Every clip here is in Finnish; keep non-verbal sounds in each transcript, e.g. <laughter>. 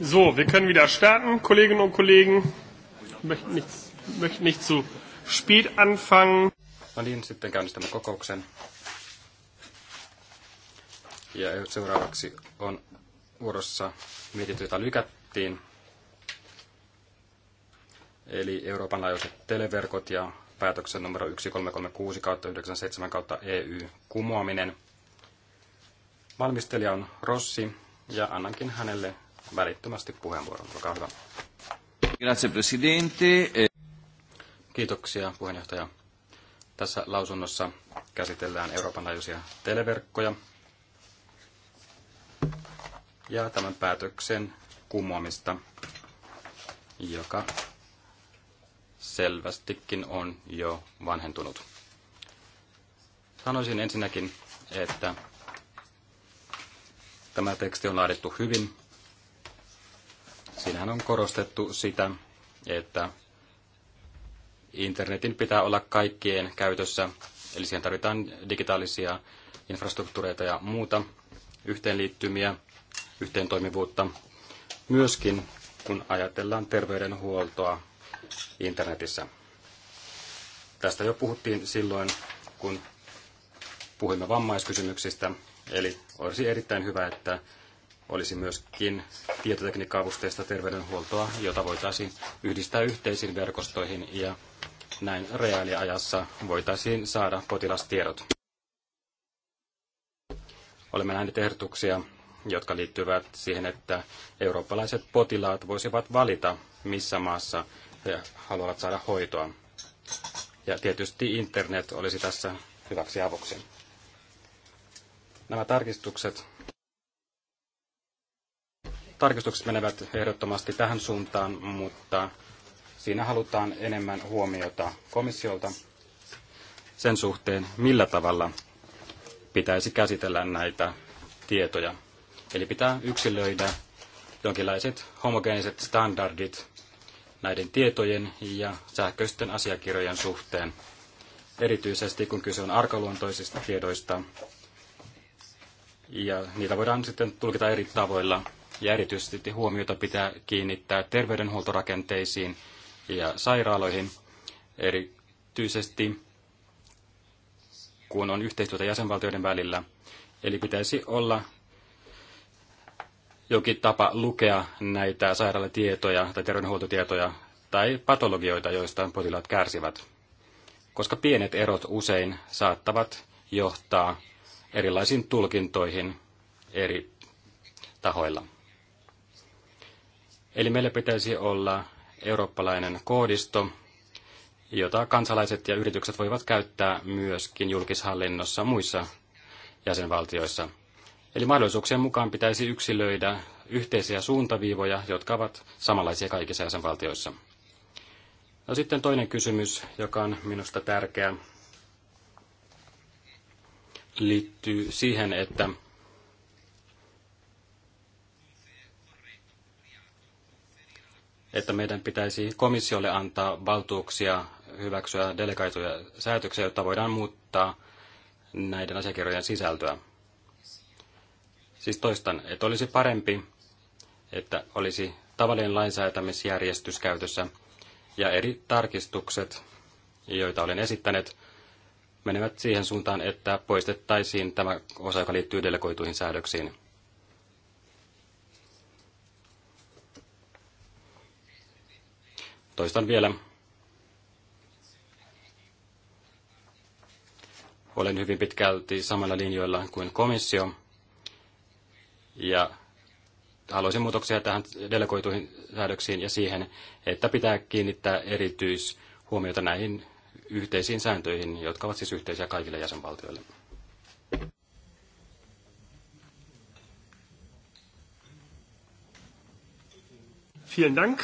So, wir können wieder starten, Kolleginnen und Kollegen. Ich möchte nicht, möchte nicht zu spät anfangen. No niin, sitten käynnistämme kokouksen. Ja seuraavaksi on vuorossa mietintö, jota lykättiin. Eli Euroopan laajuiset televerkot ja päätöksen numero 1336 97 kautta EY e kumoaminen. Valmistelija on Rossi ja annankin hänelle välittömästi puheenvuoron. Olkaa hyvä. Grazie, presidente. Kiitoksia, puheenjohtaja. Tässä lausunnossa käsitellään Euroopan laajuisia televerkkoja ja tämän päätöksen kumoamista, joka selvästikin on jo vanhentunut. Sanoisin ensinnäkin, että tämä teksti on laadittu hyvin Siinähän on korostettu sitä, että internetin pitää olla kaikkien käytössä, eli siihen tarvitaan digitaalisia infrastruktuureita ja muuta, yhteenliittymiä, yhteentoimivuutta. Myöskin kun ajatellaan terveydenhuoltoa internetissä. Tästä jo puhuttiin silloin, kun puhuimme vammaiskysymyksistä, eli olisi erittäin hyvä, että olisi myöskin tietotekniikka-avusteista terveydenhuoltoa, jota voitaisiin yhdistää yhteisiin verkostoihin ja näin reaaliajassa voitaisiin saada potilastiedot. Olemme nähneet ehdotuksia, jotka liittyvät siihen, että eurooppalaiset potilaat voisivat valita, missä maassa he haluavat saada hoitoa. Ja tietysti internet olisi tässä hyväksi avuksi. Nämä tarkistukset tarkistukset menevät ehdottomasti tähän suuntaan, mutta siinä halutaan enemmän huomiota komissiolta sen suhteen, millä tavalla pitäisi käsitellä näitä tietoja. Eli pitää yksilöidä jonkinlaiset homogeeniset standardit näiden tietojen ja sähköisten asiakirjojen suhteen, erityisesti kun kyse on arkaluontoisista tiedoista, ja niitä voidaan sitten tulkita eri tavoilla ja erityisesti huomiota pitää kiinnittää terveydenhuoltorakenteisiin ja sairaaloihin, erityisesti kun on yhteistyötä jäsenvaltioiden välillä. Eli pitäisi olla jokin tapa lukea näitä sairaalatietoja tai terveydenhuoltotietoja tai patologioita, joista potilaat kärsivät. Koska pienet erot usein saattavat johtaa erilaisiin tulkintoihin eri tahoilla. Eli meillä pitäisi olla eurooppalainen koodisto, jota kansalaiset ja yritykset voivat käyttää myöskin julkishallinnossa muissa jäsenvaltioissa. Eli mahdollisuuksien mukaan pitäisi yksilöidä yhteisiä suuntaviivoja, jotka ovat samanlaisia kaikissa jäsenvaltioissa. No sitten toinen kysymys, joka on minusta tärkeä, liittyy siihen, että että meidän pitäisi komissiolle antaa valtuuksia hyväksyä delegaituja säätöksiä, jotta voidaan muuttaa näiden asiakirjojen sisältöä. Siis toistan, että olisi parempi, että olisi tavallinen lainsäätämisjärjestys käytössä ja eri tarkistukset, joita olen esittänyt, menevät siihen suuntaan, että poistettaisiin tämä osa, joka liittyy delegoituihin säädöksiin. Toistan vielä. Olen hyvin pitkälti samalla linjoilla kuin komissio. Ja haluaisin muutoksia tähän delegoituihin säädöksiin ja siihen, että pitää kiinnittää erityishuomiota näihin yhteisiin sääntöihin, jotka ovat siis yhteisiä kaikille jäsenvaltioille. Vielen Dank.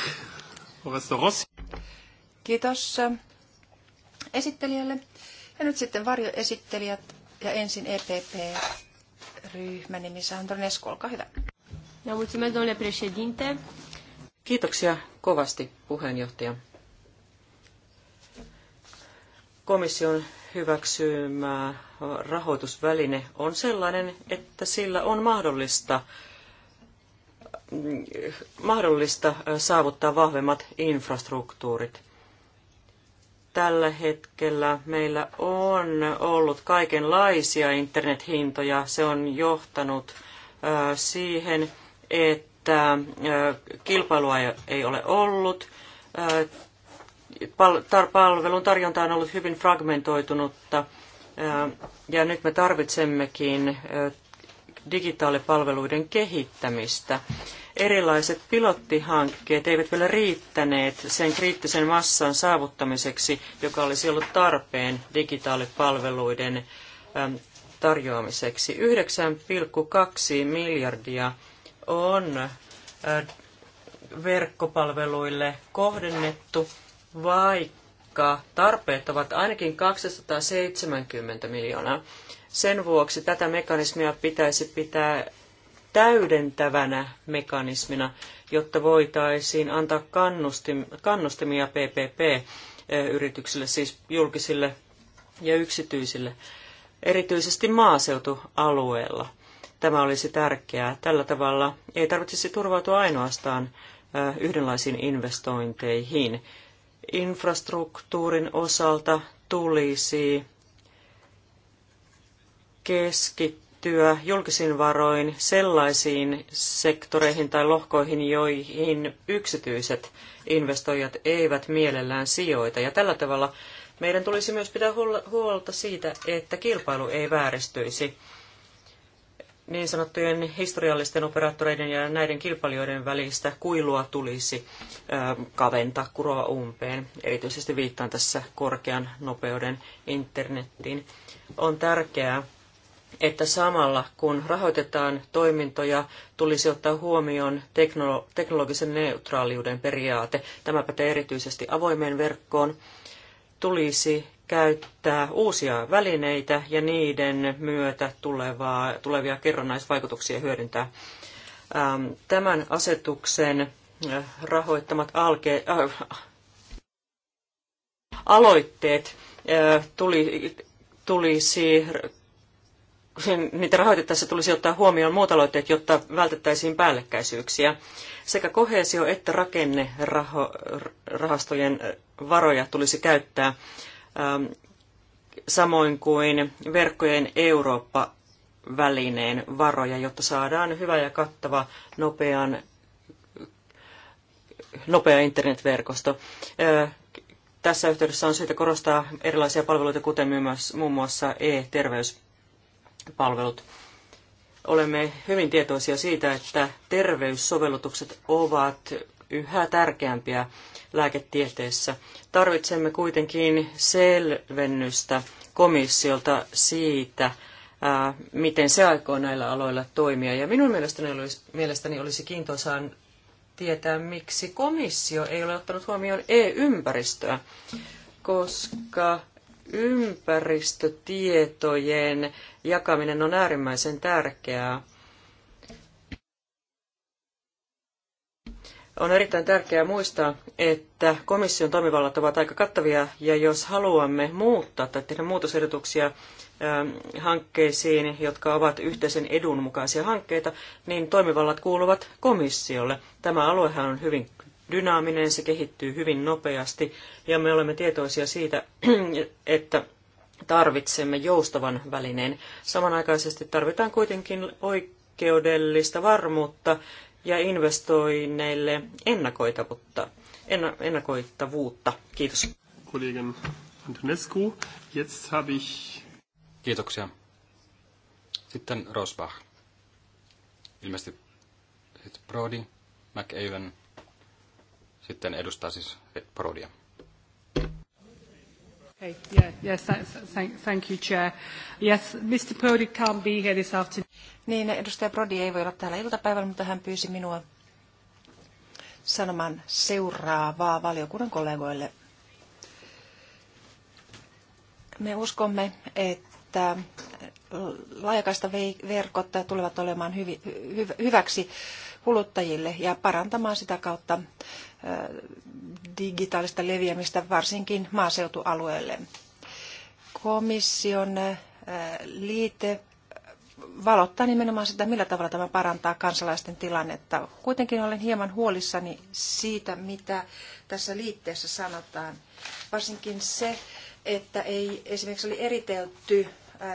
Kiitos äh, esittelijälle. Ja nyt sitten varjoesittelijät ja ensin EPP-ryhmä nimissä Antonescu, olkaa hyvä. Ja mulțumesc, domnule președinte. Kiitoksia kovasti, puheenjohtaja. Komission hyväksymä rahoitusväline on sellainen, että sillä on mahdollista mahdollista saavuttaa vahvemmat infrastruktuurit. Tällä hetkellä meillä on ollut kaikenlaisia internethintoja. Se on johtanut siihen, että kilpailua ei ole ollut. Palvelun tarjonta on ollut hyvin fragmentoitunutta. Ja nyt me tarvitsemmekin digitaalipalveluiden kehittämistä. Erilaiset pilottihankkeet eivät vielä riittäneet sen kriittisen massan saavuttamiseksi, joka olisi ollut tarpeen digitaalipalveluiden tarjoamiseksi. 9,2 miljardia on verkkopalveluille kohdennettu, vaikka tarpeet ovat ainakin 270 miljoonaa. Sen vuoksi tätä mekanismia pitäisi pitää täydentävänä mekanismina, jotta voitaisiin antaa kannustimia PPP-yrityksille, siis julkisille ja yksityisille, erityisesti maaseutualueella. Tämä olisi tärkeää. Tällä tavalla ei tarvitsisi turvautua ainoastaan yhdenlaisiin investointeihin. Infrastruktuurin osalta tulisi keskittyä julkisin varoin sellaisiin sektoreihin tai lohkoihin, joihin yksityiset investoijat eivät mielellään sijoita. Ja tällä tavalla meidän tulisi myös pitää huolta siitä, että kilpailu ei vääristyisi niin sanottujen historiallisten operaattoreiden ja näiden kilpailijoiden välistä kuilua tulisi kaventaa, kuroa umpeen. Erityisesti viittaan tässä korkean nopeuden internettiin. On tärkeää, että samalla kun rahoitetaan toimintoja, tulisi ottaa huomioon teknologisen neutraaliuden periaate. Tämä pätee erityisesti avoimeen verkkoon. Tulisi käyttää uusia välineitä ja niiden myötä tulevaa, tulevia kerrannaisvaikutuksia hyödyntää. Ähm, tämän asetuksen äh, rahoittamat alke, äh, aloitteet äh, tuli, tulisi niitä rahoitettaessa tulisi ottaa huomioon muut aloitteet, jotta vältettäisiin päällekkäisyyksiä. Sekä kohesio- että rakennerahastojen varoja tulisi käyttää ähm, samoin kuin verkkojen Eurooppa-välineen varoja, jotta saadaan hyvä ja kattava nopean, nopea internetverkosto. Tässä yhteydessä on syytä korostaa erilaisia palveluita, kuten myös muun muassa e-terveys palvelut. Olemme hyvin tietoisia siitä, että terveyssovellutukset ovat yhä tärkeämpiä lääketieteessä. Tarvitsemme kuitenkin selvennystä komissiolta siitä, miten se aikoo näillä aloilla toimia. Ja minun mielestäni olisi, mielestäni olisi kiintoisaa tietää, miksi komissio ei ole ottanut huomioon e-ympäristöä, koska ympäristötietojen jakaminen on äärimmäisen tärkeää. On erittäin tärkeää muistaa, että komission toimivallat ovat aika kattavia, ja jos haluamme muuttaa tai tehdä muutosehdotuksia ähm, hankkeisiin, jotka ovat yhteisen edun mukaisia hankkeita, niin toimivallat kuuluvat komissiolle. Tämä aluehan on hyvin dynaaminen, se kehittyy hyvin nopeasti ja me olemme tietoisia siitä, <clears throat> että tarvitsemme joustavan välineen. Samanaikaisesti tarvitaan kuitenkin oikeudellista varmuutta ja investoinneille ennakoitavuutta. Enna, ennakoitavuutta. Kiitos. Kollegen Antonescu, jetzt habe ich... Kiitoksia. Sitten Rosbach. Ilmeisesti Brody, McAven sitten edustaa siis Prodia. Hey, yeah, yes, thank, thank you, Chair. Yes, Mr. Prodi can't be here this afternoon. Niin, edustaja Prodi ei voi olla täällä iltapäivällä, mutta hän pyysi minua sanomaan seuraavaa valiokunnan kollegoille. Me uskomme, että laajakaista verkot tulevat olemaan hyväksi kuluttajille ja parantamaan sitä kautta digitaalista leviämistä varsinkin maaseutualueelle. Komission liite valottaa nimenomaan sitä, millä tavalla tämä parantaa kansalaisten tilannetta. Kuitenkin olen hieman huolissani siitä, mitä tässä liitteessä sanotaan. Varsinkin se, että ei esimerkiksi oli eritelty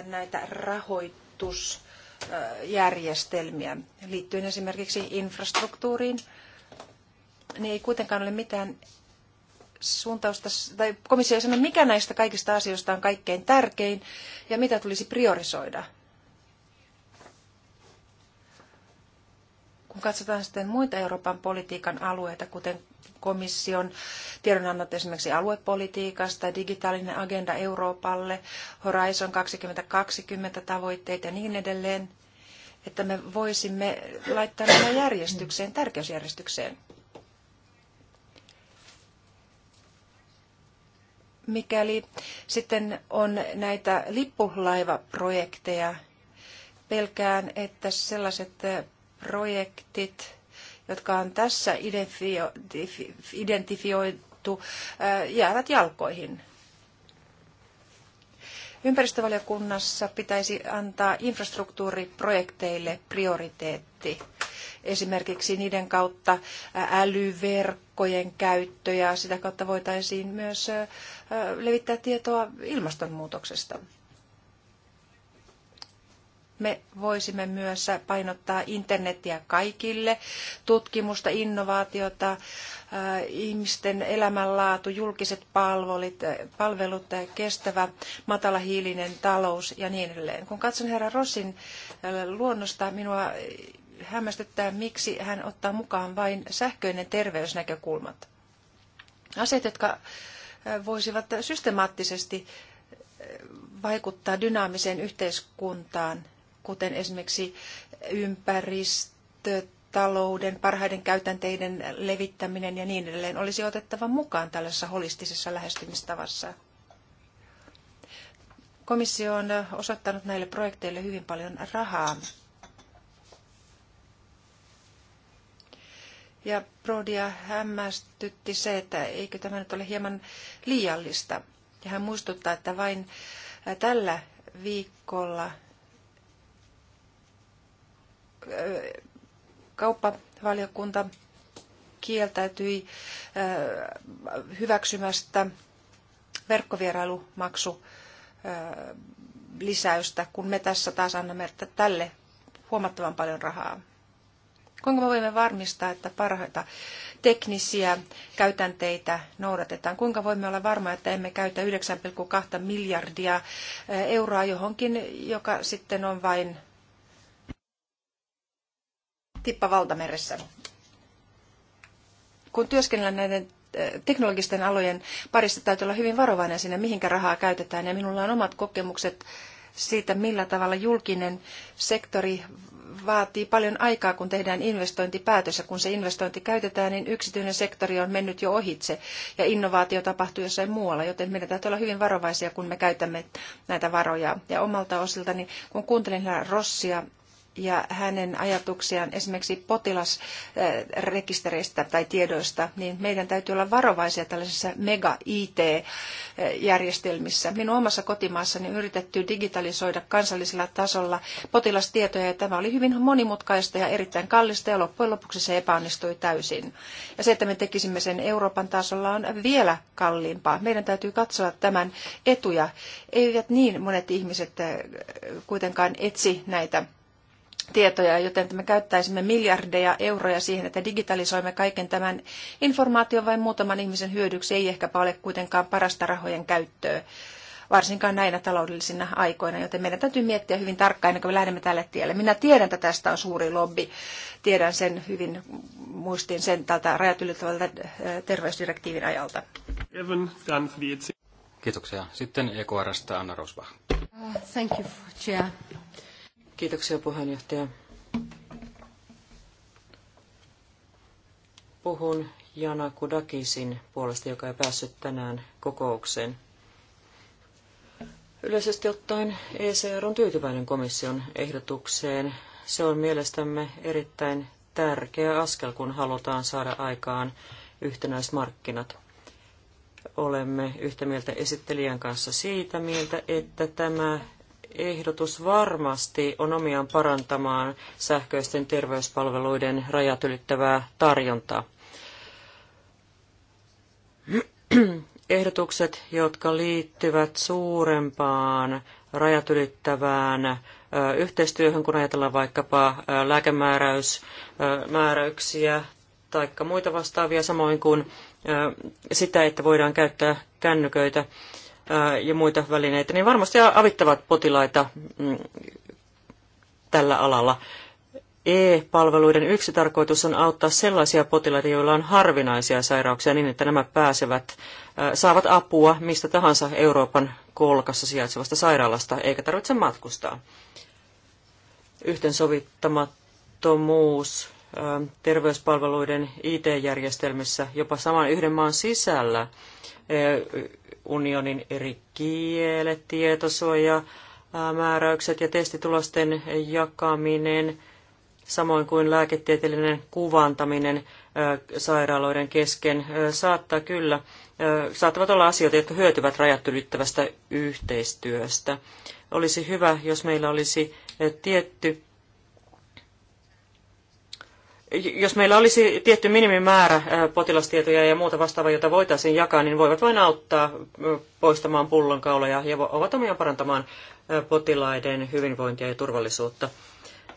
näitä rahoitus järjestelmiä liittyen esimerkiksi infrastruktuuriin, niin ei kuitenkaan ole mitään suuntausta, tai komissio ei sano, mikä näistä kaikista asioista on kaikkein tärkein ja mitä tulisi priorisoida – Kun katsotaan sitten muita Euroopan politiikan alueita, kuten komission tiedonannot esimerkiksi aluepolitiikasta, digitaalinen agenda Euroopalle, Horizon 2020 tavoitteet ja niin edelleen, että me voisimme laittaa nämä järjestykseen, tärkeysjärjestykseen. Mikäli sitten on näitä lippulaivaprojekteja, pelkään, että sellaiset projektit, jotka on tässä identifioitu, jäävät jalkoihin. Ympäristövaliokunnassa pitäisi antaa infrastruktuuriprojekteille prioriteetti. Esimerkiksi niiden kautta älyverkkojen käyttö ja sitä kautta voitaisiin myös levittää tietoa ilmastonmuutoksesta me voisimme myös painottaa internetiä kaikille, tutkimusta, innovaatiota, äh, ihmisten elämänlaatu, julkiset palvelut, äh, palvelut äh, kestävä, matalahiilinen talous ja niin edelleen. Kun katson herra Rossin luonnosta, minua hämmästyttää, miksi hän ottaa mukaan vain sähköinen terveysnäkökulmat. Asiat, jotka voisivat systemaattisesti vaikuttaa dynaamiseen yhteiskuntaan kuten esimerkiksi ympäristö, talouden, parhaiden käytänteiden levittäminen ja niin edelleen olisi otettava mukaan tällaisessa holistisessa lähestymistavassa. Komissio on osoittanut näille projekteille hyvin paljon rahaa. Ja Prodia hämmästytti se, että eikö tämä nyt ole hieman liiallista. Ja hän muistuttaa, että vain tällä viikolla kauppavaliokunta kieltäytyi äh, hyväksymästä verkkovierailumaksu äh, lisäystä, kun me tässä taas annamme tälle huomattavan paljon rahaa. Kuinka me voimme varmistaa, että parhaita teknisiä käytänteitä noudatetaan? Kuinka voimme olla varmoja, että emme käytä 9,2 miljardia äh, euroa johonkin, joka sitten on vain tippa valtameressä. Kun työskennellään näiden eh, teknologisten alojen parissa, täytyy olla hyvin varovainen sinne, mihinkä rahaa käytetään. Ja minulla on omat kokemukset siitä, millä tavalla julkinen sektori vaatii paljon aikaa, kun tehdään investointipäätös. Ja kun se investointi käytetään, niin yksityinen sektori on mennyt jo ohitse ja innovaatio tapahtuu jossain muualla. Joten meidän täytyy olla hyvin varovaisia, kun me käytämme näitä varoja. Ja omalta osiltani, kun kuuntelin Rossia ja hänen ajatuksiaan esimerkiksi potilasrekistereistä tai tiedoista, niin meidän täytyy olla varovaisia tällaisissa mega-IT-järjestelmissä. Minun omassa kotimaassani on yritetty digitalisoida kansallisella tasolla potilastietoja, ja tämä oli hyvin monimutkaista ja erittäin kallista, ja loppujen lopuksi se epäonnistui täysin. Ja se, että me tekisimme sen Euroopan tasolla, on vielä kalliimpaa. Meidän täytyy katsoa tämän etuja. Eivät niin monet ihmiset eh, kuitenkaan etsi näitä tietoja, joten me käyttäisimme miljardeja euroja siihen, että digitalisoimme kaiken tämän informaation vain muutaman ihmisen hyödyksi, ei ehkäpä ole kuitenkaan parasta rahojen käyttöä, varsinkaan näinä taloudellisina aikoina, joten meidän täytyy miettiä hyvin tarkkaan, ennen kuin me lähdemme tälle tielle. Minä tiedän, että tästä on suuri lobby, tiedän sen hyvin, muistin sen tältä rajat ylittävältä äh, terveysdirektiivin ajalta. E Kiitoksia. Sitten EKRstä Anna Rosbach. Uh, thank you, Chair. Kiitoksia puheenjohtaja. Puhun Jana Kudakisin puolesta, joka ei päässyt tänään kokoukseen. Yleisesti ottaen ECR on tyytyväinen komission ehdotukseen. Se on mielestämme erittäin tärkeä askel, kun halutaan saada aikaan yhtenäismarkkinat. Olemme yhtä mieltä esittelijän kanssa siitä mieltä, että tämä ehdotus varmasti on omiaan parantamaan sähköisten terveyspalveluiden rajat ylittävää tarjontaa. Ehdotukset, jotka liittyvät suurempaan rajat ylittävään yhteistyöhön, kun ajatellaan vaikkapa lääkemääräyksiä tai muita vastaavia, samoin kuin sitä, että voidaan käyttää kännyköitä Äh, ja muita välineitä, niin varmasti avittavat potilaita mm, tällä alalla. E-palveluiden yksi tarkoitus on auttaa sellaisia potilaita, joilla on harvinaisia sairauksia niin, että nämä pääsevät, äh, saavat apua mistä tahansa Euroopan kolkassa sijaitsevasta sairaalasta, eikä tarvitse matkustaa. Yhteensovittamattomuus äh, terveyspalveluiden IT-järjestelmissä jopa saman yhden maan sisällä unionin eri kielet, tietosuoja, määräykset ja testitulosten jakaminen, samoin kuin lääketieteellinen kuvantaminen sairaaloiden kesken saattaa kyllä, saattavat olla asioita, jotka hyötyvät rajat ylittävästä yhteistyöstä. Olisi hyvä, jos meillä olisi tietty jos meillä olisi tietty minimimäärä potilastietoja ja muuta vastaavaa, jota voitaisiin jakaa, niin voivat vain auttaa poistamaan pullonkauloja ja ovat omiaan parantamaan potilaiden hyvinvointia ja turvallisuutta.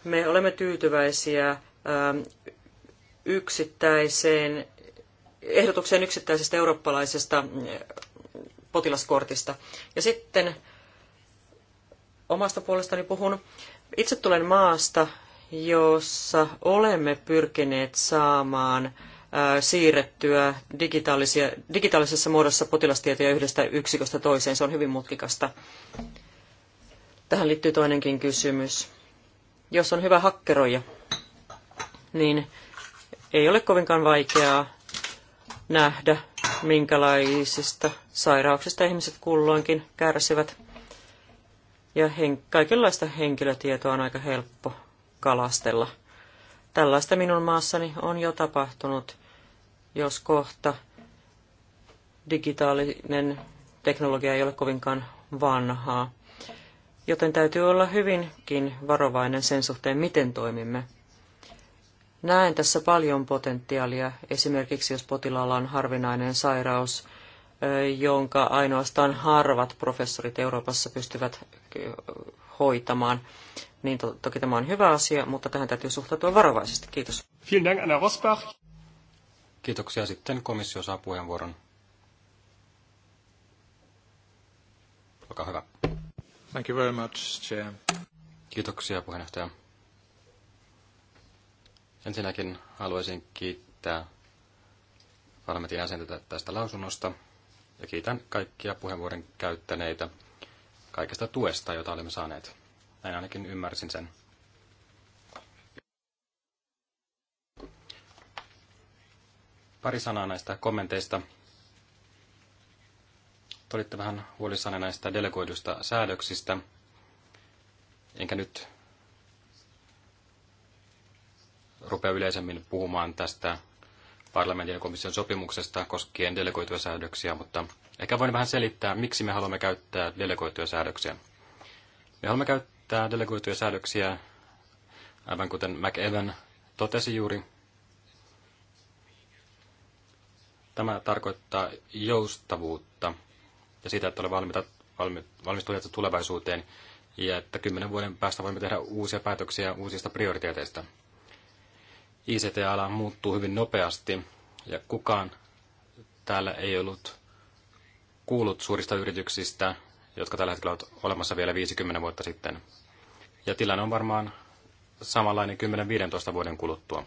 Me olemme tyytyväisiä yksittäiseen, ehdotukseen yksittäisestä eurooppalaisesta potilaskortista. Ja sitten omasta puolestani puhun. Itse tulen maasta, jossa olemme pyrkineet saamaan siirrettyä digitaalisia, digitaalisessa muodossa potilastietoja yhdestä yksiköstä toiseen. Se on hyvin mutkikasta. Tähän liittyy toinenkin kysymys. Jos on hyvä hakkeroija, niin ei ole kovinkaan vaikeaa nähdä, minkälaisista sairauksista ihmiset kulloinkin kärsivät. Ja hen- kaikenlaista henkilötietoa on aika helppo kalastella. Tällaista minun maassani on jo tapahtunut, jos kohta digitaalinen teknologia ei ole kovinkaan vanhaa. Joten täytyy olla hyvinkin varovainen sen suhteen, miten toimimme. Näen tässä paljon potentiaalia, esimerkiksi jos potilaalla on harvinainen sairaus, jonka ainoastaan harvat professorit Euroopassa pystyvät hoitamaan niin to- toki tämä on hyvä asia, mutta tähän täytyy suhtautua varovaisesti. Kiitos. Vielen Dank, Anna Rosbach. Kiitoksia. Sitten komissio saa puheenvuoron. Olkaa hyvä. Thank you very much, Chair. Kiitoksia puheenjohtaja. Ensinnäkin haluaisin kiittää parlamentin jäsentä tästä lausunnosta ja kiitän kaikkia puheenvuoron käyttäneitä kaikesta tuesta, jota olemme saaneet. Näin ainakin ymmärsin sen. Pari sanaa näistä kommenteista. Te olitte vähän huolissanne näistä delegoidusta säädöksistä. Enkä nyt rupea yleisemmin puhumaan tästä parlamentin ja komission sopimuksesta koskien delegoituja säädöksiä, mutta ehkä voin vähän selittää, miksi me haluamme käyttää delegoituja säädöksiä. Me haluamme käyttää käyttää delegoituja säädöksiä, aivan kuten McEwen totesi juuri. Tämä tarkoittaa joustavuutta ja sitä, että ole valmiita, valmi, valmistuneet tulevaisuuteen ja että kymmenen vuoden päästä voimme tehdä uusia päätöksiä uusista prioriteeteista. ICT-ala muuttuu hyvin nopeasti ja kukaan täällä ei ollut kuullut suurista yrityksistä, jotka tällä hetkellä ovat olemassa vielä 50 vuotta sitten. Ja tilanne on varmaan samanlainen 10-15 vuoden kuluttua.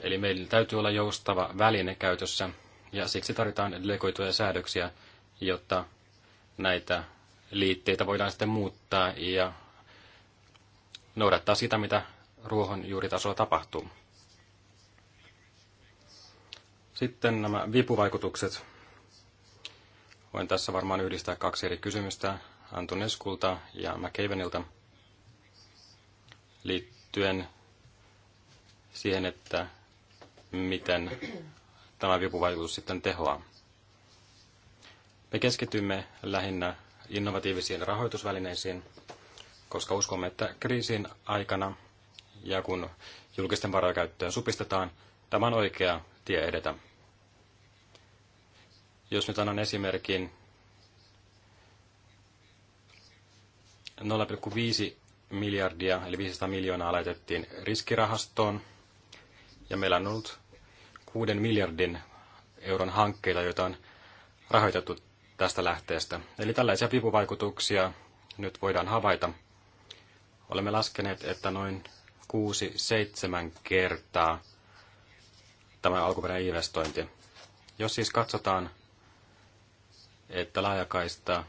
Eli meillä täytyy olla joustava väline käytössä, ja siksi tarvitaan delegoituja säädöksiä, jotta näitä liitteitä voidaan sitten muuttaa ja noudattaa sitä, mitä ruohonjuuritasolla tapahtuu. Sitten nämä vipuvaikutukset. Voin tässä varmaan yhdistää kaksi eri kysymystä, Antoneskulta ja McAvenilta liittyen siihen, että miten tämä vipuvaikutus sitten tehoaa. Me keskitymme lähinnä innovatiivisiin rahoitusvälineisiin, koska uskomme, että kriisin aikana ja kun julkisten varojen supistetaan, tämä on oikea tie edetä. Jos nyt annan esimerkin 0,5 miljardia, eli 500 miljoonaa laitettiin riskirahastoon, ja meillä on ollut 6 miljardin euron hankkeita, joita on rahoitettu tästä lähteestä. Eli tällaisia vipuvaikutuksia nyt voidaan havaita. Olemme laskeneet, että noin 6-7 kertaa tämä alkuperäinen investointi. Jos siis katsotaan, että laajakaista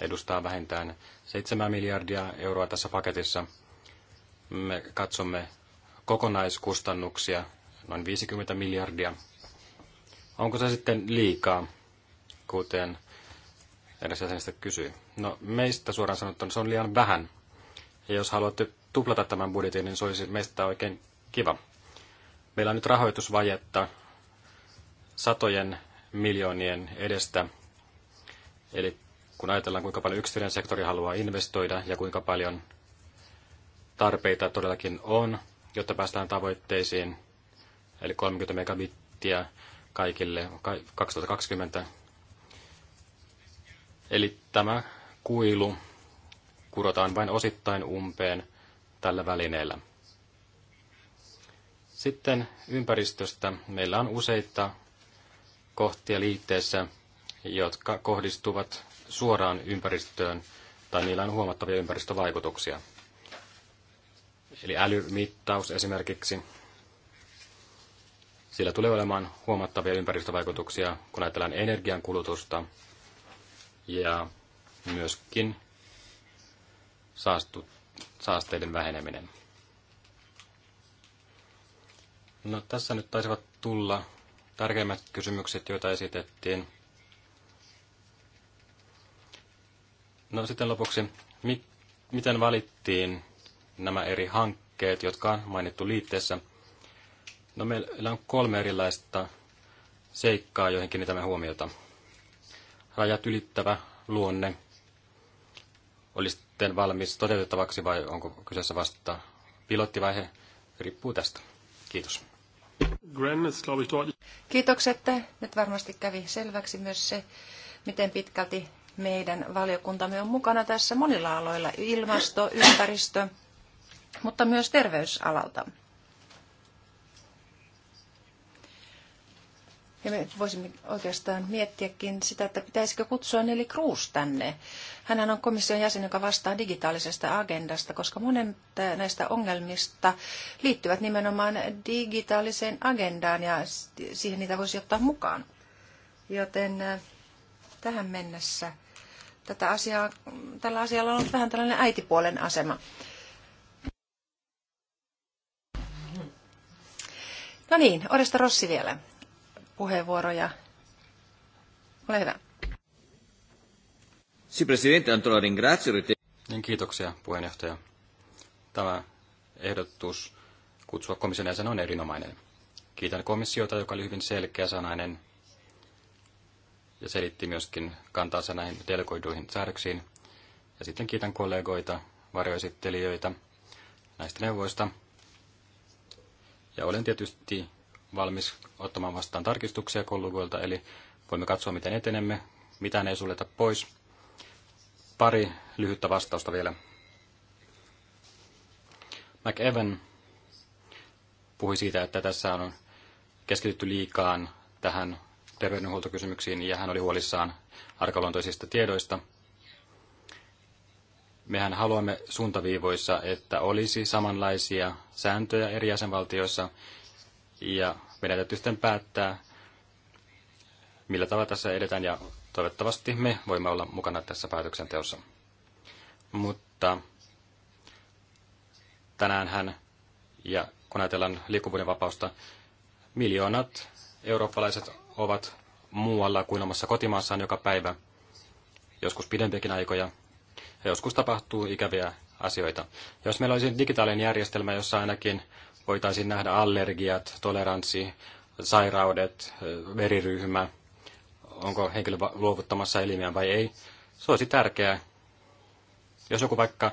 edustaa vähintään 7 miljardia euroa tässä paketissa. Me katsomme kokonaiskustannuksia noin 50 miljardia. Onko se sitten liikaa, kuten edes jäsenistä kysyy? No meistä suoraan sanottuna se on liian vähän. Ja jos haluatte tuplata tämän budjetin, niin se olisi meistä oikein kiva. Meillä on nyt rahoitusvajetta satojen miljoonien edestä. Eli kun ajatellaan, kuinka paljon yksityinen sektori haluaa investoida ja kuinka paljon tarpeita todellakin on, jotta päästään tavoitteisiin, eli 30 megabittiä kaikille 2020. Eli tämä kuilu kurotaan vain osittain umpeen tällä välineellä. Sitten ympäristöstä. Meillä on useita kohtia liitteessä, jotka kohdistuvat suoraan ympäristöön tai niillä on huomattavia ympäristövaikutuksia. Eli älymittaus esimerkiksi, sillä tulee olemaan huomattavia ympäristövaikutuksia, kun ajatellaan energiankulutusta ja myöskin saastu, saasteiden väheneminen. No, tässä nyt taisivat tulla tärkeimmät kysymykset, joita esitettiin. No sitten lopuksi, mi- miten valittiin nämä eri hankkeet, jotka on mainittu liitteessä? No meillä on kolme erilaista seikkaa, joihin kiinnitämme huomiota. Rajat ylittävä luonne, oli sitten valmis toteutettavaksi vai onko kyseessä vasta pilottivaihe, riippuu tästä. Kiitos. Kiitokset. Nyt varmasti kävi selväksi myös se, miten pitkälti meidän valiokuntamme on mukana tässä monilla aloilla, ilmasto, ympäristö, mutta myös terveysalalta. Ja me voisimme oikeastaan miettiäkin sitä, että pitäisikö kutsua Neli Kruus tänne. Hänhän on komission jäsen, joka vastaa digitaalisesta agendasta, koska monet näistä ongelmista liittyvät nimenomaan digitaaliseen agendaan ja siihen niitä voisi ottaa mukaan. Joten äh, tähän mennessä tätä asiaa, tällä asialla on ollut vähän tällainen äitipuolen asema. No niin, Oresta Rossi vielä puheenvuoroja. Ole hyvä. Si, presidente, Antola ringrazio. Niin, kiitoksia, puheenjohtaja. Tämä ehdotus kutsua komission jäsen on erinomainen. Kiitän komissiota, joka oli hyvin selkeä sanainen ja selitti myöskin kantansa näihin delegoiduihin säädöksiin. Ja sitten kiitän kollegoita, varjoesittelijöitä näistä neuvoista. Ja olen tietysti valmis ottamaan vastaan tarkistuksia kollegoilta, eli voimme katsoa, miten etenemme. Mitään ei suljeta pois. Pari lyhyttä vastausta vielä. McEvan puhui siitä, että tässä on keskitytty liikaan tähän terveydenhuoltokysymyksiin ja hän oli huolissaan arkaluontoisista tiedoista. Mehän haluamme suuntaviivoissa, että olisi samanlaisia sääntöjä eri jäsenvaltioissa ja meidän täytyy sitten päättää, millä tavalla tässä edetään ja toivottavasti me voimme olla mukana tässä päätöksenteossa. Mutta tänään hän, ja kun ajatellaan liikkuvuuden vapausta, miljoonat eurooppalaiset ovat muualla kuin omassa kotimaassaan joka päivä, joskus pidempiäkin aikoja, ja joskus tapahtuu ikäviä asioita. Jos meillä olisi digitaalinen järjestelmä, jossa ainakin voitaisiin nähdä allergiat, toleranssi, sairaudet, veriryhmä, onko henkilö luovuttamassa elimiä vai ei, se olisi tärkeää. Jos joku vaikka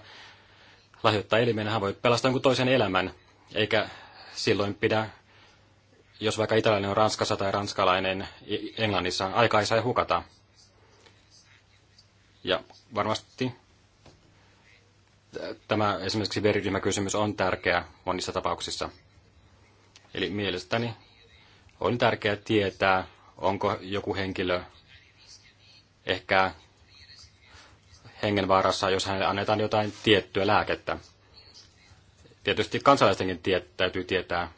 lahjoittaa elimen, hän voi pelastaa jonkun toisen elämän, eikä silloin pidä jos vaikka italialainen on Ranskassa tai ranskalainen Englannissa, aikaa ei saa hukata. Ja varmasti äh, tämä esimerkiksi veriryhmäkysymys on tärkeä monissa tapauksissa. Eli mielestäni on tärkeää tietää, onko joku henkilö ehkä hengenvaarassa, jos hänelle annetaan jotain tiettyä lääkettä. Tietysti kansalaistenkin tie, täytyy tietää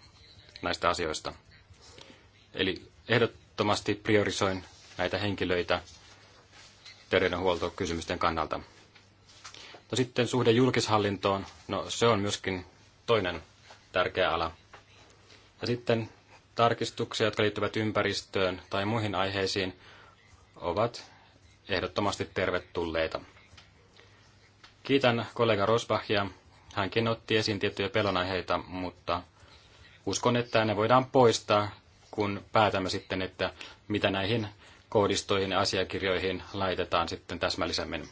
näistä asioista. Eli ehdottomasti priorisoin näitä henkilöitä terveydenhuoltokysymysten kannalta. No sitten suhde julkishallintoon, no se on myöskin toinen tärkeä ala. Ja sitten tarkistuksia, jotka liittyvät ympäristöön tai muihin aiheisiin, ovat ehdottomasti tervetulleita. Kiitän kollega Rosbachia. Hänkin otti esiin tiettyjä pelonaiheita, mutta uskon, että ne voidaan poistaa kun päätämme sitten, että mitä näihin koodistoihin ja asiakirjoihin laitetaan sitten täsmällisemmin.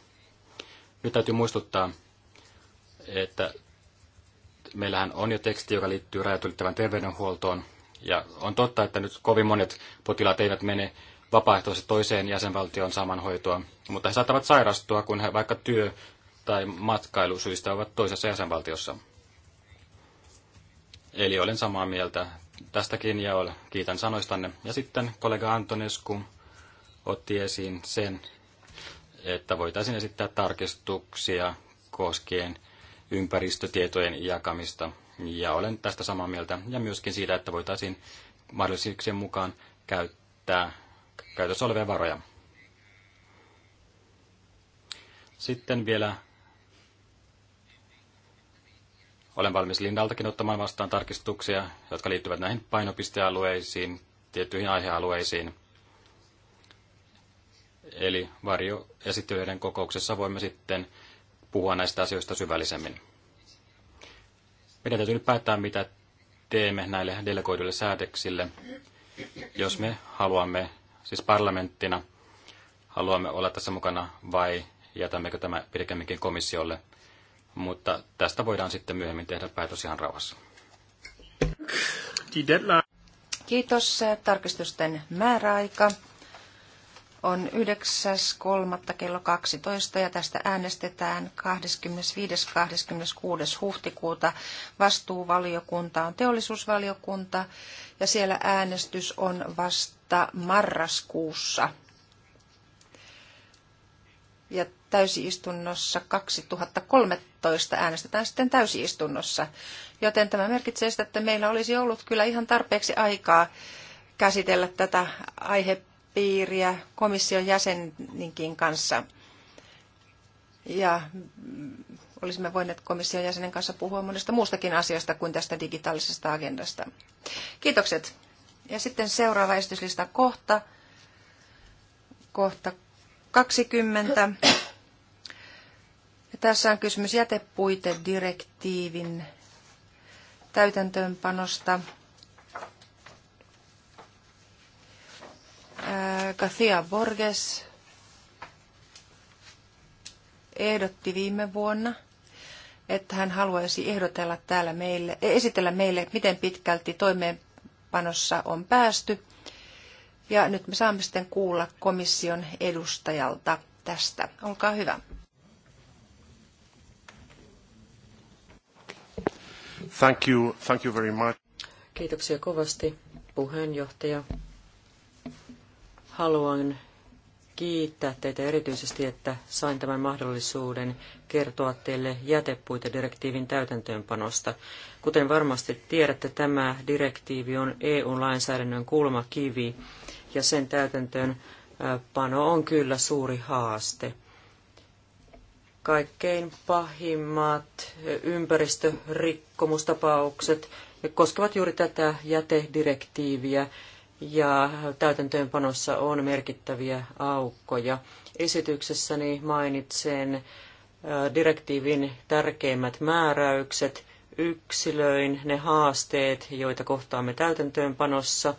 Nyt täytyy muistuttaa, että meillähän on jo teksti, joka liittyy rajat ylittävään terveydenhuoltoon. Ja on totta, että nyt kovin monet potilaat eivät mene vapaaehtoisesti toiseen jäsenvaltioon saman hoitoa, mutta he saattavat sairastua, kun he vaikka työ- tai matkailusyistä ovat toisessa jäsenvaltiossa. Eli olen samaa mieltä tästäkin ja kiitän sanoistanne. Ja sitten kollega Antonescu otti esiin sen, että voitaisiin esittää tarkistuksia koskien ympäristötietojen jakamista. Ja olen tästä samaa mieltä. Ja myöskin siitä, että voitaisiin mahdollisuuksien mukaan käyttää käytössä olevia varoja. Sitten vielä Olen valmis Lindaltakin ottamaan vastaan tarkistuksia, jotka liittyvät näihin painopistealueisiin, tiettyihin aihealueisiin. Eli varjoesittelyiden kokouksessa voimme sitten puhua näistä asioista syvällisemmin. Meidän täytyy nyt päättää, mitä teemme näille delegoiduille säädöksille, jos me haluamme, siis parlamenttina, haluamme olla tässä mukana vai jätämmekö tämä pidemminkin komissiolle mutta tästä voidaan sitten myöhemmin tehdä päätös ihan rauhassa. Kiitos. Tarkistusten määräaika on 9.3. kello 12 ja tästä äänestetään 25.–26. huhtikuuta. Vastuuvaliokunta on teollisuusvaliokunta ja siellä äänestys on vasta marraskuussa. Ja täysistunnossa 2013 äänestetään sitten täysistunnossa. Joten tämä merkitsee sitä, että meillä olisi ollut kyllä ihan tarpeeksi aikaa käsitellä tätä aihepiiriä komission jäseninkin kanssa. Ja olisimme voineet komission jäsenen kanssa puhua monesta muustakin asiasta kuin tästä digitaalisesta agendasta. Kiitokset. Ja sitten seuraava esityslista kohta. Kohta 20. Tässä on kysymys jätepuitedirektiivin täytäntöönpanosta. Kathia Borges ehdotti viime vuonna, että hän haluaisi ehdotella täällä meille, e, esitellä meille, miten pitkälti toimeenpanossa on päästy. Ja nyt me saamme sitten kuulla komission edustajalta tästä. Olkaa hyvä. Thank you, thank you very much. Kiitoksia kovasti, puheenjohtaja. Haluan kiittää teitä erityisesti, että sain tämän mahdollisuuden kertoa teille jätepuitedirektiivin täytäntöönpanosta. Kuten varmasti tiedätte, tämä direktiivi on EU-lainsäädännön kulmakivi ja sen täytäntöönpano on kyllä suuri haaste kaikkein pahimmat ympäristörikkomustapaukset koskevat juuri tätä jätedirektiiviä ja täytäntöönpanossa on merkittäviä aukkoja. Esityksessäni mainitsen äh, direktiivin tärkeimmät määräykset, yksilöin ne haasteet, joita kohtaamme täytäntöönpanossa –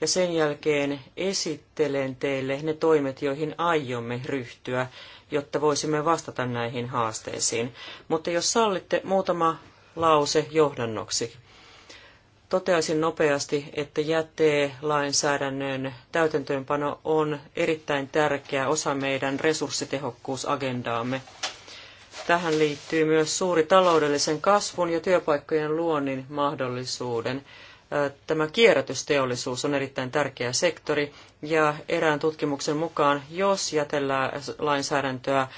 ja sen jälkeen esittelen teille ne toimet, joihin aiomme ryhtyä, jotta voisimme vastata näihin haasteisiin. Mutta jos sallitte muutama lause johdannoksi. Toteaisin nopeasti, että jätelainsäädännön täytäntöönpano on erittäin tärkeä osa meidän resurssitehokkuusagendaamme. Tähän liittyy myös suuri taloudellisen kasvun ja työpaikkojen luonnin mahdollisuuden tämä kierrätysteollisuus on erittäin tärkeä sektori ja erään tutkimuksen mukaan, jos jätelainsäädäntöä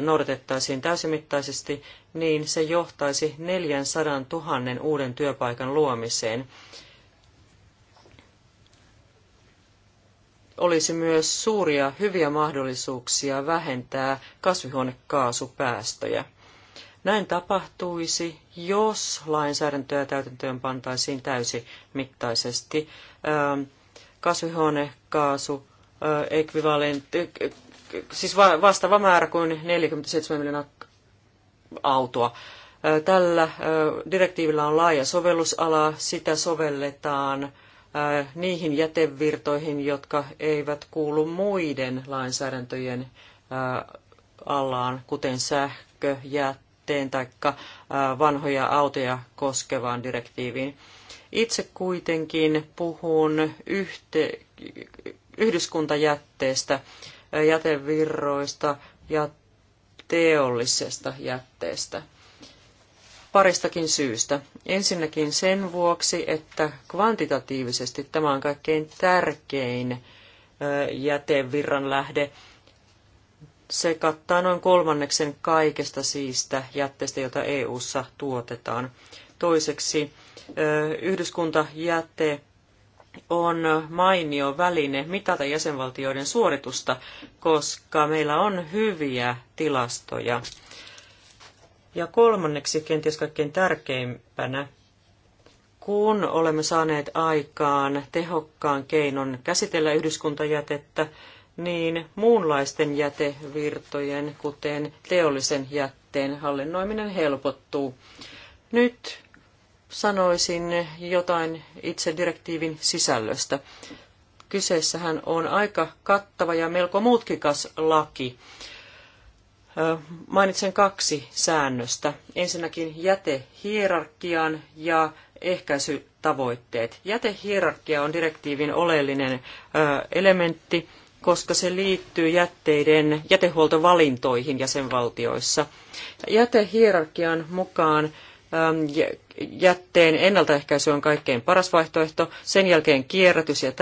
noudatettaisiin täysimittaisesti, niin se johtaisi 400 000 uuden työpaikan luomiseen. Olisi myös suuria hyviä mahdollisuuksia vähentää kasvihuonekaasupäästöjä. Näin tapahtuisi, jos lainsäädäntöä täytäntöön pantaisiin täysimittaisesti. Ähm, kasvihuonekaasu, äh, ekvivalentti, siis vastaava määrä kuin 47 miljoonaa autoa. Äh, tällä äh, direktiivillä on laaja sovellusala, sitä sovelletaan niihin jätevirtoihin, jotka eivät kuulu muiden lainsäädäntöjen alaan, kuten sähkö, jäte, liikenteen tai vanhoja autoja koskevaan direktiiviin. Itse kuitenkin puhun yhte, yhdyskuntajätteestä, jätevirroista ja teollisesta jätteestä. Paristakin syystä. Ensinnäkin sen vuoksi, että kvantitatiivisesti tämä on kaikkein tärkein jätevirran lähde se kattaa noin kolmanneksen kaikesta siistä jätteestä, jota EU:ssa tuotetaan. Toiseksi yhdyskuntajäte on mainio väline mitata jäsenvaltioiden suoritusta, koska meillä on hyviä tilastoja. Ja kolmanneksi, kenties kaikkein tärkeimpänä, kun olemme saaneet aikaan tehokkaan keinon käsitellä yhdyskuntajätettä, niin muunlaisten jätevirtojen, kuten teollisen jätteen, hallinnoiminen helpottuu. Nyt sanoisin jotain itse direktiivin sisällöstä. Kyseessähän on aika kattava ja melko mutkikas laki. Mainitsen kaksi säännöstä. Ensinnäkin jätehierarkian ja ehkäisytavoitteet. Jätehierarkia on direktiivin oleellinen elementti koska se liittyy jätteiden jätehuoltovalintoihin jäsenvaltioissa. Jätehierarkian mukaan jätteen ennaltaehkäisy on kaikkein paras vaihtoehto, sen jälkeen kierrätys ja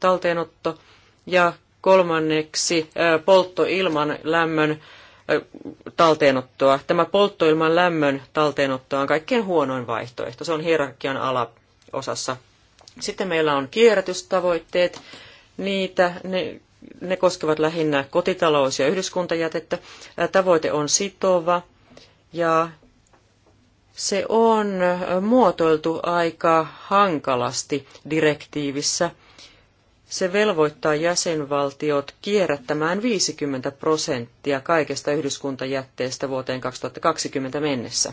talteenotto ja kolmanneksi poltto ilman lämmön talteenottoa. Tämä poltto ilman lämmön talteenotto on kaikkein huonoin vaihtoehto. Se on hierarkian alaosassa. Sitten meillä on kierrätystavoitteet. Niitä ne ne koskevat lähinnä kotitalous- ja yhdyskuntajätettä. Tavoite on sitova ja se on muotoiltu aika hankalasti direktiivissä. Se velvoittaa jäsenvaltiot kierrättämään 50 prosenttia kaikesta yhdyskuntajätteestä vuoteen 2020 mennessä.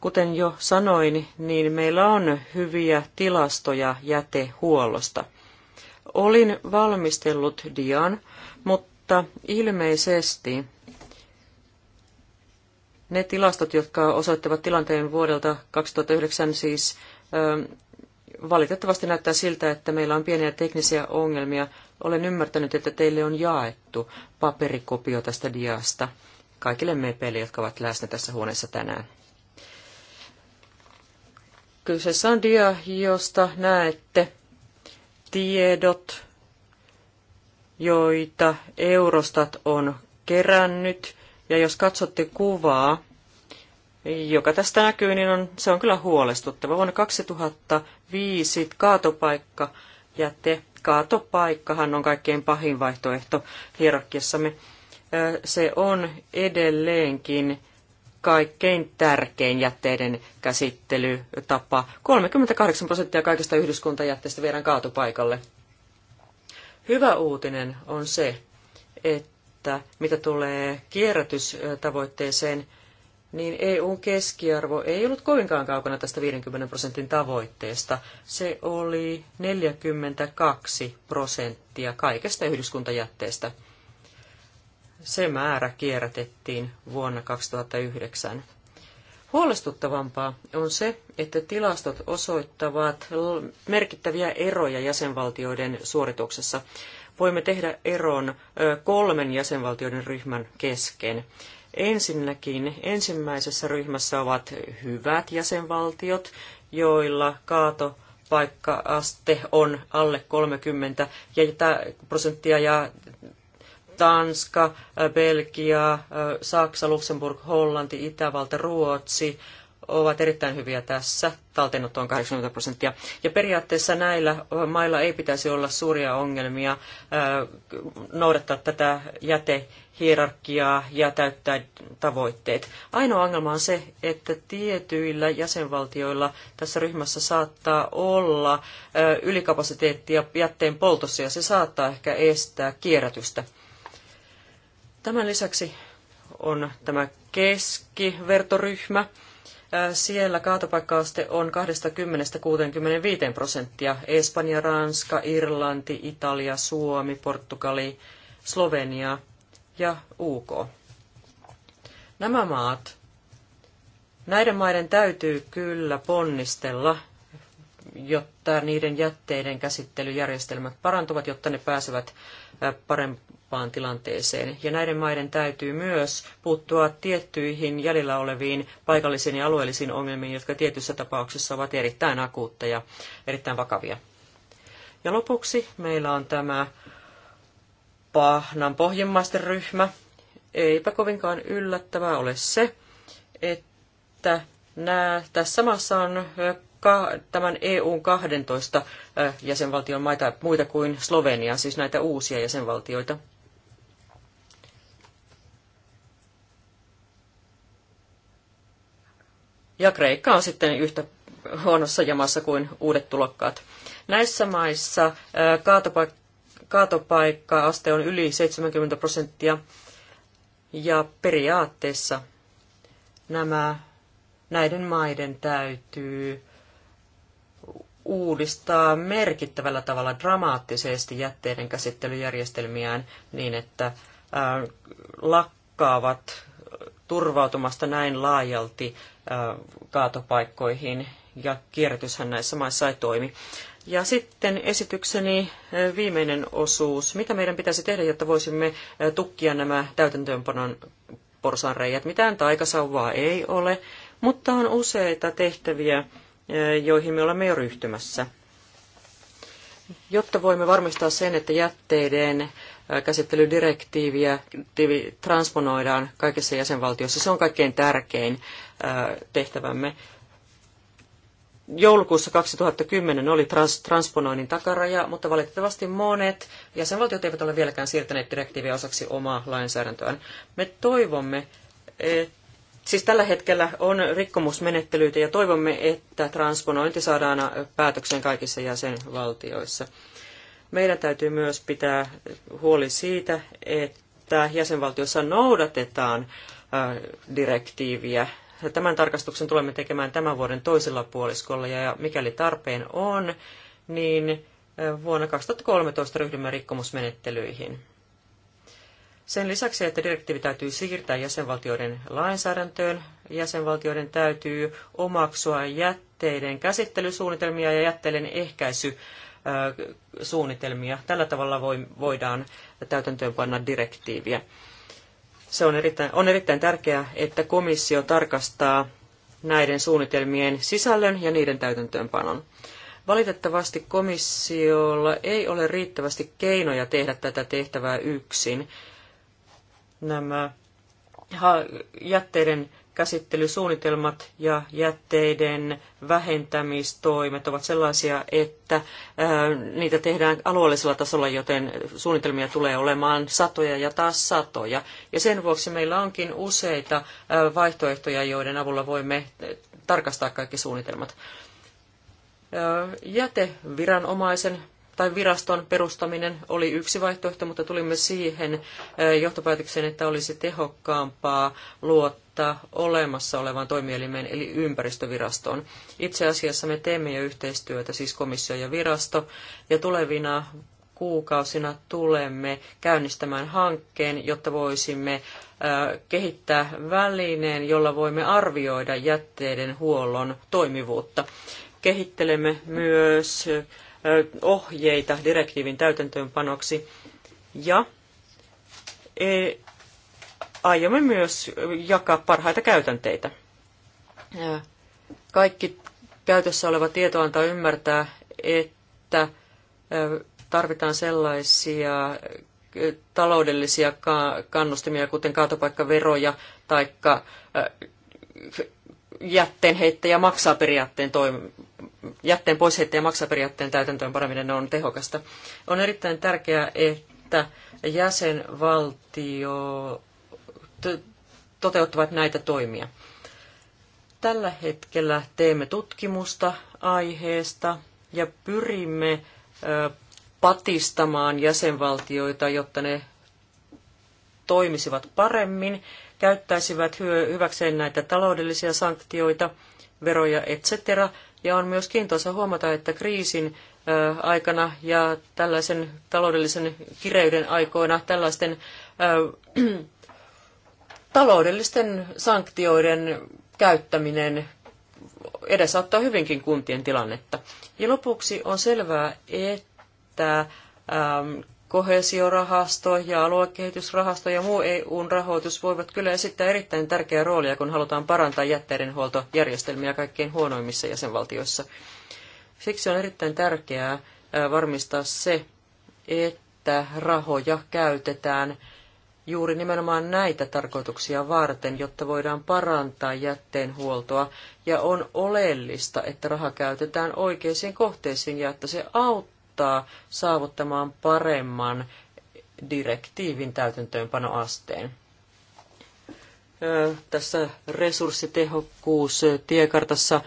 Kuten jo sanoin, niin meillä on hyviä tilastoja jätehuollosta – Olin valmistellut dian, mutta ilmeisesti ne tilastot, jotka osoittavat tilanteen vuodelta 2009, siis valitettavasti näyttää siltä, että meillä on pieniä teknisiä ongelmia. Olen ymmärtänyt, että teille on jaettu paperikopio tästä diasta kaikille mepeille, jotka ovat läsnä tässä huoneessa tänään. Kyseessä on dia, josta näette tiedot, joita Eurostat on kerännyt. Ja jos katsotte kuvaa, joka tästä näkyy, niin on, se on kyllä huolestuttava. Vuonna 2005 kaatopaikka te kaatopaikkahan on kaikkein pahin vaihtoehto hierarkiassamme. Se on edelleenkin kaikkein tärkein jätteiden käsittelytapa. 38 prosenttia kaikista yhdyskuntajätteistä viedään kaatopaikalle. Hyvä uutinen on se, että mitä tulee kierrätystavoitteeseen, niin EUn keskiarvo ei ollut kovinkaan kaukana tästä 50 prosentin tavoitteesta. Se oli 42 prosenttia kaikesta yhdyskuntajätteestä se määrä kierrätettiin vuonna 2009. Huolestuttavampaa on se, että tilastot osoittavat merkittäviä eroja jäsenvaltioiden suorituksessa. Voimme tehdä eron kolmen jäsenvaltioiden ryhmän kesken. Ensinnäkin ensimmäisessä ryhmässä ovat hyvät jäsenvaltiot, joilla kaato paikka-aste on alle 30 ja prosenttia ja Tanska, Belgia, Saksa, Luxemburg, Hollanti, Itävalta, Ruotsi ovat erittäin hyviä tässä. Talteenotto on 80 prosenttia. Ja periaatteessa näillä mailla ei pitäisi olla suuria ongelmia noudattaa tätä jätehierarkiaa ja täyttää tavoitteet. Ainoa ongelma on se, että tietyillä jäsenvaltioilla tässä ryhmässä saattaa olla ylikapasiteettia jätteen poltossa ja se saattaa ehkä estää kierrätystä. Tämän lisäksi on tämä keskivertoryhmä. Siellä kaatopaikkaaste on 20-65 prosenttia. Espanja, Ranska, Irlanti, Italia, Suomi, Portugali, Slovenia ja UK. Nämä maat, näiden maiden täytyy kyllä ponnistella, jotta niiden jätteiden käsittelyjärjestelmät parantuvat, jotta ne pääsevät tiukempaan tilanteeseen, ja näiden maiden täytyy myös puuttua tiettyihin jäljellä oleviin paikallisiin ja alueellisiin ongelmiin, jotka tietyissä tapauksissa ovat erittäin akuutteja, erittäin vakavia. Ja lopuksi meillä on tämä Pahnan pohjimmaisten ryhmä. Eipä kovinkaan yllättävää ole se, että nämä, tässä maassa on ka, tämän EUn 12 jäsenvaltion maita muita kuin Slovenia, siis näitä uusia jäsenvaltioita. Ja Kreikka on sitten yhtä huonossa jamassa kuin uudet tulokkaat. Näissä maissa kaatopaik- kaatopaikka-aste on yli 70 prosenttia ja periaatteessa nämä, näiden maiden täytyy uudistaa merkittävällä tavalla dramaattisesti jätteiden käsittelyjärjestelmiään niin, että lakkaavat turvautumasta näin laajalti kaatopaikkoihin, ja kierrätyshän näissä maissa ei toimi. Ja sitten esitykseni viimeinen osuus. Mitä meidän pitäisi tehdä, jotta voisimme tukkia nämä täytäntöönpanon porsanreijät? Mitään taikasauvaa ei ole, mutta on useita tehtäviä, joihin me olemme jo ryhtymässä. Jotta voimme varmistaa sen, että jätteiden käsittelydirektiiviä transponoidaan kaikissa jäsenvaltioissa. Se on kaikkein tärkein tehtävämme. Joulukuussa 2010 oli trans- transponoinnin takaraja, mutta valitettavasti monet jäsenvaltiot eivät ole vieläkään siirtäneet direktiiviä osaksi omaa lainsäädäntöään. Me toivomme, että Siis tällä hetkellä on rikkomusmenettelyitä ja toivomme, että transponointi saadaan päätökseen kaikissa jäsenvaltioissa. Meidän täytyy myös pitää huoli siitä, että jäsenvaltiossa noudatetaan direktiiviä. Tämän tarkastuksen tulemme tekemään tämän vuoden toisella puoliskolla ja mikäli tarpeen on, niin vuonna 2013 ryhdymme rikkomusmenettelyihin. Sen lisäksi, että direktiivi täytyy siirtää jäsenvaltioiden lainsäädäntöön, jäsenvaltioiden täytyy omaksua jätteiden käsittelysuunnitelmia ja jätteiden ehkäisy suunnitelmia. Tällä tavalla voidaan täytäntöönpanna direktiiviä. Se on erittäin, on erittäin tärkeää, että komissio tarkastaa näiden suunnitelmien sisällön ja niiden täytäntöönpanon. Valitettavasti komissiolla ei ole riittävästi keinoja tehdä tätä tehtävää yksin. Nämä jätteiden käsittelysuunnitelmat ja jätteiden vähentämistoimet ovat sellaisia, että niitä tehdään alueellisella tasolla, joten suunnitelmia tulee olemaan satoja ja taas satoja. Ja sen vuoksi meillä onkin useita vaihtoehtoja, joiden avulla voimme tarkastaa kaikki suunnitelmat jäteviranomaisen tai viraston perustaminen oli yksi vaihtoehto, mutta tulimme siihen johtopäätökseen, että olisi tehokkaampaa luottaa olemassa olevaan toimielimeen, eli ympäristövirastoon. Itse asiassa me teemme jo yhteistyötä, siis komissio ja virasto, ja tulevina kuukausina tulemme käynnistämään hankkeen, jotta voisimme kehittää välineen, jolla voimme arvioida jätteiden huollon toimivuutta. Kehittelemme myös ohjeita direktiivin täytäntöönpanoksi. Ja e, aiomme myös jakaa parhaita käytänteitä. Kaikki käytössä oleva tieto antaa ymmärtää, että tarvitaan sellaisia taloudellisia kannustimia, kuten kaatopaikkaveroja tai jätteenheittäjä maksaa periaatteen jätteen pois heittäjä ja maksaperiaatteen täytäntöön paremmin on tehokasta. On erittäin tärkeää, että jäsenvaltio toteuttavat näitä toimia. Tällä hetkellä teemme tutkimusta aiheesta ja pyrimme patistamaan jäsenvaltioita, jotta ne toimisivat paremmin, käyttäisivät hyväkseen näitä taloudellisia sanktioita, veroja, etc ja on myös kiintoisa huomata, että kriisin aikana ja tällaisen taloudellisen kireyden aikoina tällaisten äh, <clears throat> taloudellisten sanktioiden käyttäminen edesauttaa hyvinkin kuntien tilannetta. Ja lopuksi on selvää, että kohesiorahasto ja aluekehitysrahasto ja muu EUn rahoitus voivat kyllä esittää erittäin tärkeää roolia, kun halutaan parantaa jätteidenhuoltojärjestelmiä kaikkein huonoimmissa jäsenvaltioissa. Siksi on erittäin tärkeää varmistaa se, että rahoja käytetään juuri nimenomaan näitä tarkoituksia varten, jotta voidaan parantaa jätteenhuoltoa. Ja on oleellista, että raha käytetään oikeisiin kohteisiin ja että se auttaa auttaa saavuttamaan paremman direktiivin täytäntöönpanoasteen. Tässä resurssitehokkuustiekartassa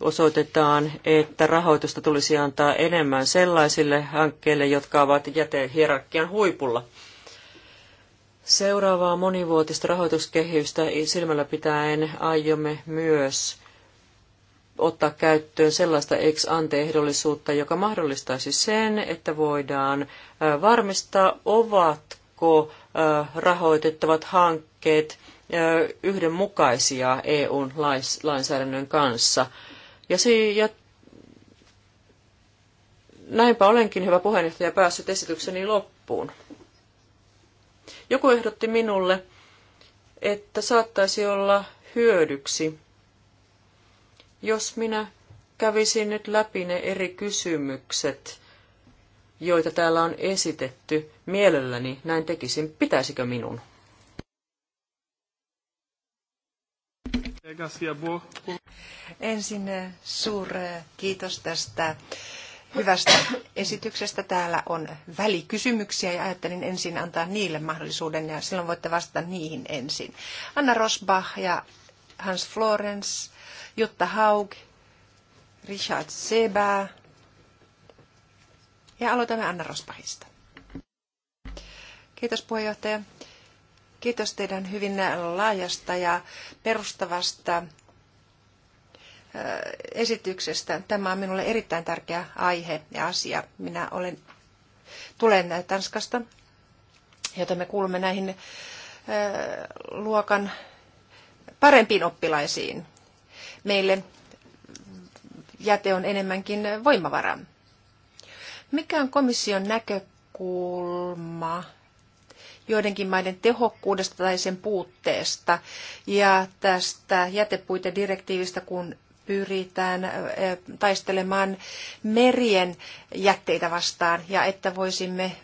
osoitetaan, että rahoitusta tulisi antaa enemmän sellaisille hankkeille, jotka ovat jätehierarkian huipulla. Seuraavaa monivuotista rahoituskehystä silmällä pitäen aiomme myös ottaa käyttöön sellaista ex ante-ehdollisuutta, joka mahdollistaisi sen, että voidaan varmistaa, ovatko rahoitettavat hankkeet yhdenmukaisia EUn lainsäädännön kanssa. Ja, si- ja näinpä olenkin, hyvä puheenjohtaja, päässyt esitykseni loppuun. Joku ehdotti minulle, että saattaisi olla hyödyksi jos minä kävisin nyt läpi ne eri kysymykset, joita täällä on esitetty, mielelläni näin tekisin. Pitäisikö minun? Ensin eh, suuri eh, kiitos tästä hyvästä esityksestä. Täällä on välikysymyksiä ja ajattelin ensin antaa niille mahdollisuuden ja silloin voitte vastata niihin ensin. Anna Rosbach ja Hans Florens Jutta Haug, Richard Seba Ja aloitamme Anna Rospahista. Kiitos puheenjohtaja. Kiitos teidän hyvin laajasta ja perustavasta esityksestä. Tämä on minulle erittäin tärkeä aihe ja asia. Minä olen, tulen Tanskasta, joten me kuulumme näihin luokan parempiin oppilaisiin meille jäte on enemmänkin voimavara. Mikä on komission näkökulma joidenkin maiden tehokkuudesta tai sen puutteesta ja tästä jätepuitedirektiivistä, kun pyritään taistelemaan merien jätteitä vastaan ja että voisimme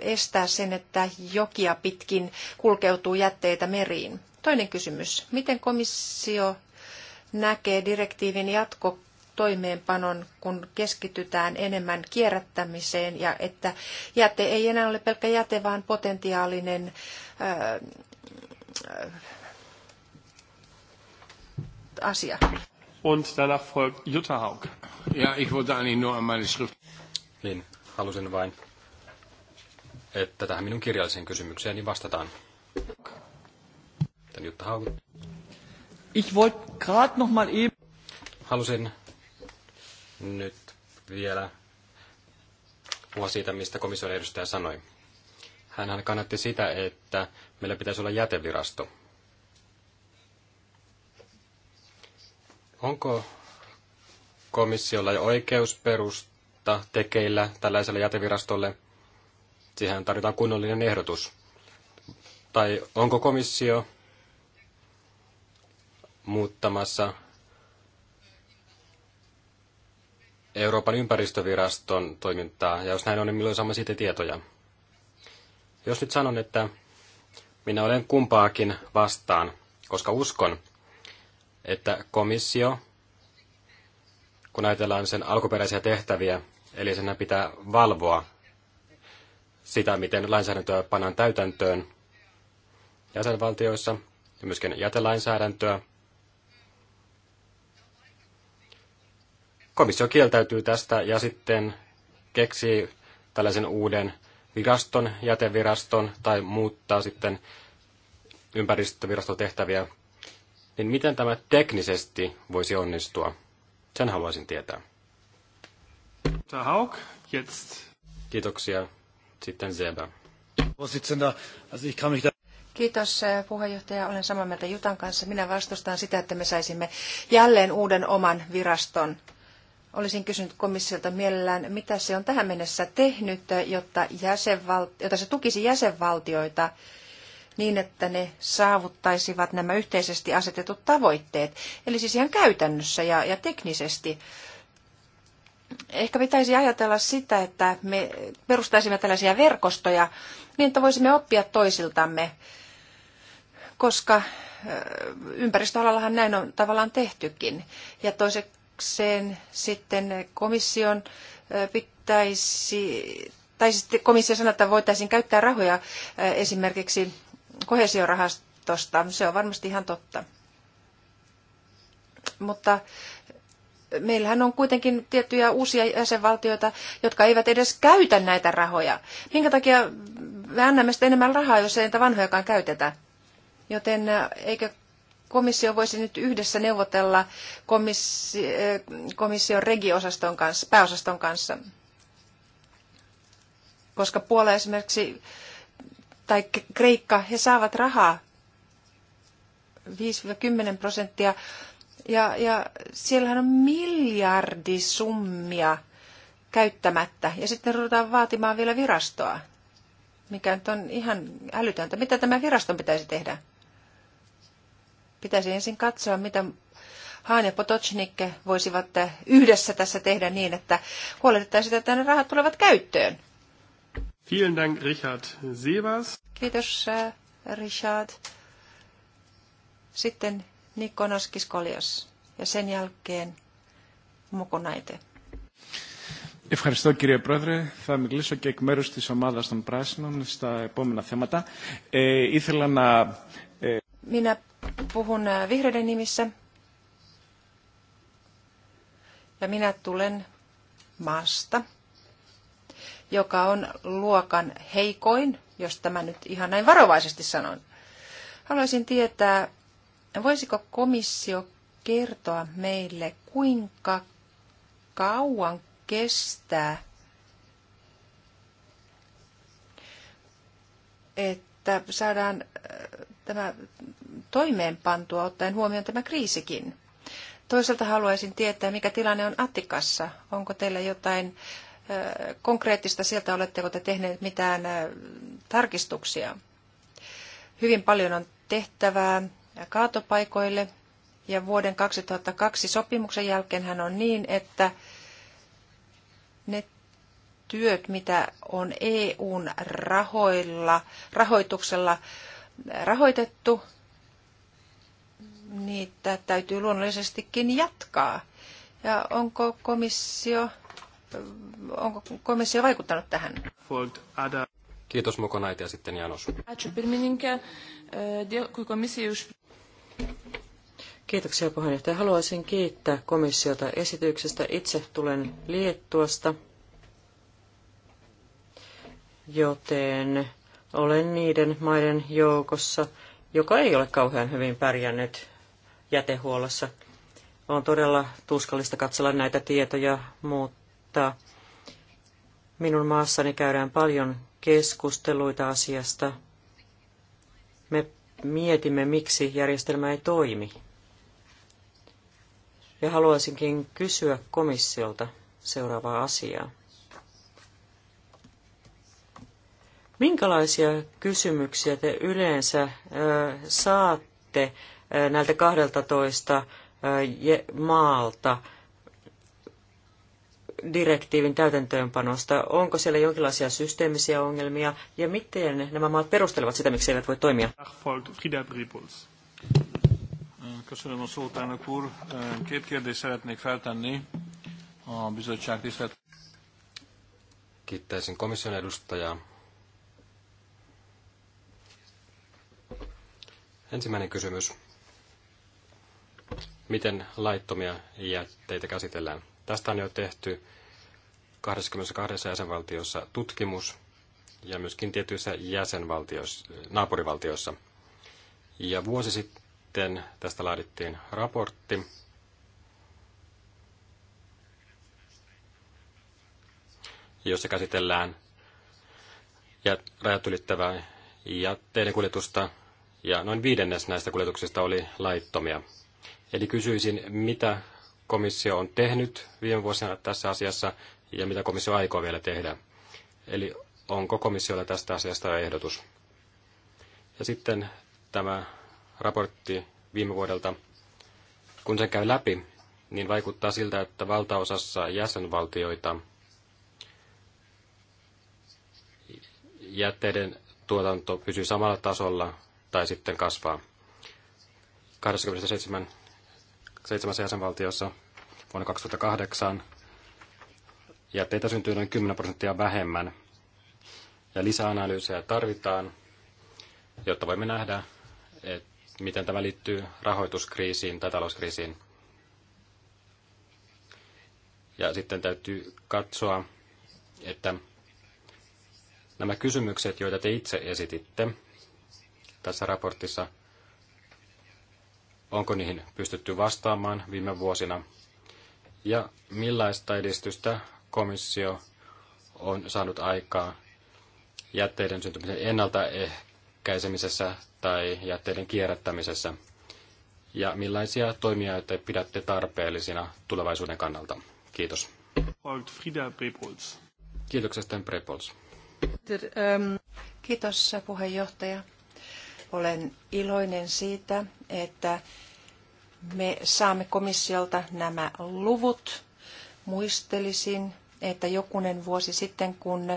estää sen, että jokia pitkin kulkeutuu jätteitä meriin. Toinen kysymys. Miten komissio näkee direktiivin jatko toimeenpanon, kun keskitytään enemmän kierrättämiseen ja että jäte ei enää ole pelkkä jäte, vaan potentiaalinen äh, äh, asia. Und danach folgt Jutta Haug. Ja, ich wollte eigentlich nur an meine Schrift. Niin, halusin vain, että tähän minun kirjalliseen kysymykseeni vastataan. Tän Jutta Haug. Ich wollte gerade noch mal eben... Halusin nyt vielä puhua siitä, mistä komission edustaja sanoi. Hän kannatti sitä, että meillä pitäisi olla jätevirasto. Onko komissiolla jo oikeusperusta tekeillä tällaiselle jätevirastolle? Siihen tarvitaan kunnollinen ehdotus. Tai onko komissio muuttamassa Euroopan ympäristöviraston toimintaa, ja jos näin on, niin milloin saamme siitä tietoja? Jos nyt sanon, että minä olen kumpaakin vastaan, koska uskon, että komissio, kun ajatellaan sen alkuperäisiä tehtäviä, eli sen pitää valvoa sitä, miten lainsäädäntöä pannaan täytäntöön jäsenvaltioissa ja myöskin jätelainsäädäntöä, komissio kieltäytyy tästä ja sitten keksii tällaisen uuden viraston, jäteviraston tai muuttaa sitten ympäristöviraston tehtäviä, niin miten tämä teknisesti voisi onnistua? Sen haluaisin tietää. Haug, jetzt. Kiitoksia. Sitten Zeba. Kiitos eh, puheenjohtaja. Olen samaa mieltä Jutan kanssa. Minä vastustan sitä, että me saisimme jälleen uuden oman viraston Olisin kysynyt komissiolta mielellään, mitä se on tähän mennessä tehnyt, jotta, jäsenvalti- jotta se tukisi jäsenvaltioita niin, että ne saavuttaisivat nämä yhteisesti asetetut tavoitteet. Eli siis ihan käytännössä ja, ja teknisesti. Ehkä pitäisi ajatella sitä, että me perustaisimme tällaisia verkostoja niin, että voisimme oppia toisiltamme, koska ympäristöalallahan näin on tavallaan tehtykin. Ja toiseksi kysymykseen sitten komission pitäisi, tai sitten siis komissio sanoi, että voitaisiin käyttää rahoja esimerkiksi kohesiorahastosta. Se on varmasti ihan totta. Mutta meillähän on kuitenkin tiettyjä uusia jäsenvaltioita, jotka eivät edes käytä näitä rahoja. Minkä takia me annamme sitten enemmän rahaa, jos ei niitä vanhojakaan käytetä? Joten eikö komissio voisi nyt yhdessä neuvotella komissi, eh, komission regiosaston kanssa, pääosaston kanssa? Koska Puola esimerkiksi tai Kreikka, he saavat rahaa 5-10 prosenttia. Ja, ja siellähän on miljardisummia käyttämättä. Ja sitten ruvetaan vaatimaan vielä virastoa, mikä nyt on ihan älytöntä. Mitä tämä viraston pitäisi tehdä? Pitäisi ensin katsoa, mitä Haan ja Potocnik voisivat yhdessä tässä tehdä niin, että huolehdittaisiin, että ne rahat tulevat käyttöön. Vielen Dank, Richard Kiitos, äh, Richard. Sitten Nikonos Kiskolios ja sen jälkeen Mokonaite. Ευχαριστώ κύριε Πρόεδρε. Θα μιλήσω και εκ μέρους της ομάδας των Πράσινων στα επόμενα θέματα. Ε, ήθελα να... Ε... Minä puhun äh, vihreiden nimissä. Ja minä tulen maasta, joka on luokan heikoin, jos tämä nyt ihan näin varovaisesti sanon. Haluaisin tietää, voisiko komissio kertoa meille, kuinka kauan kestää, että saadaan äh, tämä toimeenpantua ottaen huomioon tämä kriisikin? Toisaalta haluaisin tietää, mikä tilanne on Attikassa. Onko teillä jotain konkreettista sieltä, oletteko te tehneet mitään tarkistuksia? Hyvin paljon on tehtävää kaatopaikoille ja vuoden 2002 sopimuksen jälkeen hän on niin, että ne työt, mitä on EUn rahoilla, rahoituksella rahoitettu, niitä täytyy luonnollisestikin jatkaa. Ja onko komissio, onko komissio vaikuttanut tähän? Kiitos Mokonaita ja sitten Janos. Kiitoksia puheenjohtaja. Haluaisin kiittää komissiota esityksestä. Itse tulen Liettuasta, joten olen niiden maiden joukossa, joka ei ole kauhean hyvin pärjännyt jätehuollossa. On todella tuskallista katsella näitä tietoja, mutta minun maassani käydään paljon keskusteluita asiasta. Me mietimme, miksi järjestelmä ei toimi. Ja haluaisinkin kysyä komissiolta seuraavaa asiaa. Minkälaisia kysymyksiä te yleensä saatte näiltä 12 maalta direktiivin täytäntöönpanosta? Onko siellä jonkinlaisia systeemisiä ongelmia ja miten nämä maat perustelevat sitä, miksi eivät voi toimia? Köszönöm a szót, elnök úr. Két kérdést szeretnék feltenni a bizottság tisztelt. Kiittäisin komission edustajaa Ensimmäinen kysymys. Miten laittomia jätteitä käsitellään? Tästä on jo tehty 22 jäsenvaltiossa tutkimus ja myöskin tietyissä jäsenvaltioissa, naapurivaltioissa. Ja vuosi sitten tästä laadittiin raportti. jossa käsitellään rajat ylittävää jätteiden kuljetusta ja noin viidennes näistä kuljetuksista oli laittomia. Eli kysyisin, mitä komissio on tehnyt viime vuosina tässä asiassa ja mitä komissio aikoo vielä tehdä. Eli onko komissiolla tästä asiasta ehdotus? Ja sitten tämä raportti viime vuodelta, kun sen käy läpi, niin vaikuttaa siltä, että valtaosassa jäsenvaltioita jätteiden tuotanto pysyy samalla tasolla tai sitten kasvaa. 27 seitsemässä jäsenvaltiossa vuonna 2008 jätteitä syntyy noin 10 prosenttia vähemmän. Ja lisäanalyysejä tarvitaan, jotta voimme nähdä, että miten tämä liittyy rahoituskriisiin tai talouskriisiin. Ja sitten täytyy katsoa, että nämä kysymykset, joita te itse esititte, tässä raportissa. Onko niihin pystytty vastaamaan viime vuosina? Ja millaista edistystä komissio on saanut aikaa jätteiden syntymisen ennaltaehkäisemisessä tai jätteiden kierrättämisessä? Ja millaisia toimia te pidätte tarpeellisina tulevaisuuden kannalta? Kiitos. Frida Prepols. Kiitos puheenjohtaja. Olen iloinen siitä, että me saamme komissiolta nämä luvut. Muistelisin, että jokunen vuosi sitten, kun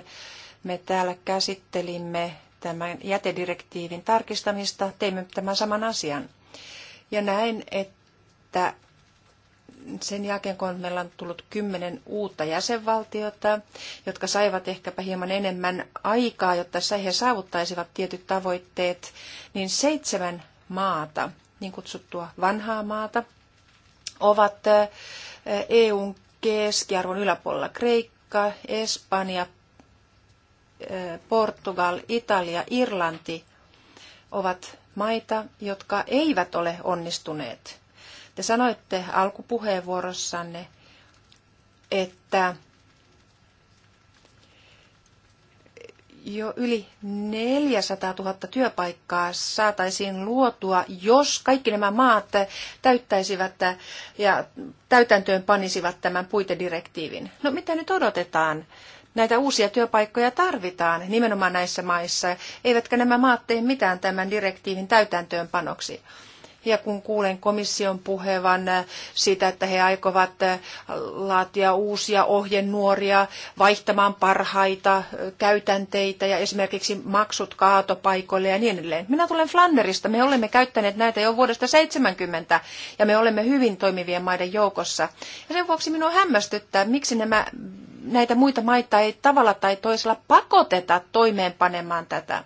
me täällä käsittelimme tämän jätedirektiivin tarkistamista, teimme tämän saman asian. Ja näin, että sen jälkeen, kun meillä on tullut kymmenen uutta jäsenvaltiota, jotka saivat ehkäpä hieman enemmän aikaa, jotta he saavuttaisivat tietyt tavoitteet, niin seitsemän maata, niin kutsuttua vanhaa maata, ovat EUn keskiarvon yläpuolella Kreikka, Espanja, Portugal, Italia, Irlanti ovat maita, jotka eivät ole onnistuneet te sanoitte alkupuheenvuorossanne, että jo yli 400 000 työpaikkaa saataisiin luotua, jos kaikki nämä maat täyttäisivät ja täytäntöön panisivat tämän puitedirektiivin. No mitä nyt odotetaan? Näitä uusia työpaikkoja tarvitaan nimenomaan näissä maissa, eivätkä nämä maat tee mitään tämän direktiivin täytäntöönpanoksi. panoksi. Ja kun kuulen komission puhevan äh, siitä, että he aikovat äh, laatia uusia ohjenuoria, vaihtamaan parhaita äh, käytänteitä ja esimerkiksi maksut kaatopaikoille ja niin edelleen. Minä tulen Flanderista. Me olemme käyttäneet näitä jo vuodesta 70 ja me olemme hyvin toimivien maiden joukossa. Ja sen vuoksi minua hämmästyttää, miksi nämä näitä muita maita ei tavalla tai toisella pakoteta toimeenpanemaan tätä.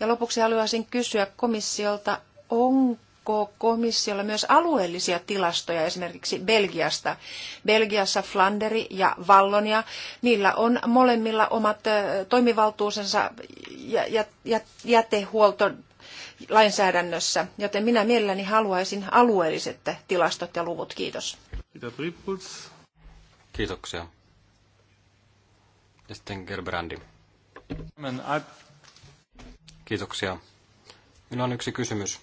Ja lopuksi haluaisin kysyä komissiolta, onko komissiolla myös alueellisia tilastoja esimerkiksi Belgiasta? Belgiassa Flanderi ja Vallonia, niillä on molemmilla omat toimivaltuusensa jätehuolto lainsäädännössä, joten minä mielelläni haluaisin alueelliset tilastot ja luvut. Kiitos. Kiitoksia. Ja sitten Gerbrandi. Kiitoksia. Minulla on yksi kysymys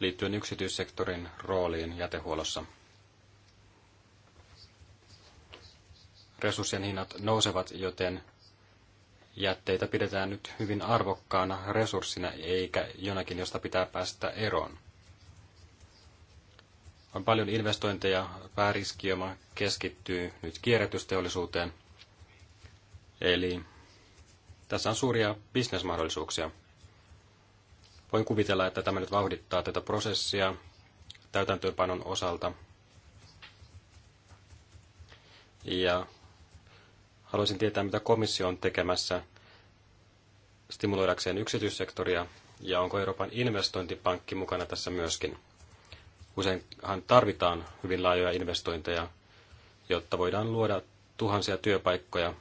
liittyen yksityissektorin rooliin jätehuollossa. Resurssien hinnat nousevat, joten jätteitä pidetään nyt hyvin arvokkaana resurssina eikä jonakin, josta pitää päästä eroon. On paljon investointeja, pääriskioma keskittyy nyt kierrätysteollisuuteen, eli tässä on suuria bisnesmahdollisuuksia. Voin kuvitella, että tämä nyt vauhdittaa tätä prosessia täytäntöönpanon osalta. Ja haluaisin tietää, mitä komissio on tekemässä stimuloidakseen yksityissektoria ja onko Euroopan investointipankki mukana tässä myöskin. Useinhan tarvitaan hyvin laajoja investointeja, jotta voidaan luoda tuhansia työpaikkoja,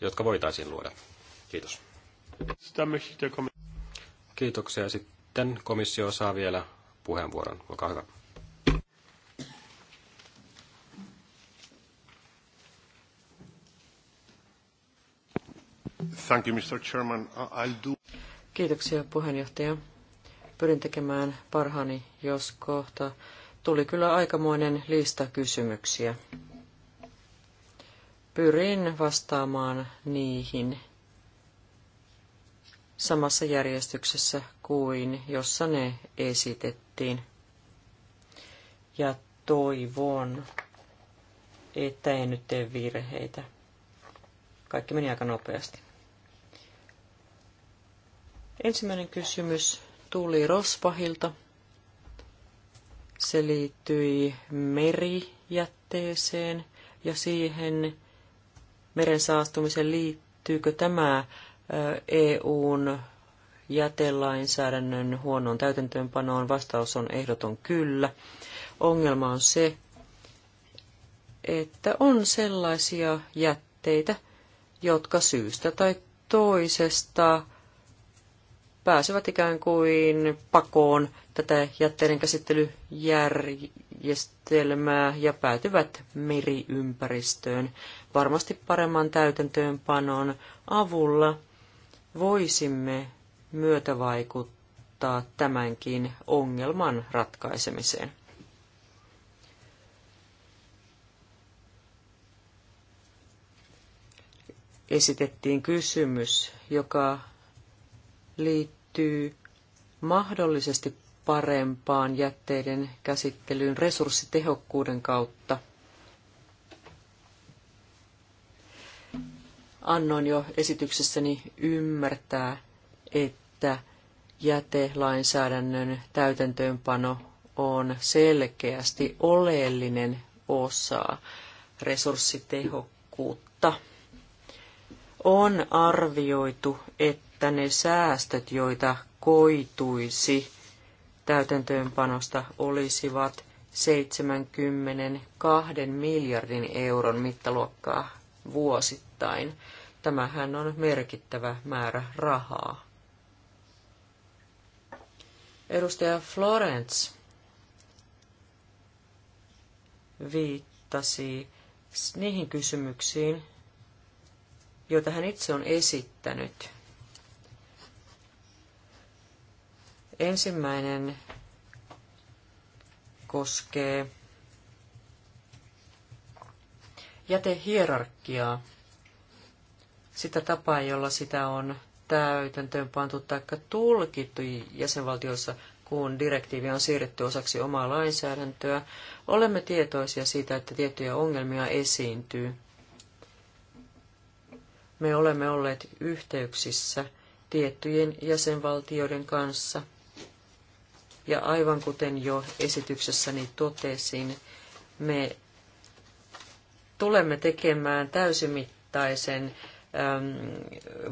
jotka voitaisiin luoda. Kiitos. Kiitoksia. Sitten komissio saa vielä puheenvuoron. Olkaa hyvä. Thank you, Mr. Chairman. I'll do... Kiitoksia puheenjohtaja. Pyrin tekemään parhaani, jos kohta tuli kyllä aikamoinen lista kysymyksiä. Pyrin vastaamaan niihin samassa järjestyksessä kuin jossa ne esitettiin. Ja toivon, että en nyt tee virheitä. Kaikki meni aika nopeasti. Ensimmäinen kysymys tuli Rosvahilta. Se liittyi merijätteeseen ja siihen meren saastumiseen liittyykö tämä EUn jätelainsäädännön huonoon täytäntöönpanoon? Vastaus on ehdoton kyllä. Ongelma on se, että on sellaisia jätteitä, jotka syystä tai toisesta pääsevät ikään kuin pakoon tätä jätteiden käsittelyjärjestelmää ja päätyvät meriympäristöön, varmasti paremman täytäntöönpanon avulla – voisimme myötävaikuttaa tämänkin ongelman ratkaisemiseen. Esitettiin kysymys, joka liittyy mahdollisesti parempaan jätteiden käsittelyyn resurssitehokkuuden kautta – annoin jo esityksessäni ymmärtää, että jätelainsäädännön täytäntöönpano on selkeästi oleellinen osa resurssitehokkuutta. On arvioitu, että ne säästöt, joita koituisi täytäntöönpanosta, olisivat 72 miljardin euron mittaluokkaa vuosittain vuosittain. Tämähän on merkittävä määrä rahaa. Edustaja Florence viittasi niihin kysymyksiin, joita hän itse on esittänyt. Ensimmäinen koskee jätehierarkiaa sitä tapaa, jolla sitä on täytäntöön pantu tai tulkittu jäsenvaltioissa, kun direktiivi on siirretty osaksi omaa lainsäädäntöä. Olemme tietoisia siitä, että tiettyjä ongelmia esiintyy. Me olemme olleet yhteyksissä tiettyjen jäsenvaltioiden kanssa. Ja aivan kuten jo esityksessäni totesin, me tulemme tekemään täysimittaisen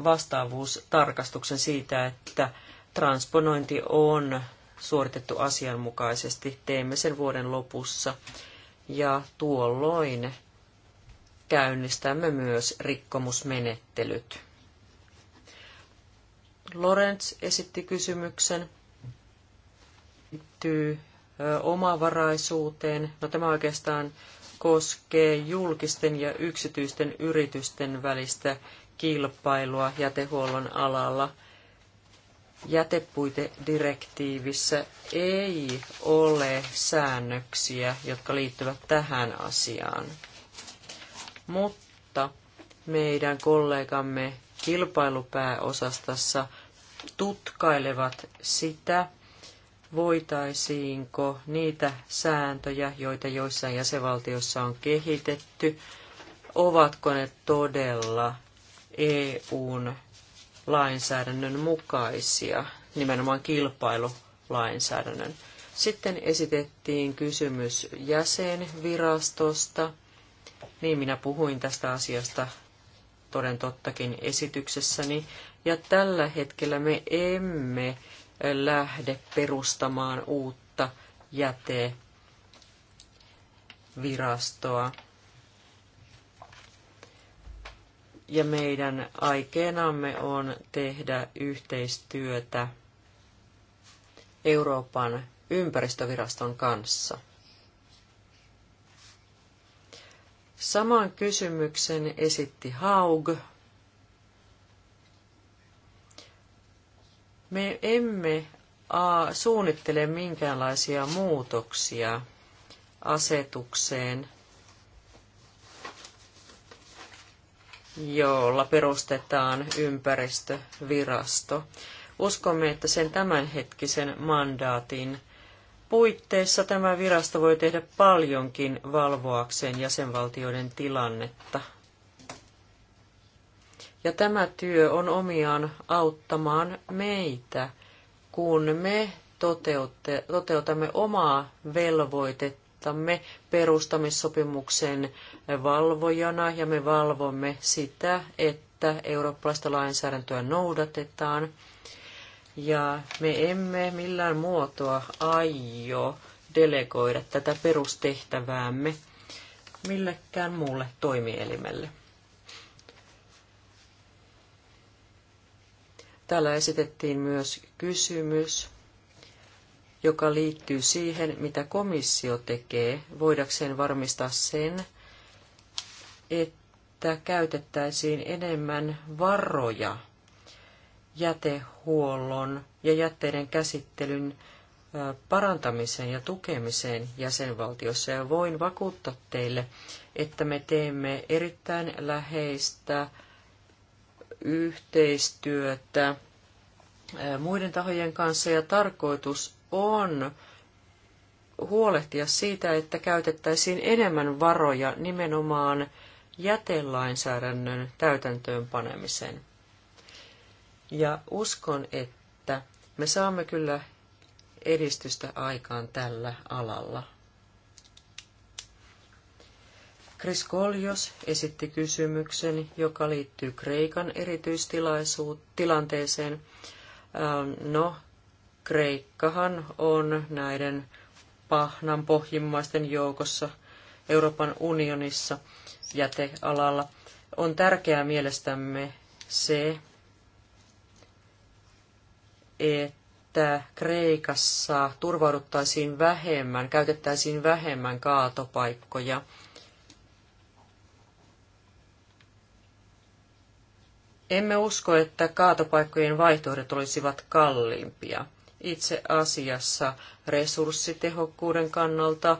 vastaavuustarkastuksen siitä, että transponointi on suoritettu asianmukaisesti. Teemme sen vuoden lopussa ja tuolloin käynnistämme myös rikkomusmenettelyt. Lorenz esitti kysymyksen liittyy omavaraisuuteen. No tämä oikeastaan koskee julkisten ja yksityisten yritysten välistä kilpailua jätehuollon alalla. Jätepuitedirektiivissä ei ole säännöksiä, jotka liittyvät tähän asiaan. Mutta meidän kollegamme kilpailupääosastassa tutkailevat sitä, voitaisiinko niitä sääntöjä, joita joissain jäsenvaltioissa on kehitetty, ovatko ne todella EUn lainsäädännön mukaisia, nimenomaan kilpailulainsäädännön. Sitten esitettiin kysymys jäsenvirastosta. Niin minä puhuin tästä asiasta toden tottakin esityksessäni. Ja tällä hetkellä me emme lähde perustamaan uutta jätevirastoa. Ja meidän aikeenamme on tehdä yhteistyötä Euroopan ympäristöviraston kanssa. Saman kysymyksen esitti Haug Me emme a, suunnittele minkäänlaisia muutoksia asetukseen, jolla perustetaan ympäristövirasto. Uskomme, että sen tämänhetkisen mandaatin puitteissa tämä virasto voi tehdä paljonkin valvoakseen jäsenvaltioiden tilannetta ja tämä työ on omiaan auttamaan meitä, kun me toteutte, toteutamme omaa velvoitettamme perustamissopimuksen valvojana ja me valvomme sitä, että eurooppalaista lainsäädäntöä noudatetaan. Ja me emme millään muotoa aio delegoida tätä perustehtäväämme millekään muulle toimielimelle. Täällä esitettiin myös kysymys, joka liittyy siihen, mitä komissio tekee, voidakseen varmistaa sen, että käytettäisiin enemmän varoja jätehuollon ja jätteiden käsittelyn parantamiseen ja tukemiseen jäsenvaltiossa. Ja voin vakuuttaa teille, että me teemme erittäin läheistä yhteistyötä muiden tahojen kanssa ja tarkoitus on huolehtia siitä, että käytettäisiin enemmän varoja nimenomaan jätelainsäädännön täytäntöönpanemiseen. Ja uskon, että me saamme kyllä edistystä aikaan tällä alalla. Chris Koljos esitti kysymyksen, joka liittyy Kreikan erityistilanteeseen. Ähm, no, Kreikkahan on näiden pahnan pohjimmaisten joukossa Euroopan unionissa jätealalla. On tärkeää mielestämme se, että Kreikassa turvauduttaisiin vähemmän, käytettäisiin vähemmän kaatopaikkoja – Emme usko, että kaatopaikkojen vaihtoehdot olisivat kalliimpia. Itse asiassa resurssitehokkuuden kannalta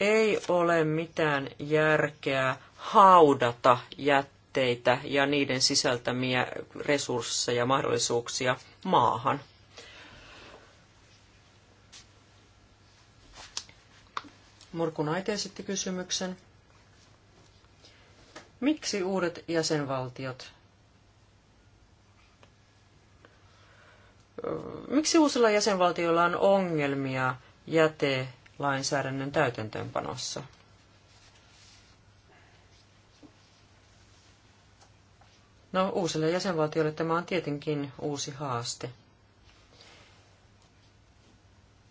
ei ole mitään järkeä haudata jätteitä ja niiden sisältämiä resursseja, mahdollisuuksia maahan. aite esitti kysymyksen. Miksi uudet jäsenvaltiot miksi uusilla jäsenvaltioilla on ongelmia jätelainsäädännön täytäntöönpanossa? No, uusille jäsenvaltioille tämä on tietenkin uusi haaste.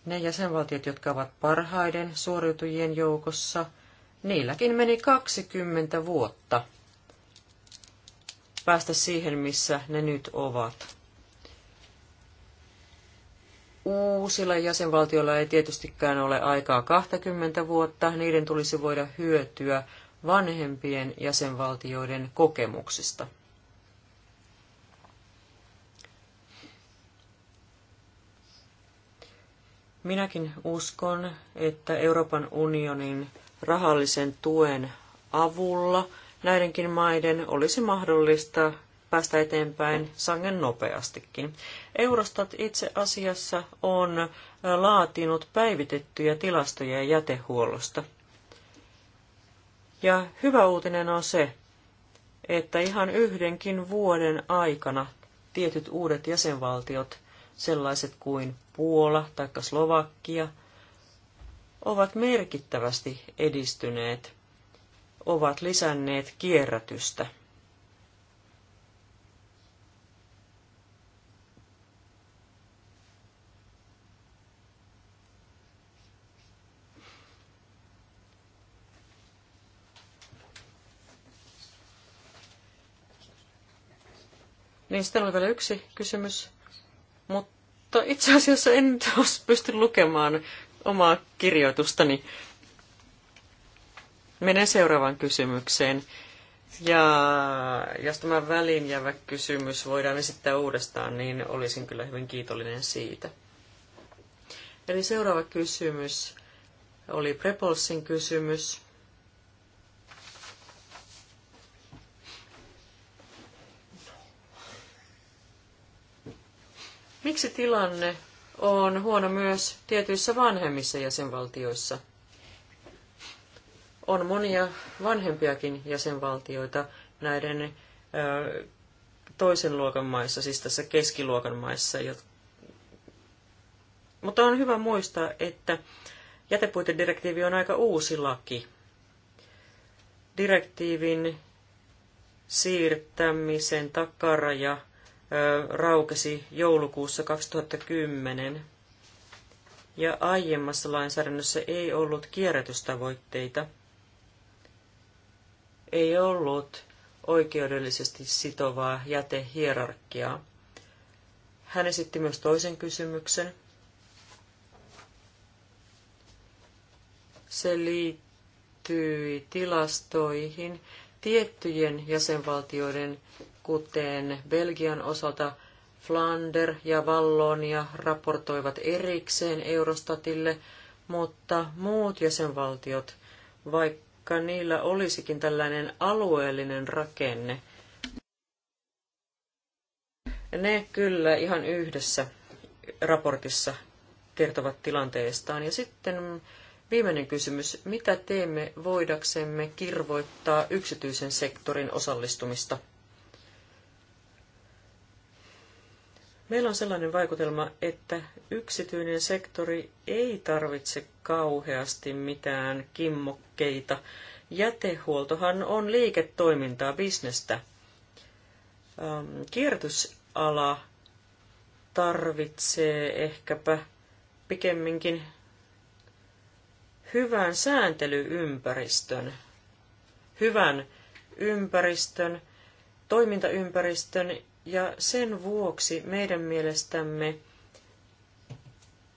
Ne jäsenvaltiot, jotka ovat parhaiden suoriutujien joukossa, niilläkin meni 20 vuotta päästä siihen, missä ne nyt ovat. Uusilla jäsenvaltioilla ei tietystikään ole aikaa 20 vuotta, niiden tulisi voida hyötyä vanhempien jäsenvaltioiden kokemuksista. Minäkin uskon, että Euroopan unionin rahallisen tuen avulla näidenkin maiden olisi mahdollista päästä eteenpäin sangen nopeastikin. Eurostat itse asiassa on laatinut päivitettyjä tilastoja jätehuollosta. Ja hyvä uutinen on se, että ihan yhdenkin vuoden aikana tietyt uudet jäsenvaltiot, sellaiset kuin Puola tai Slovakia, ovat merkittävästi edistyneet, ovat lisänneet kierrätystä – Niin sitten oli vielä yksi kysymys, mutta itse asiassa en nyt pysty lukemaan omaa kirjoitustani. Menen seuraavaan kysymykseen. Ja jos tämä välinjävä kysymys voidaan esittää uudestaan, niin olisin kyllä hyvin kiitollinen siitä. Eli seuraava kysymys oli Prepolsin kysymys. Miksi tilanne on huono myös tietyissä vanhemmissa jäsenvaltioissa? On monia vanhempiakin jäsenvaltioita näiden ö, toisen luokan maissa, siis tässä keskiluokan maissa. Mutta on hyvä muistaa, että jätepuitedirektiivi on aika uusi laki. Direktiivin siirtämisen takaraja raukesi joulukuussa 2010. Ja aiemmassa lainsäädännössä ei ollut kierrätystavoitteita. Ei ollut oikeudellisesti sitovaa jätehierarkiaa. Hän esitti myös toisen kysymyksen. Se liittyi tilastoihin tiettyjen jäsenvaltioiden kuten Belgian osalta Flander ja Vallonia raportoivat erikseen Eurostatille, mutta muut jäsenvaltiot, vaikka niillä olisikin tällainen alueellinen rakenne, ne kyllä ihan yhdessä raportissa kertovat tilanteestaan. Ja sitten viimeinen kysymys. Mitä teemme voidaksemme kirvoittaa yksityisen sektorin osallistumista? Meillä on sellainen vaikutelma, että yksityinen sektori ei tarvitse kauheasti mitään kimmokkeita. Jätehuoltohan on liiketoimintaa, bisnestä. Ähm, kierrätysala tarvitsee ehkäpä pikemminkin hyvän sääntelyympäristön, hyvän ympäristön, toimintaympäristön, ja sen vuoksi meidän mielestämme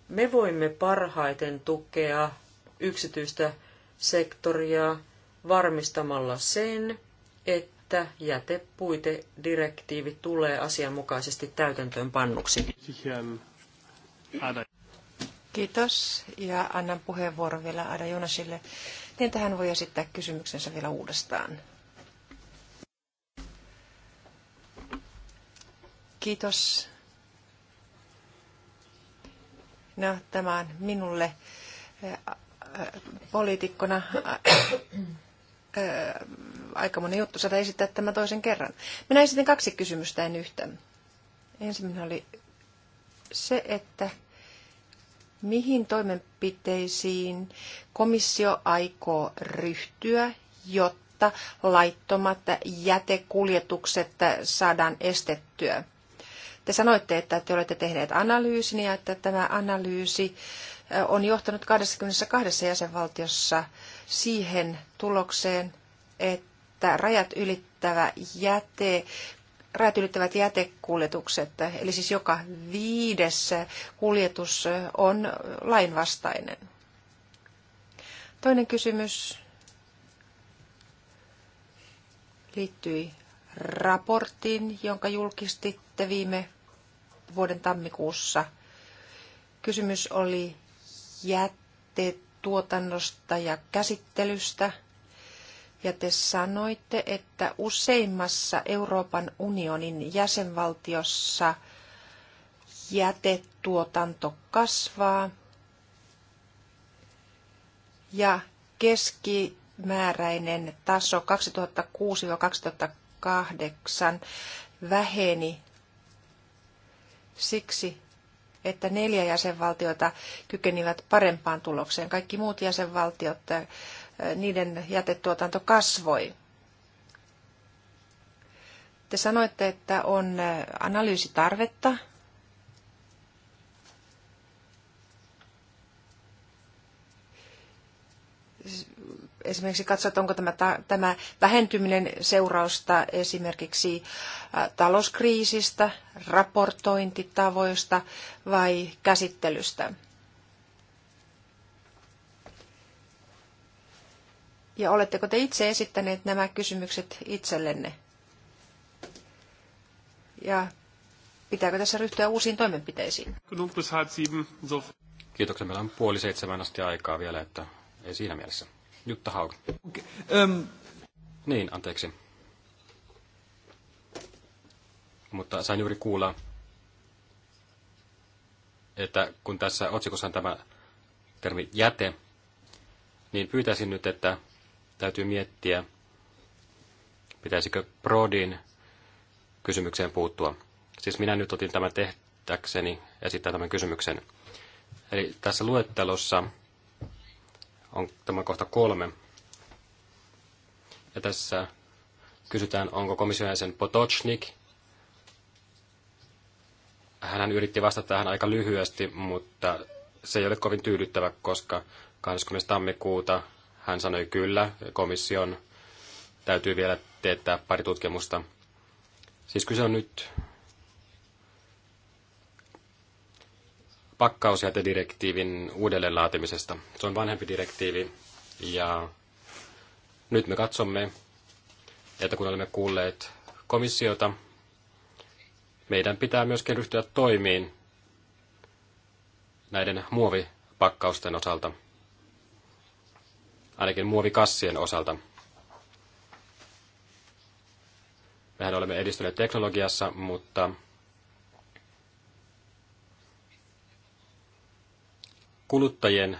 me voimme parhaiten tukea yksityistä sektoria varmistamalla sen, että jätepuitedirektiivi tulee asianmukaisesti täytäntöönpannuksi. Kiitos. Ja annan puheenvuoron vielä Ada Jonasille, niin tähän voi esittää kysymyksensä vielä uudestaan. Kiitos. No, tämä on minulle eh, eh, poliitikkona eh, aika moni juttu saada esittää tämä toisen kerran. Minä esitin kaksi kysymystä en yhtä. Ensimmäinen oli se, että mihin toimenpiteisiin komissio aikoo ryhtyä, jotta laittomat jätekuljetukset saadaan estettyä. Te sanoitte, että te olette tehneet analyysin ja että tämä analyysi on johtanut 22 jäsenvaltiossa siihen tulokseen, että rajat, ylittävä jäte, rajat ylittävät jätekuljetukset, eli siis joka viides kuljetus on lainvastainen. Toinen kysymys liittyi raportin, jonka julkistitte viime vuoden tammikuussa. Kysymys oli jätetuotannosta ja käsittelystä. Ja te sanoitte, että useimmassa Euroopan unionin jäsenvaltiossa jätetuotanto kasvaa ja keskimääräinen taso 2006-2008 väheni siksi, että neljä jäsenvaltiota kykenivät parempaan tulokseen. Kaikki muut jäsenvaltiot, niiden jätetuotanto kasvoi. Te sanoitte, että on analyysitarvetta esimerkiksi katsoa, onko tämä, tämä vähentyminen seurausta esimerkiksi talouskriisistä, raportointitavoista vai käsittelystä. Ja oletteko te itse esittäneet nämä kysymykset itsellenne? Ja pitääkö tässä ryhtyä uusiin toimenpiteisiin? Kiitoksia. Meillä on puoli seitsemän asti aikaa vielä, että ei siinä mielessä. Jutta Haug. Okay, um... Ähm, niin, anteeksi. Mutta sain juuri kuulla, että kun tässä otsikossa on tämä termi jäte, niin pyytäisin nyt, että täytyy miettiä, pitäisikö Prodin kysymykseen puuttua. Siis minä nyt otin tämän tehtäkseni esittää tämän kysymyksen. Eli tässä luettelossa on tämä kohta kolme. Ja tässä kysytään, onko komission jäsen Potocnik. Hän yritti vastata tähän aika lyhyesti, mutta se ei ole kovin tyydyttävä, koska 20. tammikuuta hän sanoi kyllä, komission täytyy vielä teettää pari tutkimusta. Siis kyse on nyt pakkausjätedirektiivin uudelleenlaatimisesta. Se on vanhempi direktiivi ja nyt me katsomme, että kun olemme kuulleet komissiota, meidän pitää myöskin ryhtyä toimiin näiden muovipakkausten osalta, ainakin muovikassien osalta. Mehän olemme edistyneet teknologiassa, mutta kuluttajien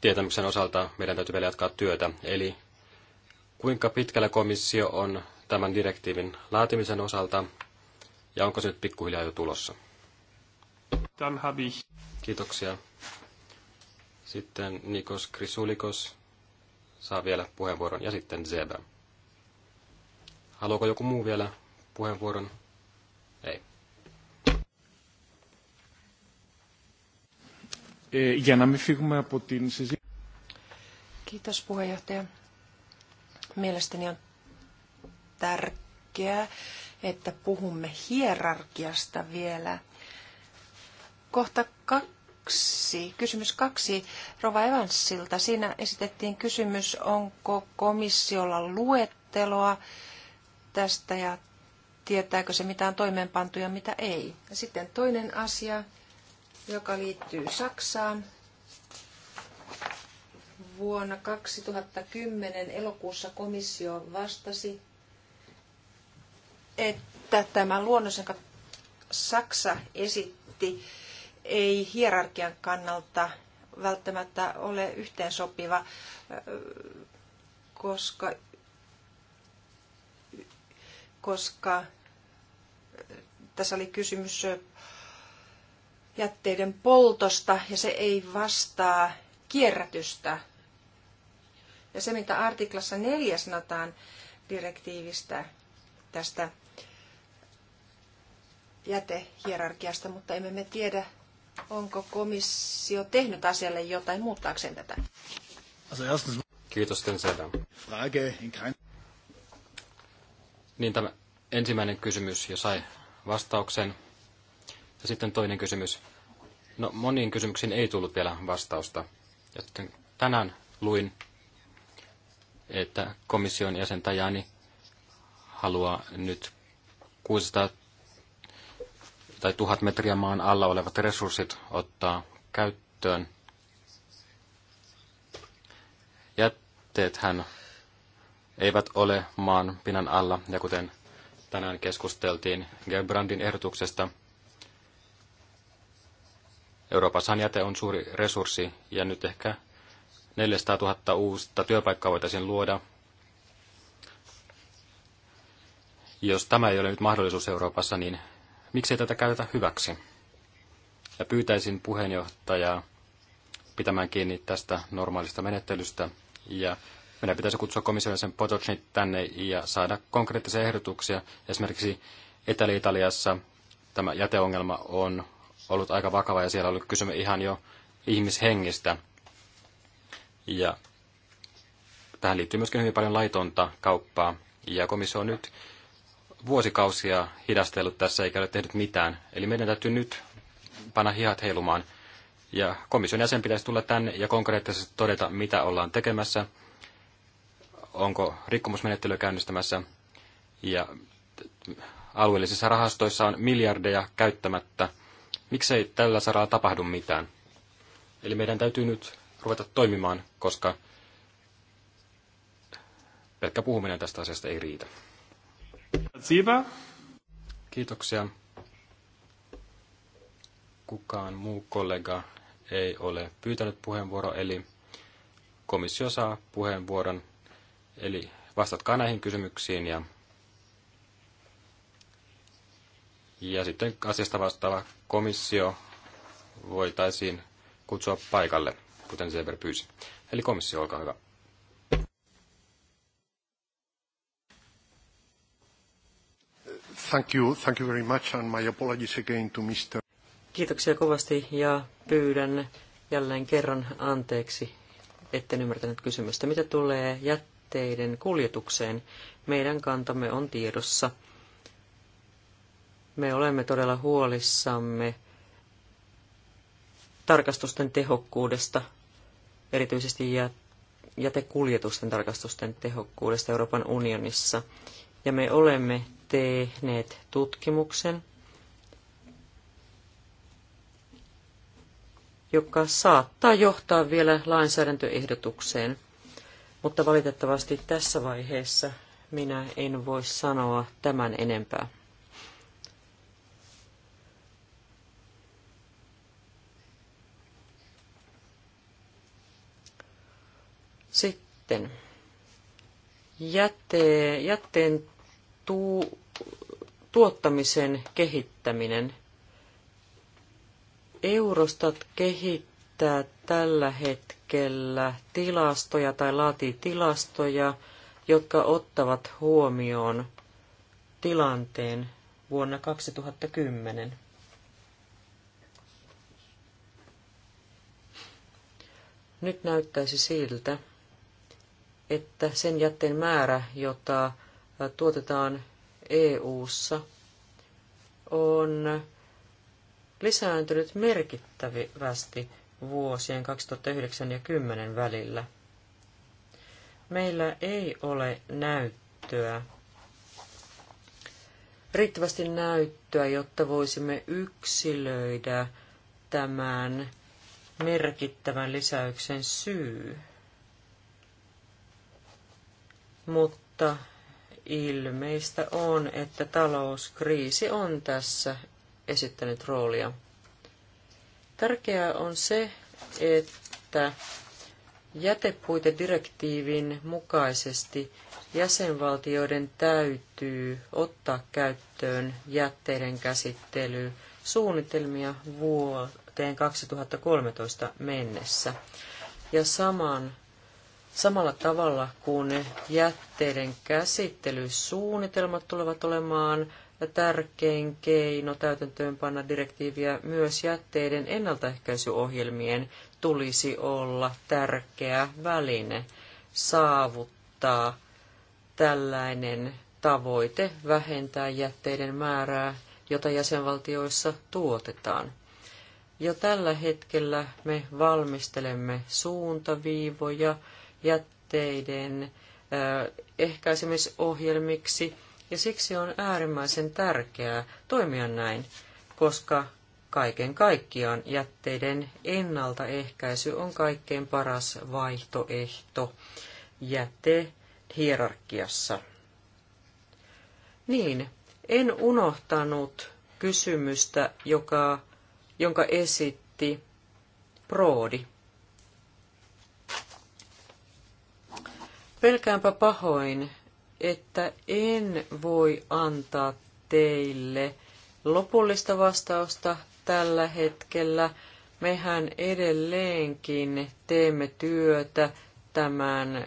tietämyksen osalta meidän täytyy vielä jatkaa työtä. Eli kuinka pitkällä komissio on tämän direktiivin laatimisen osalta ja onko se nyt pikkuhiljaa jo tulossa? Dann habe ich. Kiitoksia. Sitten Nikos Krisulikos saa vielä puheenvuoron ja sitten Zeba. Haluaako joku muu vielä puheenvuoron? Ei. για να μην φύγουμε από την συζήτηση. Mielestäni on tärkeää, että puhumme hierarkiasta vielä. Kohta kaksi, kysymys kaksi Rova Evansilta. Siinä esitettiin kysymys, onko komissiolla luetteloa tästä ja tietääkö se mitä on toimeenpantu ja mitä ei. Ja sitten toinen asia, joka liittyy Saksaan. Vuonna 2010 elokuussa komissio vastasi, että tämä luonnos, jonka Saksa esitti, ei hierarkian kannalta välttämättä ole yhteensopiva, koska, koska tässä oli kysymys jätteiden poltosta ja se ei vastaa kierrätystä. Ja se, mitä artiklassa neljä sanotaan direktiivistä tästä jätehierarkiasta, mutta emme me tiedä, onko komissio tehnyt asialle jotain muuttaakseen tätä. Kiitos, Tensedam. Niin tämä ensimmäinen kysymys jo sai vastauksen. Ja sitten toinen kysymys. No moniin kysymyksiin ei tullut vielä vastausta. Ja sitten tänään luin, että komission jäsen Tajani haluaa nyt 600 tai 1000 metriä maan alla olevat resurssit ottaa käyttöön. Jätteethän eivät ole maan pinnan alla, ja kuten tänään keskusteltiin Gerbrandin ehdotuksesta – Euroopassahan jäte on suuri resurssi ja nyt ehkä 400 000 uutta työpaikkaa voitaisiin luoda. Jos tämä ei ole nyt mahdollisuus Euroopassa, niin miksei tätä käytetä hyväksi? Ja pyytäisin puheenjohtajaa pitämään kiinni tästä normaalista menettelystä ja meidän pitäisi kutsua komission sen Potocnit tänne ja saada konkreettisia ehdotuksia. Esimerkiksi Etelä-Italiassa tämä jäteongelma on ollut aika vakava ja siellä oli kysymys ihan jo ihmishengistä. Ja tähän liittyy myöskin hyvin paljon laitonta kauppaa. Ja komissio on nyt vuosikausia hidastellut tässä eikä ole tehnyt mitään. Eli meidän täytyy nyt panna hihat heilumaan. Ja komission jäsen pitäisi tulla tänne ja konkreettisesti todeta, mitä ollaan tekemässä, onko rikkomusmenettely käynnistämässä. Ja alueellisissa rahastoissa on miljardeja käyttämättä – miksei tällä saralla tapahdu mitään. Eli meidän täytyy nyt ruveta toimimaan, koska pelkkä puhuminen tästä asiasta ei riitä. Siiva. Kiitoksia. Kukaan muu kollega ei ole pyytänyt puheenvuoroa, eli komissio saa puheenvuoron. Eli vastatkaa näihin kysymyksiin ja Ja sitten asiasta vastaava komissio voitaisiin kutsua paikalle, kuten Seber pyysi. Eli komissio, olkaa hyvä. Thank you, thank you very much and my apologies again to Mr. Kiitoksia kovasti ja pyydän jälleen kerran anteeksi, etten ymmärtänyt kysymystä. Mitä tulee jätteiden kuljetukseen, meidän kantamme on tiedossa – me olemme todella huolissamme tarkastusten tehokkuudesta, erityisesti jätekuljetusten tarkastusten tehokkuudesta Euroopan unionissa. Ja me olemme tehneet tutkimuksen, joka saattaa johtaa vielä lainsäädäntöehdotukseen. Mutta valitettavasti tässä vaiheessa minä en voi sanoa tämän enempää. Sitten jäte, jätteen tu, tuottamisen kehittäminen. Eurostat kehittää tällä hetkellä tilastoja tai laatii tilastoja, jotka ottavat huomioon tilanteen vuonna 2010. Nyt näyttäisi siltä, että sen jätteen määrä, jota tuotetaan EU:ssa, on lisääntynyt merkittävästi vuosien 2009 ja 2010 välillä. Meillä ei ole näyttöä, riittävästi näyttöä, jotta voisimme yksilöidä tämän merkittävän lisäyksen syy mutta ilmeistä on, että talouskriisi on tässä esittänyt roolia. Tärkeää on se, että jätepuitedirektiivin mukaisesti jäsenvaltioiden täytyy ottaa käyttöön jätteiden käsittely suunnitelmia vuoteen 2013 mennessä. Ja saman Samalla tavalla kuin jätteiden käsittelysuunnitelmat tulevat olemaan tärkein keino täytäntöönpanna direktiiviä, myös jätteiden ennaltaehkäisyohjelmien tulisi olla tärkeä väline saavuttaa tällainen tavoite vähentää jätteiden määrää, jota jäsenvaltioissa tuotetaan. Jo tällä hetkellä me valmistelemme suuntaviivoja, jätteiden ehkäisemisohjelmiksi, ja siksi on äärimmäisen tärkeää toimia näin, koska kaiken kaikkiaan jätteiden ennaltaehkäisy on kaikkein paras vaihtoehto jätehierarkiassa. Niin, en unohtanut kysymystä, joka, jonka esitti Proodi. Pelkäänpä pahoin, että en voi antaa teille lopullista vastausta tällä hetkellä. Mehän edelleenkin teemme työtä tämän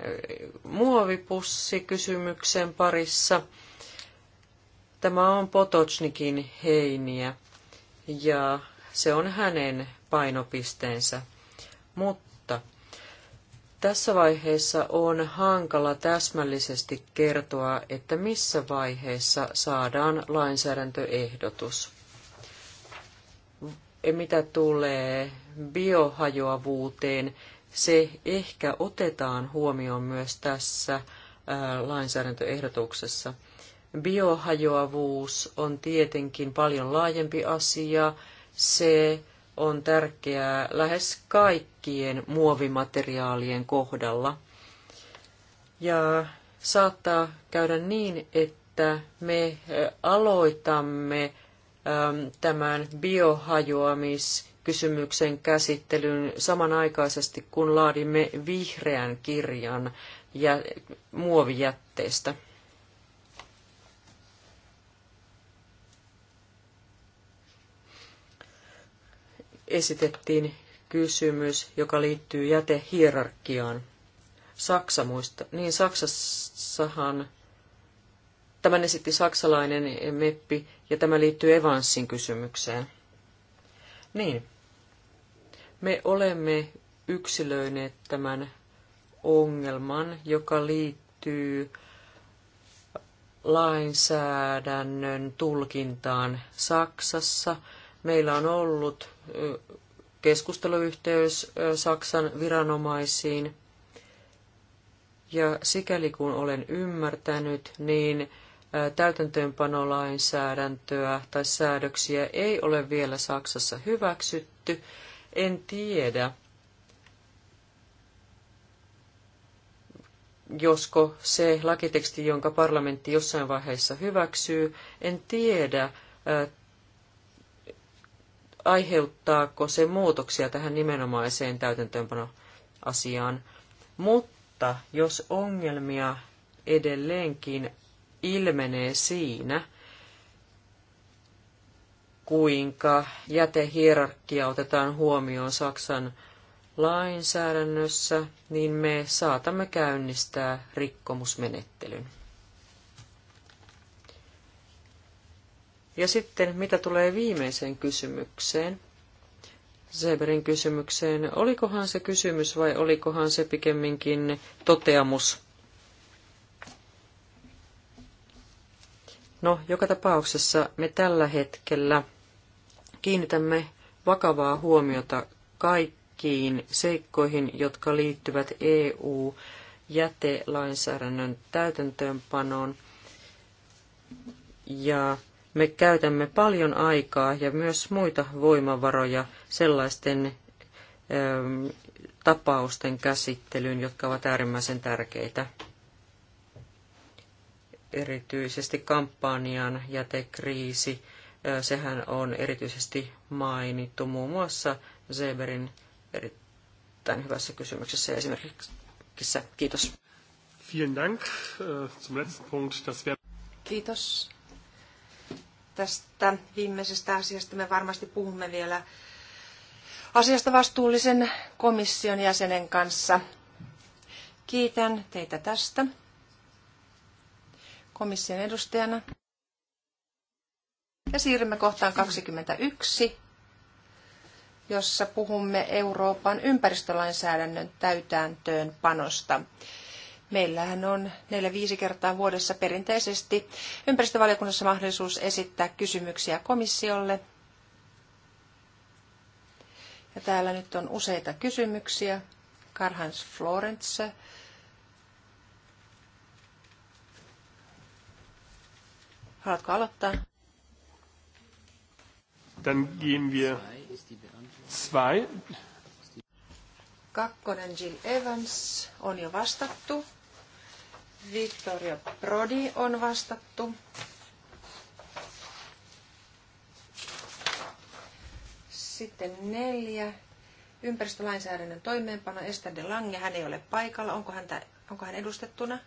muovipussikysymyksen parissa. Tämä on Potocnikin heiniä ja se on hänen painopisteensä. Mutta tässä vaiheessa on hankala täsmällisesti kertoa, että missä vaiheessa saadaan lainsäädäntöehdotus. Mitä tulee biohajoavuuteen, se ehkä otetaan huomioon myös tässä äh, lainsäädäntöehdotuksessa. Biohajoavuus on tietenkin paljon laajempi asia. Se on tärkeää lähes kaikkien muovimateriaalien kohdalla. Ja saattaa käydä niin, että me aloitamme tämän biohajoamiskysymyksen käsittelyn samanaikaisesti, kun laadimme vihreän kirjan muovijätteestä. esitettiin kysymys, joka liittyy jätehierarkiaan. Saksa muista, niin Saksassahan tämän esitti saksalainen meppi ja tämä liittyy Evansin kysymykseen. Niin, me olemme yksilöineet tämän ongelman, joka liittyy lainsäädännön tulkintaan Saksassa – Meillä on ollut keskusteluyhteys Saksan viranomaisiin. Ja sikäli kun olen ymmärtänyt, niin täytäntöönpanolainsäädäntöä tai säädöksiä ei ole vielä Saksassa hyväksytty. En tiedä, josko se lakiteksti, jonka parlamentti jossain vaiheessa hyväksyy, en tiedä, aiheuttaako se muutoksia tähän nimenomaiseen täytäntöönpanoasiaan. Mutta jos ongelmia edelleenkin ilmenee siinä, kuinka jätehierarkia otetaan huomioon Saksan lainsäädännössä, niin me saatamme käynnistää rikkomusmenettelyn. Ja sitten mitä tulee viimeiseen kysymykseen, Zeberin kysymykseen, olikohan se kysymys vai olikohan se pikemminkin toteamus? No, joka tapauksessa me tällä hetkellä kiinnitämme vakavaa huomiota kaikkiin seikkoihin, jotka liittyvät EU-jätelainsäädännön täytäntöönpanoon. Ja me käytämme paljon aikaa ja myös muita voimavaroja sellaisten ähm, tapausten käsittelyyn, jotka ovat äärimmäisen tärkeitä. Erityisesti kampanjan jätekriisi, äh, sehän on erityisesti mainittu muun muassa Zeberin erittäin hyvässä kysymyksessä esimerkiksi. Kiitos. Vielen Dank. Äh, zum letzten Punkt, das wäre... Kiitos. Tästä viimeisestä asiasta me varmasti puhumme vielä asiasta vastuullisen komission jäsenen kanssa. Kiitän teitä tästä komission edustajana. Ja siirrymme kohtaan 21, jossa puhumme Euroopan ympäristölainsäädännön täytäntöön panosta. Meillähän on neljä viisi kertaa vuodessa perinteisesti ympäristövaliokunnassa mahdollisuus esittää kysymyksiä komissiolle. Ja täällä nyt on useita kysymyksiä. Karhans Florence. Haluatko aloittaa? Dann gehen wir zwei. Kakkonen Jill Evans on jo vastattu. Victoria Prodi on vastattu. Sitten neljä. Ympäristölainsäädännön toimeenpano Esta de Lange. Hän ei ole paikalla. Onko, häntä, onko hän edustettuna?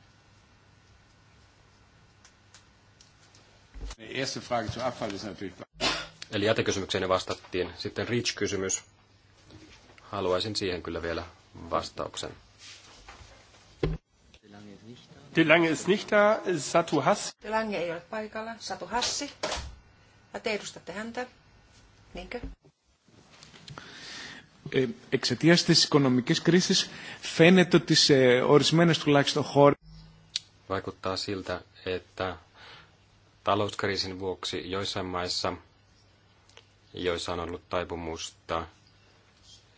Eli jätekysymykseen vastattiin. Sitten Rich-kysymys. Haluaisin siihen kyllä vielä vastauksen. De Lange ist nicht da, Satu Hassi. De Lange ei ole paikalla, Satu Hassi. Ja te edustatte häntä, niinkö? Εξαιτία τη οικονομική κρίση φαίνεται ότι σε ορισμένε τουλάχιστον χώρε. Vaikuttaa siltä, että talouskriisin vuoksi joissain maissa, joissa on ollut taipumusta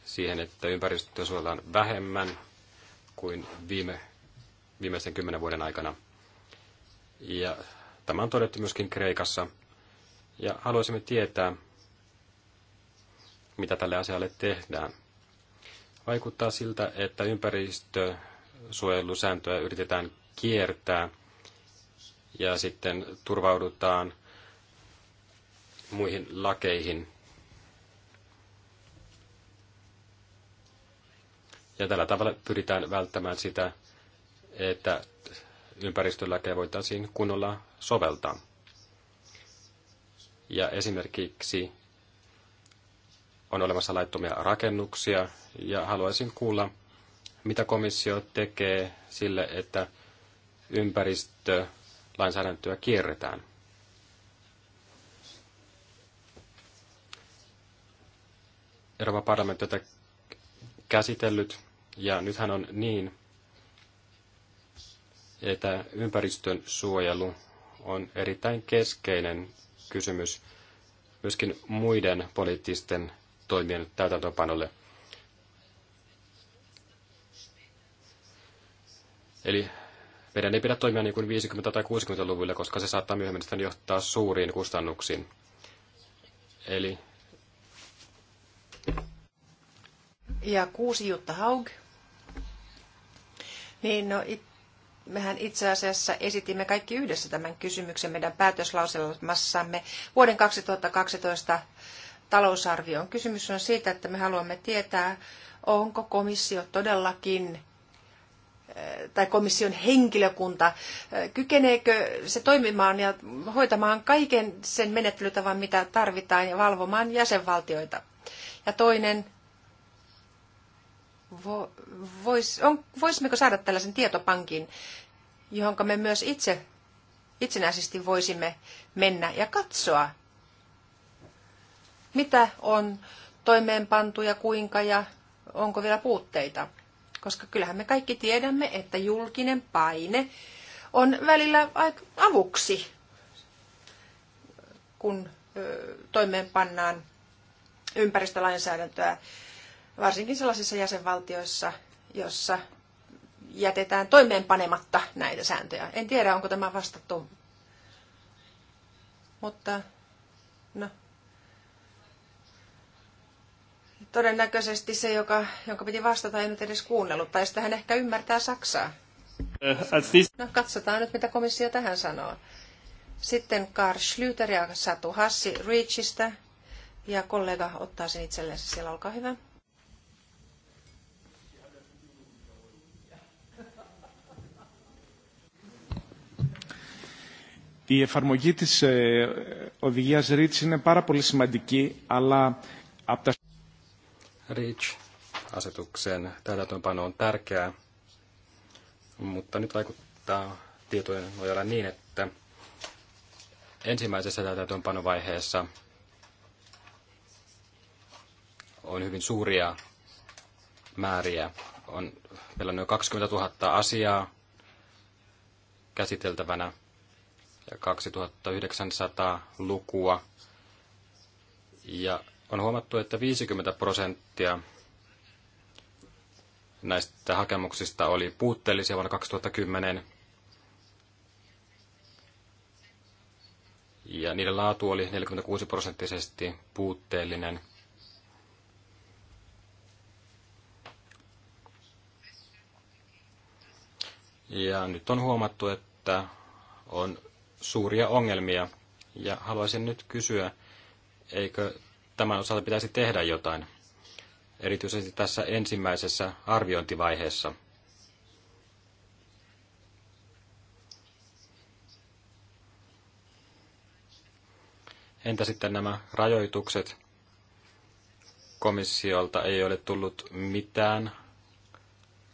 siihen, että ympäristöä suojellaan vähemmän kuin viime viimeisen kymmenen vuoden aikana. Ja tämä on todettu myöskin Kreikassa. Ja haluaisimme tietää, mitä tälle asialle tehdään. Vaikuttaa siltä, että ympäristösuojelusääntöä yritetään kiertää ja sitten turvaudutaan muihin lakeihin. Ja tällä tavalla pyritään välttämään sitä, että ympäristölakeja voitaisiin kunnolla soveltaa. Ja esimerkiksi on olemassa laittomia rakennuksia ja haluaisin kuulla, mitä komissio tekee sille, että ympäristölainsäädäntöä kierretään. Euroopan parlamentti tätä käsitellyt ja nythän on niin, että ympäristön suojelu on erittäin keskeinen kysymys myöskin muiden poliittisten toimien täytäntöönpanolle. Eli meidän ei pidä toimia niin kuin 50- tai 60-luvulla, koska se saattaa myöhemmin sitten johtaa suuriin kustannuksiin. Eli... Ja kuusi Jutta Haug. Niin, no, it, mehän itse asiassa esitimme kaikki yhdessä tämän kysymyksen meidän päätöslauselmassamme vuoden 2012 talousarvioon. Kysymys on siitä, että me haluamme tietää, onko komissio todellakin eh, tai komission henkilökunta, eh, kykeneekö se toimimaan ja hoitamaan kaiken sen menettelytavan, mitä tarvitaan ja valvomaan jäsenvaltioita. Ja toinen vo, vois, on, voisimmeko saada tällaisen tietopankin, johon me myös itse itsenäisesti voisimme mennä ja katsoa, mitä on toimeenpantu ja kuinka ja onko vielä puutteita. Koska kyllähän me kaikki tiedämme, että julkinen paine on välillä avuksi, kun toimeenpannaan ympäristölainsäädäntöä varsinkin sellaisissa jäsenvaltioissa, jossa jätetään toimeenpanematta näitä sääntöjä. En tiedä, onko tämä vastattu, mutta no. Todennäköisesti se, joka, jonka piti vastata, ei nyt edes kuunnellut, tai sitten hän ehkä ymmärtää Saksaa. Eh, no, katsotaan nyt, mitä komissio tähän sanoo. Sitten Karl Schlüter ja Satu Hassi Reachista, ja kollega ottaa sen itsellensä siellä, olkaa hyvä. Η εφαρμογή της ε, οδηγίας REACH είναι πάρα πολύ σημαντική, αλλά από τα... REACH-asetuksen täytäntöönpano on tärkeää, mutta nyt vaikuttaa tietojen nojalla niin, että ensimmäisessä täytäntöönpanovaiheessa on hyvin suuria määriä. On, meillä on noin 20 000 asiaa käsiteltävänä ja 2900 lukua. Ja on huomattu, että 50 prosenttia näistä hakemuksista oli puutteellisia vuonna 2010. Ja niiden laatu oli 46 prosenttisesti puutteellinen. Ja nyt on huomattu, että on suuria ongelmia. Ja haluaisin nyt kysyä, eikö tämän osalta pitäisi tehdä jotain, erityisesti tässä ensimmäisessä arviointivaiheessa. Entä sitten nämä rajoitukset? Komissiolta ei ole tullut mitään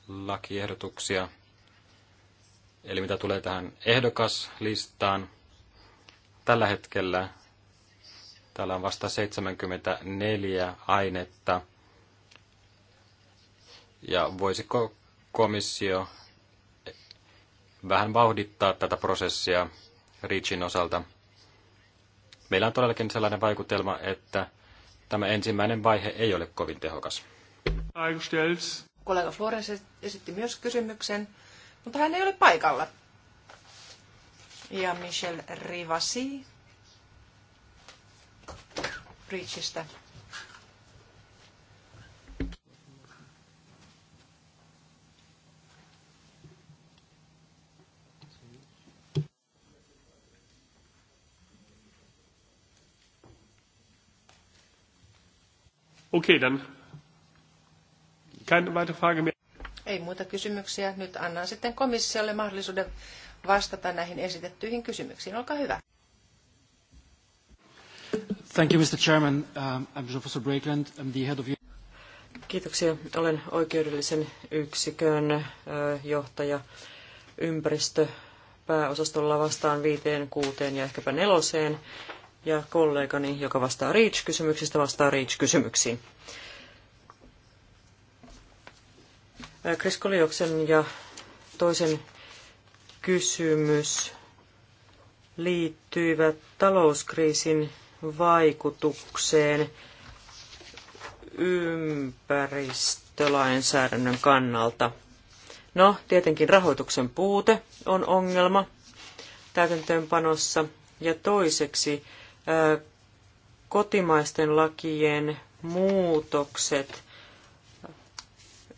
lakiehdotuksia. Eli mitä tulee tähän ehdokaslistaan, tällä hetkellä täällä on vasta 74 ainetta. Ja voisiko komissio vähän vauhdittaa tätä prosessia Reachin osalta? Meillä on todellakin sellainen vaikutelma, että tämä ensimmäinen vaihe ei ole kovin tehokas. Kollega Flores esitti myös kysymyksen mutta hän ei ole paikalla. Ja Michel Rivasi Breachistä. Okay, dann keine weitere Frage mehr ei muita kysymyksiä. Nyt annan sitten komissiolle mahdollisuuden vastata näihin esitettyihin kysymyksiin. Olkaa hyvä. Thank you, Mr. Chairman. Um, I'm jean Breakland. I'm the head of... Kiitoksia. Olen oikeudellisen yksikön johtaja ympäristöpääosastolla vastaan viiteen, kuuteen ja ehkäpä neloseen. Ja kollegani, joka vastaa REACH-kysymyksistä, vastaa REACH-kysymyksiin. Kreskolioksen ja toisen kysymys liittyivät talouskriisin vaikutukseen ympäristölainsäädännön kannalta. No, tietenkin rahoituksen puute on ongelma täytäntöönpanossa. Ja toiseksi kotimaisten lakien muutokset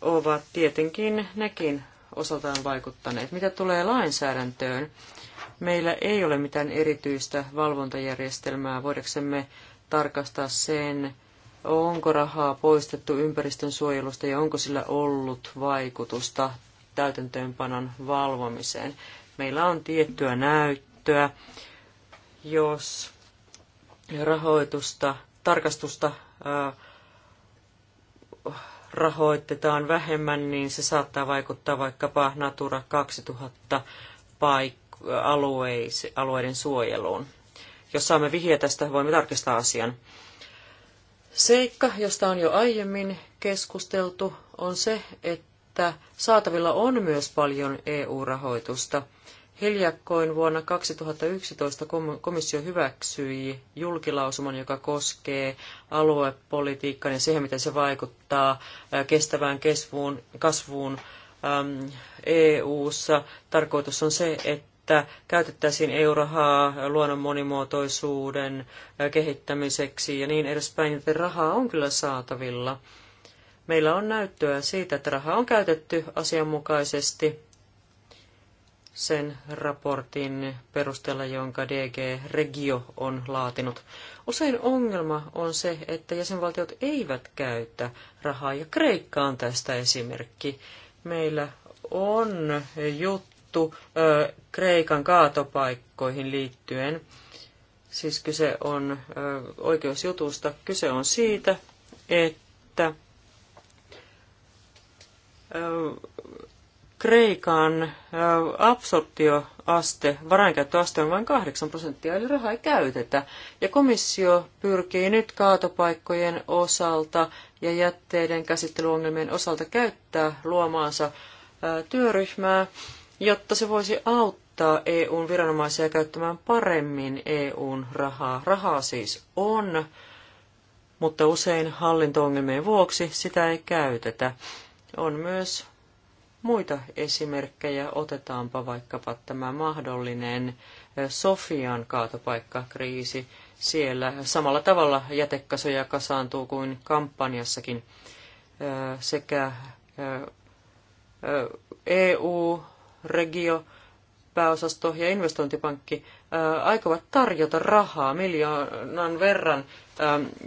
ovat tietenkin nekin osaltaan vaikuttaneet. Mitä tulee lainsäädäntöön, meillä ei ole mitään erityistä valvontajärjestelmää. Voidaksemme tarkastaa sen, onko rahaa poistettu ympäristön suojelusta ja onko sillä ollut vaikutusta täytäntöönpanon valvomiseen. Meillä on tiettyä näyttöä, jos rahoitusta, tarkastusta, rahoitetaan vähemmän, niin se saattaa vaikuttaa vaikkapa Natura 2000 paik- alueiden suojeluun. Jos saamme vihje tästä, voimme tarkistaa asian. Seikka, josta on jo aiemmin keskusteltu, on se, että saatavilla on myös paljon EU-rahoitusta – Hiljakkoin vuonna 2011 komissio hyväksyi julkilausuman, joka koskee aluepolitiikkaa ja siihen, miten se vaikuttaa kestävään kesvuun, kasvuun EU-ssa. Tarkoitus on se, että käytettäisiin EU-rahaa luonnon monimuotoisuuden kehittämiseksi ja niin edespäin, joten rahaa on kyllä saatavilla. Meillä on näyttöä siitä, että rahaa on käytetty asianmukaisesti sen raportin perusteella, jonka DG Regio on laatinut. Usein ongelma on se, että jäsenvaltiot eivät käytä rahaa, ja Kreikka on tästä esimerkki. Meillä on juttu ö, Kreikan kaatopaikkoihin liittyen. Siis kyse on ö, oikeusjutusta. Kyse on siitä, että ö, Kreikan absorptioaste, varainkäyttöaste on vain 8 prosenttia, eli rahaa ei käytetä. Ja komissio pyrkii nyt kaatopaikkojen osalta ja jätteiden käsittelyongelmien osalta käyttää luomaansa työryhmää, jotta se voisi auttaa EUn viranomaisia käyttämään paremmin EUn rahaa. Rahaa siis on, mutta usein hallintoongelmien vuoksi sitä ei käytetä. On myös Muita esimerkkejä otetaanpa vaikkapa tämä mahdollinen Sofian kaatopaikkakriisi. Siellä samalla tavalla jätekasoja kasaantuu kuin kampanjassakin sekä EU, regio, pääosasto ja investointipankki aikovat tarjota rahaa miljoonan verran,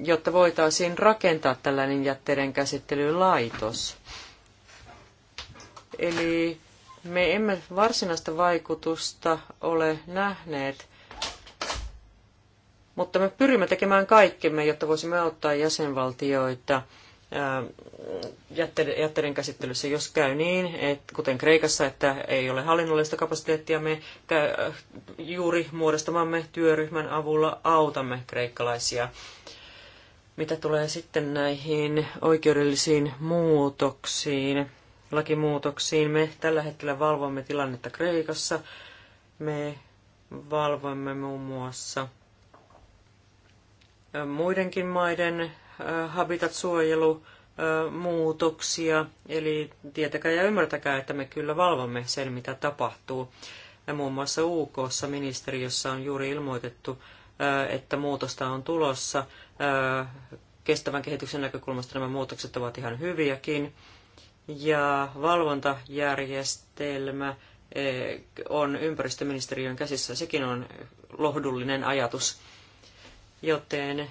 jotta voitaisiin rakentaa tällainen jätteiden käsittelylaitos. Eli me emme varsinaista vaikutusta ole nähneet, mutta me pyrimme tekemään kaikkemme, jotta voisimme auttaa jäsenvaltioita jätteiden, jätteiden käsittelyssä, jos käy niin, että kuten Kreikassa, että ei ole hallinnollista kapasiteettia, me käy, juuri muodostamamme työryhmän avulla autamme kreikkalaisia. Mitä tulee sitten näihin oikeudellisiin muutoksiin? lakimuutoksiin. Me tällä hetkellä valvomme tilannetta Kreikassa. Me valvomme muun muassa muidenkin maiden habitat-suojelu, muutoksia, eli tietäkää ja ymmärtäkää, että me kyllä valvomme sen, mitä tapahtuu. Ja muun muassa UK ministeriössä on juuri ilmoitettu, että muutosta on tulossa. Kestävän kehityksen näkökulmasta nämä muutokset ovat ihan hyviäkin ja valvontajärjestelmä eh, on ympäristöministeriön käsissä. Sekin on lohdullinen ajatus. Joten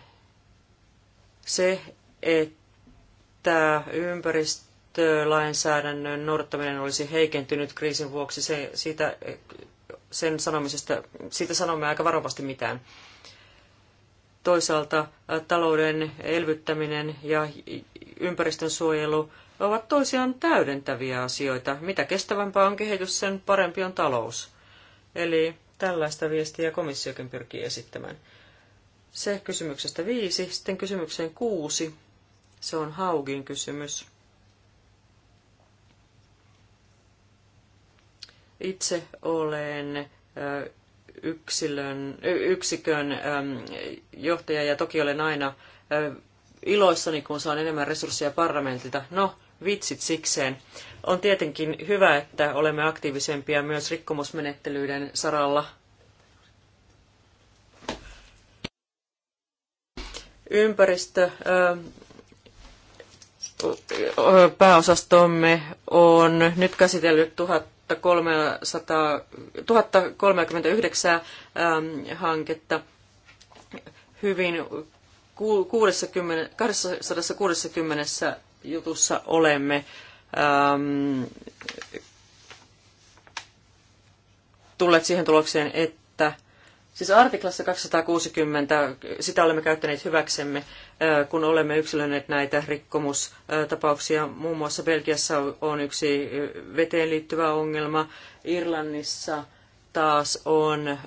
se, että ympäristölainsäädännön noudattaminen olisi heikentynyt kriisin vuoksi, se, siitä, sen sanomisesta, siitä sanomme aika varovasti mitään. Toisaalta talouden elvyttäminen ja ympäristön suojelu ovat toisiaan täydentäviä asioita. Mitä kestävämpää on kehitys, sen parempi on talous. Eli tällaista viestiä komissiokin pyrkii esittämään. Se kysymyksestä viisi, sitten kysymykseen kuusi. Se on Haugin kysymys. Itse olen yksilön, yksikön johtaja ja toki olen aina iloissani, kun saan enemmän resursseja parlamentilta. No, vitsit sikseen. On tietenkin hyvä, että olemme aktiivisempia myös rikkomusmenettelyiden saralla. Ympäristö, pääosastomme on nyt käsitellyt 1300, 1039 hanketta hyvin 60, 260 jutussa olemme Ähm, tulleet siihen tulokseen, että Siis artiklassa 260, sitä olemme käyttäneet hyväksemme, äh, kun olemme yksilöineet näitä rikkomustapauksia. Muun muassa Belgiassa on yksi äh, veteen liittyvä ongelma, Irlannissa taas on äm,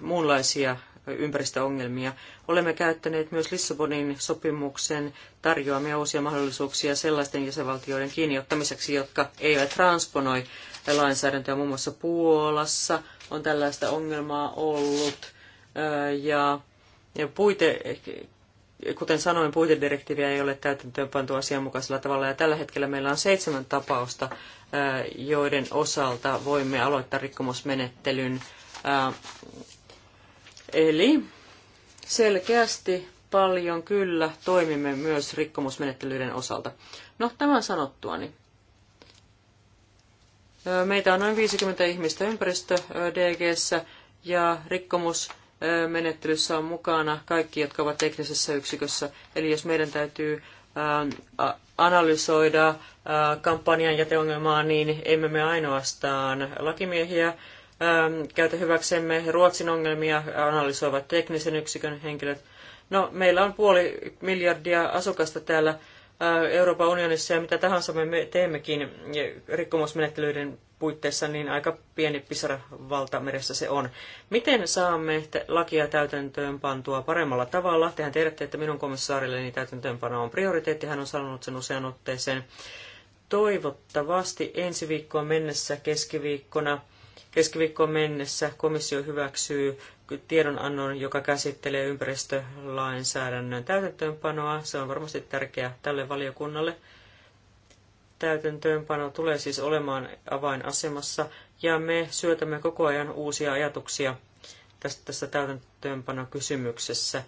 muunlaisia ympäristöongelmia. Olemme käyttäneet myös Lissabonin sopimuksen tarjoamia uusia mahdollisuuksia sellaisten jäsenvaltioiden kiinniottamiseksi, jotka eivät transponoi lainsäädäntöä. Muun muassa Puolassa on tällaista ongelmaa ollut. Ja puite, kuten sanoin, puitedirektiiviä ei ole täytäntöönpantu asianmukaisella tavalla. Ja tällä hetkellä meillä on seitsemän tapausta, joiden osalta voimme aloittaa rikkomusmenettelyn Eli selkeästi paljon kyllä toimimme myös rikkomusmenettelyiden osalta. No, tämän sanottuani. Meitä on noin 50 ihmistä ympäristö DGssä ja rikkomusmenettelyssä on mukana kaikki, jotka ovat teknisessä yksikössä. Eli jos meidän täytyy analysoida kampanjan jäteongelmaa, niin emme me ainoastaan lakimiehiä Ähm, käytä hyväksemme Ruotsin ongelmia, analysoivat teknisen yksikön henkilöt. No, meillä on puoli miljardia asukasta täällä äh, Euroopan unionissa ja mitä tahansa me teemmekin rikkomusmenettelyiden puitteissa, niin aika pieni pisara valtameressä se on. Miten saamme lakia täytäntöön pantua paremmalla tavalla? Tehän tiedätte, että minun komissaarilleni täytäntöönpano on prioriteetti. Hän on sanonut sen usean otteeseen. Toivottavasti ensi viikkoon mennessä keskiviikkona Keskiviikkoon mennessä komissio hyväksyy tiedonannon, joka käsittelee ympäristölainsäädännön täytäntöönpanoa. Se on varmasti tärkeää tälle valiokunnalle. Täytäntöönpano tulee siis olemaan avainasemassa ja me syötämme koko ajan uusia ajatuksia tästä, tässä täytäntöönpanokysymyksessä.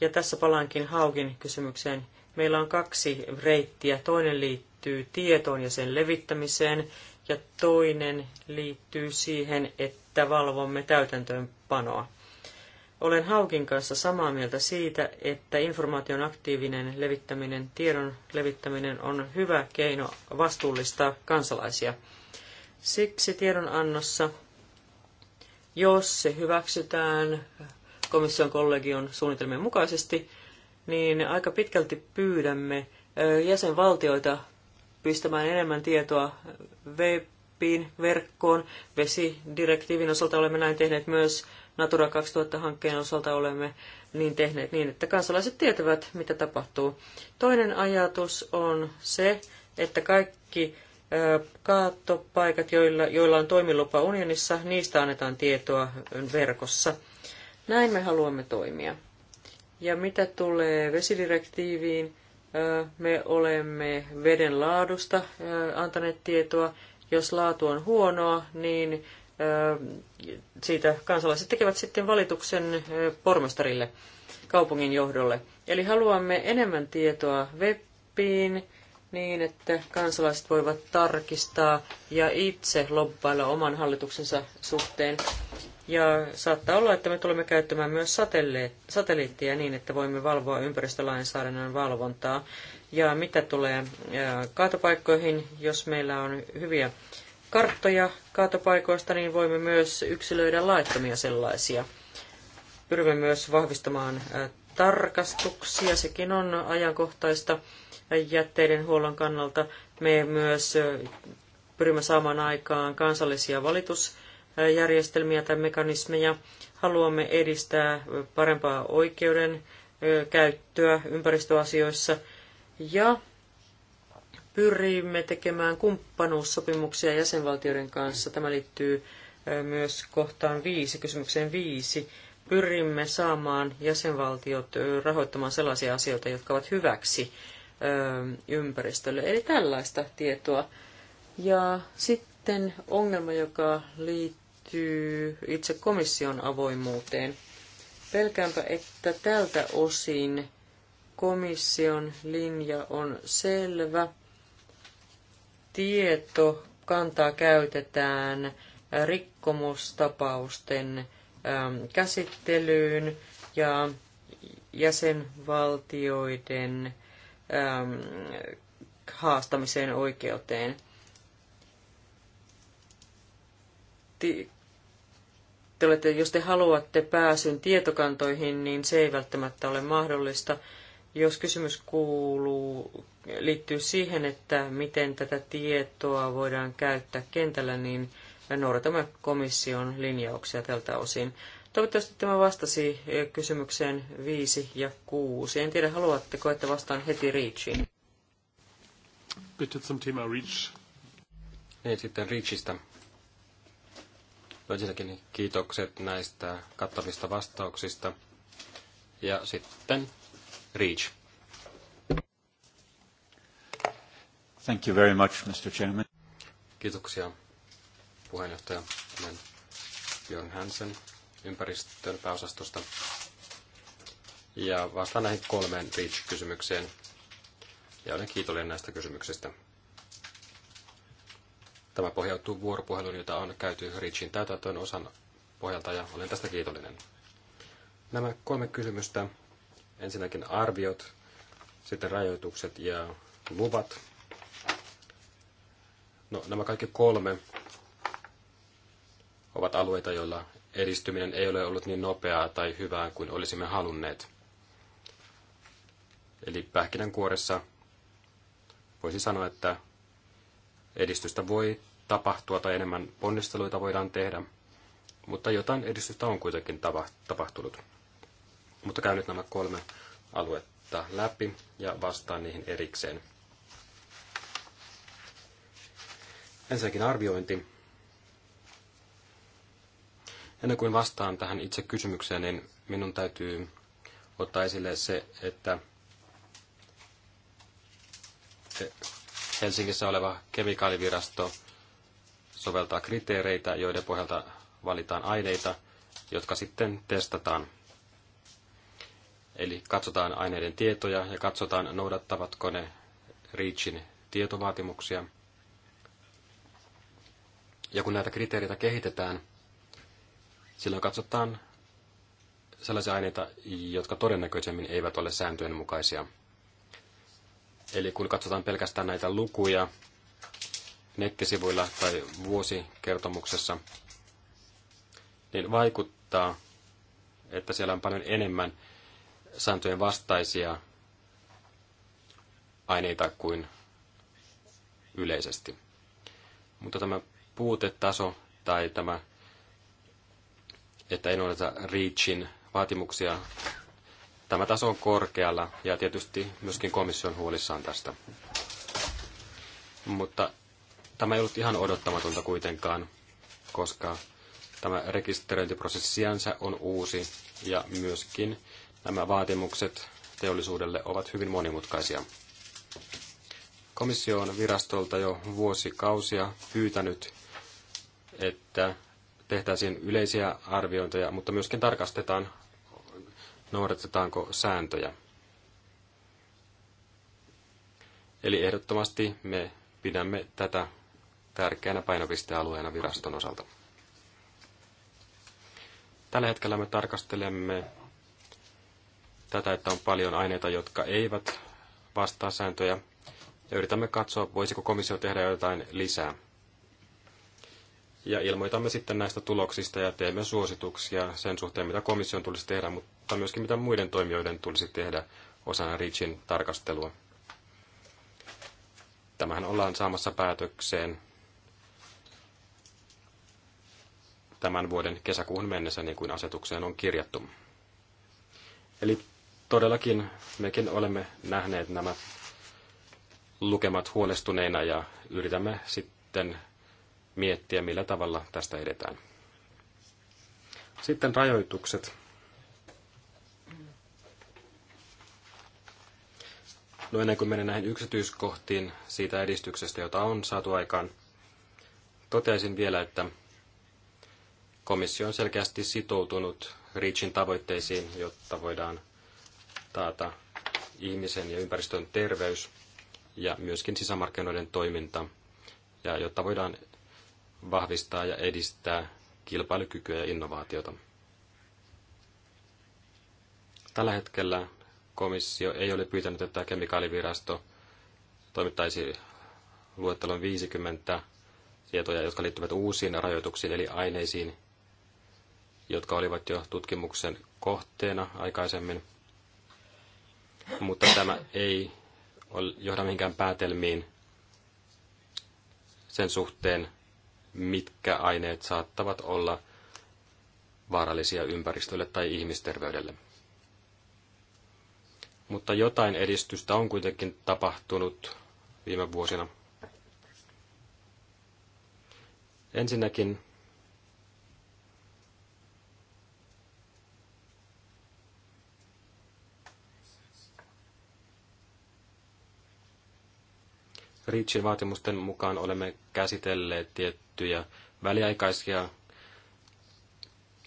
Ja tässä palaankin Haukin kysymykseen. Meillä on kaksi reittiä. Toinen liittyy tietoon ja sen levittämiseen ja toinen liittyy siihen, että valvomme täytäntöönpanoa. Olen Haukin kanssa samaa mieltä siitä, että informaation aktiivinen levittäminen, tiedon levittäminen on hyvä keino vastuullistaa kansalaisia. Siksi tiedonannossa, jos se hyväksytään komission kollegion suunnitelmien mukaisesti, niin aika pitkälti pyydämme jäsenvaltioita pistämään enemmän tietoa webiin, verkkoon. Vesidirektiivin osalta olemme näin tehneet myös Natura 2000-hankkeen osalta olemme niin tehneet niin, että kansalaiset tietävät, mitä tapahtuu. Toinen ajatus on se, että kaikki kaattopaikat, joilla, joilla on toimilupa unionissa, niistä annetaan tietoa verkossa. Näin me haluamme toimia. Ja mitä tulee vesidirektiiviin, me olemme veden laadusta antaneet tietoa. Jos laatu on huonoa, niin siitä kansalaiset tekevät sitten valituksen pormestarille, kaupungin johdolle. Eli haluamme enemmän tietoa webbiin niin, että kansalaiset voivat tarkistaa ja itse lobbailla oman hallituksensa suhteen. Ja saattaa olla, että me tulemme käyttämään myös satelliittia niin, että voimme valvoa ympäristölainsäädännön valvontaa. Ja mitä tulee kaatopaikkoihin, jos meillä on hyviä karttoja kaatopaikoista, niin voimme myös yksilöidä laittomia sellaisia. Pyrimme myös vahvistamaan tarkastuksia, sekin on ajankohtaista jätteiden huollon kannalta. Me myös pyrimme saamaan aikaan kansallisia valitus järjestelmiä tai mekanismeja. Haluamme edistää parempaa oikeuden käyttöä ympäristöasioissa ja pyrimme tekemään kumppanuussopimuksia jäsenvaltioiden kanssa. Tämä liittyy myös kohtaan viisi, kysymykseen viisi. Pyrimme saamaan jäsenvaltiot rahoittamaan sellaisia asioita, jotka ovat hyväksi ympäristölle. Eli tällaista tietoa. Ja sitten ongelma, joka liittyy liittyy itse komission avoimuuteen. Pelkäänpä, että tältä osin komission linja on selvä. Tieto kantaa käytetään rikkomustapausten käsittelyyn ja jäsenvaltioiden haastamiseen oikeuteen ajattelu, että jos te haluatte pääsyn tietokantoihin, niin se ei välttämättä ole mahdollista. Jos kysymys kuuluu, liittyy siihen, että miten tätä tietoa voidaan käyttää kentällä, niin noudatamme komission linjauksia tältä osin. Toivottavasti tämä vastasi e, kysymykseen 5 ja 6. En tiedä, haluatteko, että vastaan heti Reachiin. Bitte zum Thema Reach. Niin, sitten Reachista ensinnäkin kiitokset näistä kattavista vastauksista. Ja sitten Reach. Thank you very much, Mr. Chairman. Kiitoksia puheenjohtaja Björn Hansen ympäristön pääosastosta. Ja vastaan näihin kolmeen REACH-kysymykseen. Ja olen kiitollinen näistä kysymyksistä. Tämä pohjautuu vuoropuheluun, jota on käyty Richin täytäntöön osan pohjalta ja olen tästä kiitollinen. Nämä kolme kysymystä, ensinnäkin arviot, sitten rajoitukset ja luvat. No, nämä kaikki kolme ovat alueita, joilla edistyminen ei ole ollut niin nopeaa tai hyvää kuin olisimme halunneet. Eli pähkinänkuoressa voisi sanoa, että Edistystä voi tapahtua tai enemmän ponnisteluita voidaan tehdä, mutta jotain edistystä on kuitenkin tapahtunut. Mutta käyn nyt nämä kolme aluetta läpi ja vastaan niihin erikseen. Ensinnäkin arviointi. Ennen kuin vastaan tähän itse kysymykseen, niin minun täytyy ottaa esille se, että Helsingissä oleva kemikaalivirasto soveltaa kriteereitä, joiden pohjalta valitaan aineita, jotka sitten testataan. Eli katsotaan aineiden tietoja ja katsotaan, noudattavatko ne REACHin tietovaatimuksia. Ja kun näitä kriteereitä kehitetään, silloin katsotaan sellaisia aineita, jotka todennäköisemmin eivät ole sääntöjen mukaisia. Eli kun katsotaan pelkästään näitä lukuja nettisivuilla tai vuosikertomuksessa, niin vaikuttaa, että siellä on paljon enemmän sääntöjen vastaisia aineita kuin yleisesti. Mutta tämä puutetaso tai tämä, että ei noudata REACHin vaatimuksia tämä taso on korkealla ja tietysti myöskin komission huolissaan tästä. Mutta tämä ei ollut ihan odottamatonta kuitenkaan, koska tämä rekisteröintiprosessi sinänsä on uusi ja myöskin nämä vaatimukset teollisuudelle ovat hyvin monimutkaisia. Komissio on virastolta jo vuosikausia pyytänyt, että tehtäisiin yleisiä arviointeja, mutta myöskin tarkastetaan noudatetaanko sääntöjä. Eli ehdottomasti me pidämme tätä tärkeänä painopistealueena viraston osalta. Tällä hetkellä me tarkastelemme tätä, että on paljon aineita, jotka eivät vastaa sääntöjä, ja yritämme katsoa, voisiko komissio tehdä jotain lisää. Ja ilmoitamme sitten näistä tuloksista ja teemme suosituksia sen suhteen, mitä komission tulisi tehdä, mutta mutta myöskin mitä muiden toimijoiden tulisi tehdä osana Richin tarkastelua. Tämähän ollaan saamassa päätökseen tämän vuoden kesäkuun mennessä, niin kuin asetukseen on kirjattu. Eli todellakin mekin olemme nähneet nämä lukemat huolestuneina ja yritämme sitten miettiä, millä tavalla tästä edetään. Sitten rajoitukset. No ennen kuin menen näihin yksityiskohtiin siitä edistyksestä, jota on saatu aikaan, toteaisin vielä, että komissio on selkeästi sitoutunut REACHin tavoitteisiin, jotta voidaan taata ihmisen ja ympäristön terveys ja myöskin sisämarkkinoiden toiminta, ja jotta voidaan vahvistaa ja edistää kilpailukykyä ja innovaatiota. Tällä hetkellä komissio ei ole pyytänyt, että kemikaalivirasto toimittaisi luettelon 50 tietoja, jotka liittyvät uusiin rajoituksiin, eli aineisiin, jotka olivat jo tutkimuksen kohteena aikaisemmin. Mutta tämä ei johda mihinkään päätelmiin sen suhteen, mitkä aineet saattavat olla vaarallisia ympäristölle tai ihmisterveydelle mutta jotain edistystä on kuitenkin tapahtunut viime vuosina. Ensinnäkin Reachin vaatimusten mukaan olemme käsitelleet tiettyjä väliaikaisia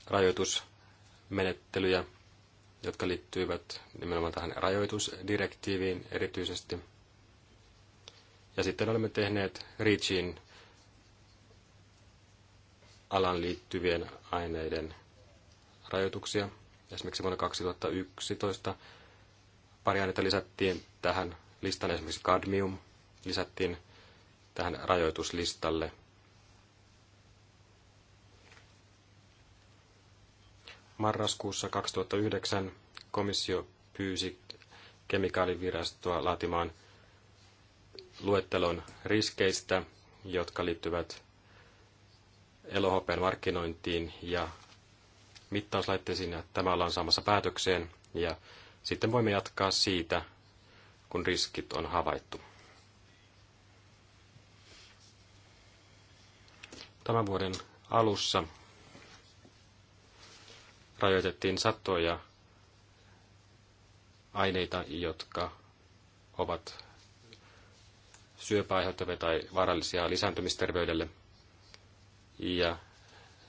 rajoitusmenettelyjä jotka liittyivät nimenomaan tähän rajoitusdirektiiviin erityisesti. Ja sitten olemme tehneet REACHin alan liittyvien aineiden rajoituksia. Esimerkiksi vuonna 2011 pari aineita lisättiin tähän listan, esimerkiksi cadmium lisättiin tähän rajoituslistalle – Marraskuussa 2009 komissio pyysi kemikaalivirastoa laatimaan luettelon riskeistä, jotka liittyvät elohopean markkinointiin ja mittauslaitteisiin, ja tämä ollaan saamassa päätökseen, ja sitten voimme jatkaa siitä, kun riskit on havaittu. Tämän vuoden alussa rajoitettiin satoja aineita, jotka ovat syöpäaiheuttavia tai vaarallisia lisääntymisterveydelle. Ja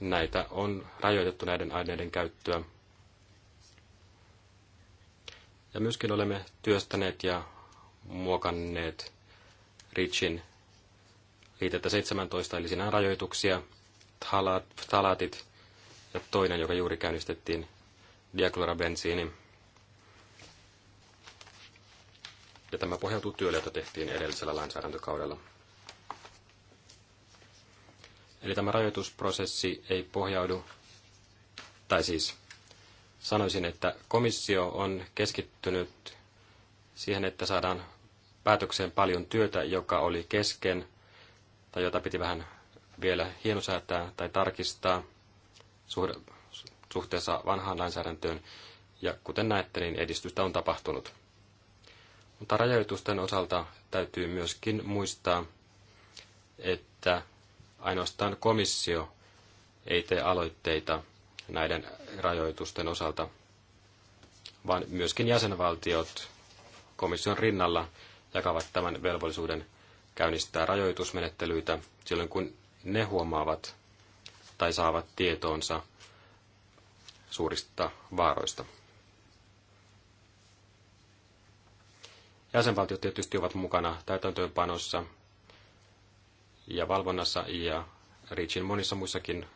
näitä on rajoitettu näiden aineiden käyttöä. Ja myöskin olemme työstäneet ja muokanneet Richin liitettä 17, eli siinä on rajoituksia, talaatit, ja toinen, joka juuri käynnistettiin, diaklorabensiini. Ja tämä pohjautuu työlle, jota tehtiin edellisellä lainsäädäntökaudella. Eli tämä rajoitusprosessi ei pohjaudu, tai siis sanoisin, että komissio on keskittynyt siihen, että saadaan päätökseen paljon työtä, joka oli kesken, tai jota piti vähän vielä hienosäätää tai tarkistaa – suhteessa vanhaan lainsäädäntöön, ja kuten näette, niin edistystä on tapahtunut. Mutta rajoitusten osalta täytyy myöskin muistaa, että ainoastaan komissio ei tee aloitteita näiden rajoitusten osalta, vaan myöskin jäsenvaltiot komission rinnalla jakavat tämän velvollisuuden käynnistää rajoitusmenettelyitä silloin, kun ne huomaavat, tai saavat tietoonsa suurista vaaroista. Jäsenvaltiot tietysti ovat mukana täytäntöönpanossa ja valvonnassa ja REACHin monissa muissakin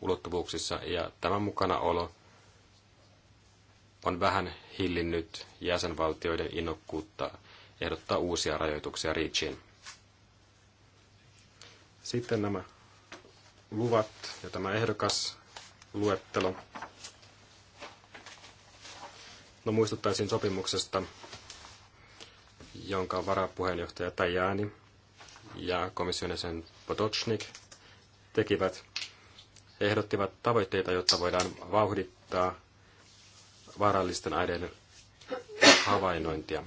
ulottuvuuksissa. Ja tämä mukanaolo on vähän hillinnyt jäsenvaltioiden innokkuutta ehdottaa uusia rajoituksia REACHiin. Sitten nämä luvat ja tämä ehdokas luettelo. No muistuttaisin sopimuksesta, jonka varapuheenjohtaja Tajani ja komission jäsen Potocnik tekivät. He ehdottivat tavoitteita, jotta voidaan vauhdittaa vaarallisten aineiden havainnointia.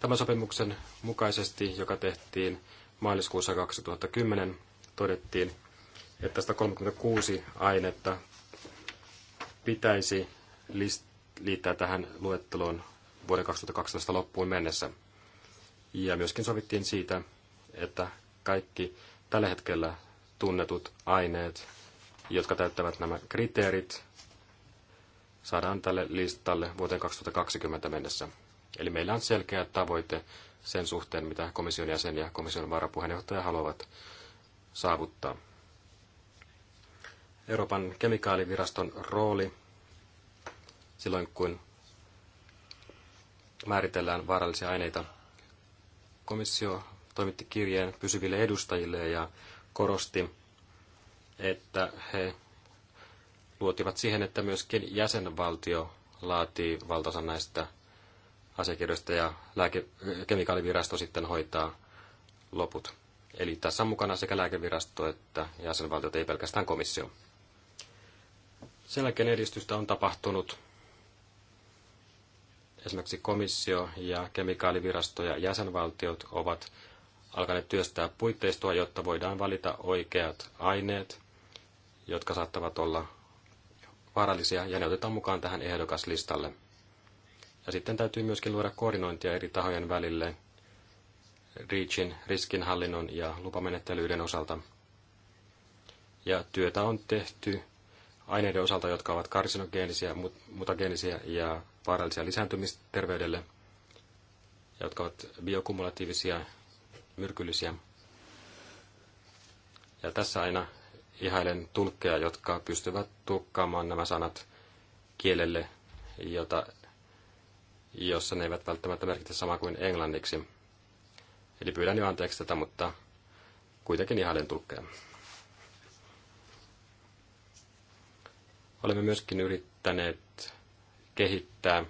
Tämän sopimuksen mukaisesti, joka tehtiin maaliskuussa 2010 todettiin, että 136 ainetta pitäisi liittää tähän luetteloon vuoden 2012 loppuun mennessä. Ja myöskin sovittiin siitä, että kaikki tällä hetkellä tunnetut aineet, jotka täyttävät nämä kriteerit, saadaan tälle listalle vuoteen 2020 mennessä. Eli meillä on selkeä tavoite sen suhteen, mitä komission jäsen ja komission varapuheenjohtaja haluavat saavuttaa. Euroopan kemikaaliviraston rooli silloin, kun määritellään vaarallisia aineita. Komissio toimitti kirjeen pysyville edustajille ja korosti, että he luotivat siihen, että myöskin jäsenvaltio laatii valtaosan näistä asiakirjoista ja lääke- kemikaalivirasto sitten hoitaa loput. Eli tässä on mukana sekä lääkevirasto että jäsenvaltiot, ei pelkästään komissio. Sen jälkeen edistystä on tapahtunut. Esimerkiksi komissio ja kemikaalivirasto ja jäsenvaltiot ovat alkaneet työstää puitteistoa, jotta voidaan valita oikeat aineet, jotka saattavat olla vaarallisia, ja ne otetaan mukaan tähän ehdokaslistalle – ja sitten täytyy myöskin luoda koordinointia eri tahojen välille REACHin, riskinhallinnon ja lupamenettelyiden osalta. Ja työtä on tehty aineiden osalta, jotka ovat karsinogeenisia, mutageenisia ja vaarallisia lisääntymisterveydelle, jotka ovat biokumulatiivisia, myrkyllisiä. Ja tässä aina ihailen tulkkeja, jotka pystyvät tulkkaamaan nämä sanat kielelle, jota jossa ne eivät välttämättä merkitse samaa kuin englanniksi. Eli pyydän jo anteeksi tätä, mutta kuitenkin ihailen tulkkeja. Olemme myöskin yrittäneet kehittää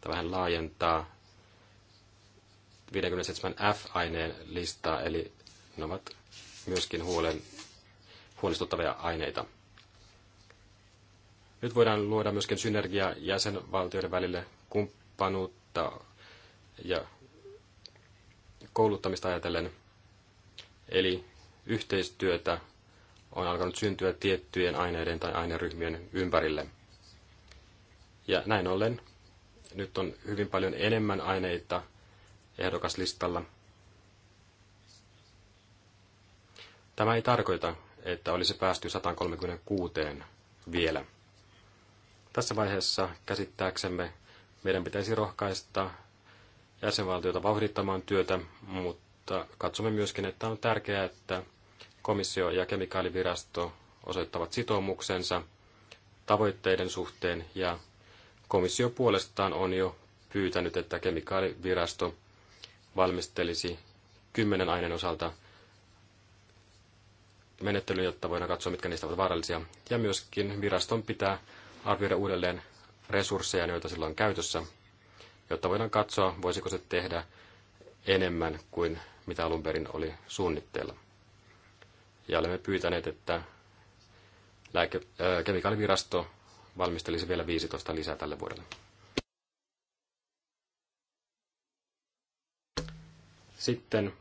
tai vähän laajentaa 57F-aineen listaa, eli ne ovat myöskin huolen, huolestuttavia aineita. Nyt voidaan luoda myöskin synergia jäsenvaltioiden välille, kun kumppanuutta ja kouluttamista ajatellen. Eli yhteistyötä on alkanut syntyä tiettyjen aineiden tai aineryhmien ympärille. Ja näin ollen nyt on hyvin paljon enemmän aineita ehdokaslistalla. Tämä ei tarkoita, että olisi päästy 136 vielä. Tässä vaiheessa käsittääksemme meidän pitäisi rohkaista jäsenvaltiota vauhdittamaan työtä, mutta katsomme myöskin, että on tärkeää, että komissio ja kemikaalivirasto osoittavat sitoumuksensa tavoitteiden suhteen ja komissio puolestaan on jo pyytänyt, että kemikaalivirasto valmistelisi kymmenen aineen osalta menettelyyn, jotta voidaan katsoa, mitkä niistä ovat vaarallisia. Ja myöskin viraston pitää arvioida uudelleen resursseja, joita sillä on käytössä, jotta voidaan katsoa, voisiko se tehdä enemmän kuin mitä alun perin oli suunnitteilla. Ja olemme pyytäneet, että lääke- äh, kemikaalivirasto valmistelisi vielä 15 lisää tälle vuodelle. Sitten,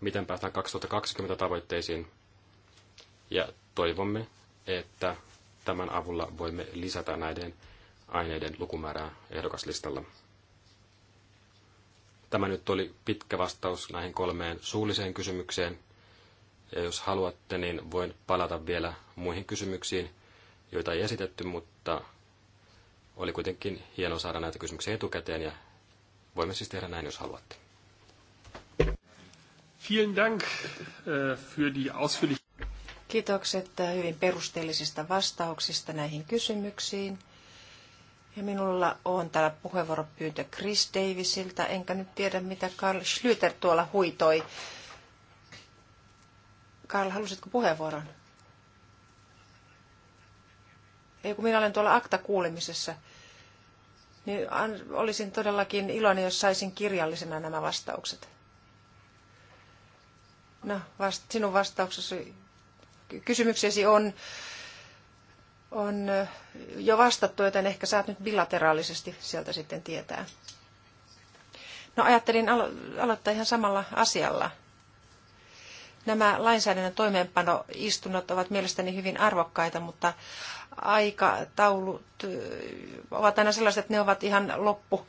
miten päästään 2020 tavoitteisiin. Ja toivomme, että tämän avulla voimme lisätä näiden aineiden lukumäärää ehdokaslistalla. Tämä nyt oli pitkä vastaus näihin kolmeen suulliseen kysymykseen. Ja jos haluatte, niin voin palata vielä muihin kysymyksiin, joita ei esitetty, mutta oli kuitenkin hieno saada näitä kysymyksiä etukäteen ja voimme siis tehdä näin, jos haluatte. Vielen Dank äh, für die Kiitokset äh, hyvin perusteellisista vastauksista näihin kysymyksiin. Ja minulla on täällä puheenvuoropyyntö Chris Davisilta, enkä nyt tiedä mitä Karl Schlüter tuolla huitoi. Karl, halusitko puheenvuoron? Ei, kun minä olen tuolla akta-kuulemisessa, niin olisin todellakin iloinen, jos saisin kirjallisena nämä vastaukset. No, vast, sinun vastauksesi kysymyksesi on on jo vastattu, joten ehkä saat nyt bilateraalisesti sieltä sitten tietää. No ajattelin alo- aloittaa ihan samalla asialla. Nämä lainsäädännön toimeenpanoistunnot ovat mielestäni hyvin arvokkaita, mutta aikataulut ovat aina sellaiset, että ne ovat ihan loppu,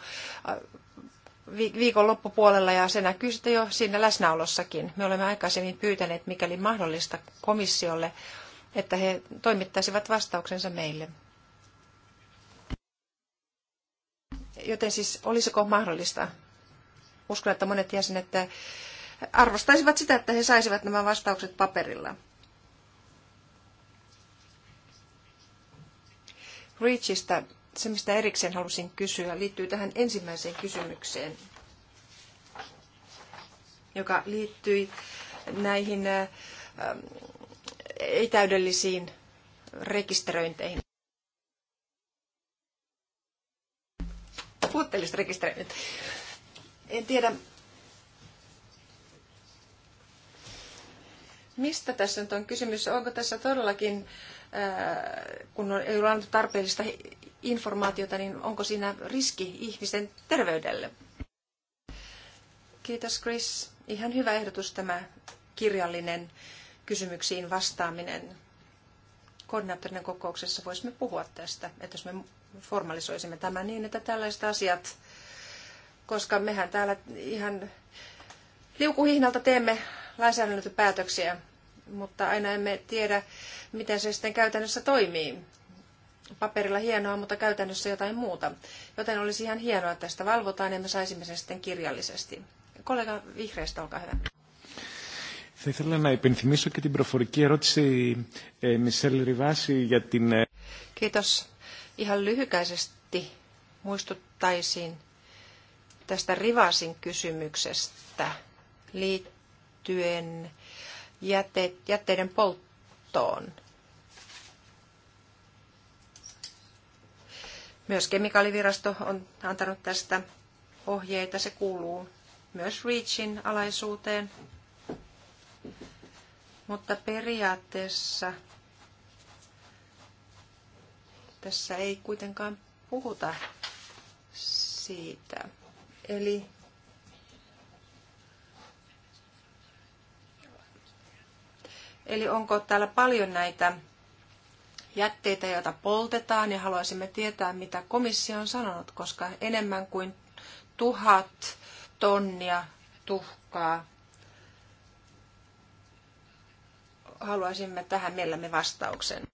viikon loppupuolella ja se näkyy sitten jo siinä läsnäolossakin. Me olemme aikaisemmin pyytäneet, mikäli mahdollista, komissiolle että he toimittaisivat vastauksensa meille. Joten siis olisiko mahdollista? Uskon, että monet jäsenet äh, arvostaisivat sitä, että he saisivat nämä vastaukset paperilla. Reachista se, mistä erikseen halusin kysyä, liittyy tähän ensimmäiseen kysymykseen, joka liittyi näihin äh, ähm, ei-täydellisiin rekisteröinteihin. Puutteellista rekisteröintiä. En tiedä, mistä tässä nyt on kysymys. Onko tässä todellakin, äh, kun ei ole annettu tarpeellista informaatiota, niin onko siinä riski ihmisten terveydelle? Kiitos Chris. Ihan hyvä ehdotus tämä kirjallinen kysymyksiin vastaaminen. Koordinaattorinen kokouksessa voisimme puhua tästä, että jos me formalisoisimme tämän niin, että tällaiset asiat, koska mehän täällä ihan liukuhihnalta teemme lainsäädäntöpäätöksiä, mutta aina emme tiedä, miten se sitten käytännössä toimii. Paperilla hienoa, mutta käytännössä jotain muuta. Joten olisi ihan hienoa, että tästä valvotaan ja me saisimme sen sitten kirjallisesti. Kollega Vihreästä, olkaa hyvä. Θα ήθελα να υπενθυμίσω και την προφορική ερώτηση ε, Μισελ Ριβάση για την... Kiitos. Ihan lyhykäisesti muistuttaisin tästä Rivasin kysymyksestä liittyen jäte, jätteiden polttoon. Myös kemikaalivirasto on antanut tästä ohjeita. Se kuuluu myös REACHin alaisuuteen. Mutta periaatteessa tässä ei kuitenkaan puhuta siitä. Eli Eli onko täällä paljon näitä jätteitä, joita poltetaan ja haluaisimme tietää, mitä komissio on sanonut, koska enemmän kuin tuhat tonnia tuhkaa haluaisimme tähän mielellämme vastauksen.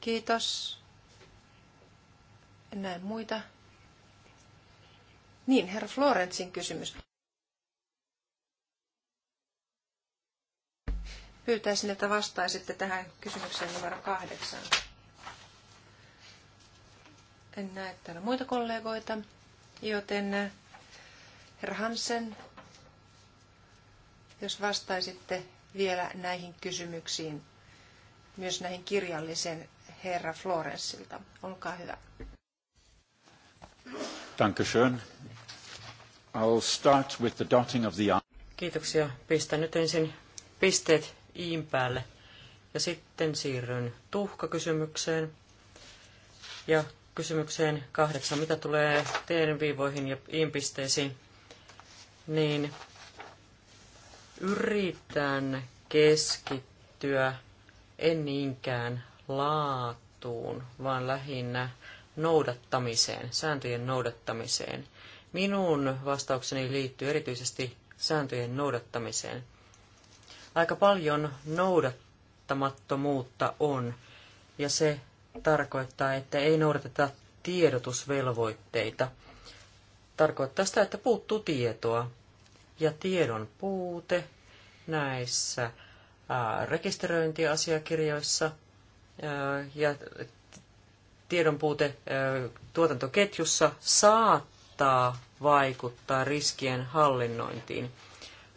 Kiitos. En näe muita. Niin, herra Florentsin kysymys. Pyytäisin, että vastaisitte tähän kysymykseen numero kahdeksan. En näe täällä muita kollegoita, joten eh, herra Hansen, jos vastaisitte vielä näihin kysymyksiin, myös näihin kirjallisen herra Florensilta. Olkaa hyvä. Dankeschön. I'll start with the dotting of the Kiitoksia. Pistän nyt ensin pisteet iin päälle ja sitten siirryn tuhkakysymykseen ja kysymykseen kahdeksan, mitä tulee teidän viivoihin ja iin pisteisiin, niin yritän keskittyä en niinkään laatuun, vaan lähinnä noudattamiseen, sääntöjen noudattamiseen. Minun vastaukseni liittyy erityisesti sääntöjen noudattamiseen. Aika paljon noudattamattomuutta on, ja se tarkoittaa, että ei noudateta tiedotusvelvoitteita. Tarkoittaa sitä, että puuttuu tietoa ja tiedon puute näissä rekisteröintiasiakirjoissa ja tiedon puute tuotantoketjussa saattaa vaikuttaa riskien hallinnointiin.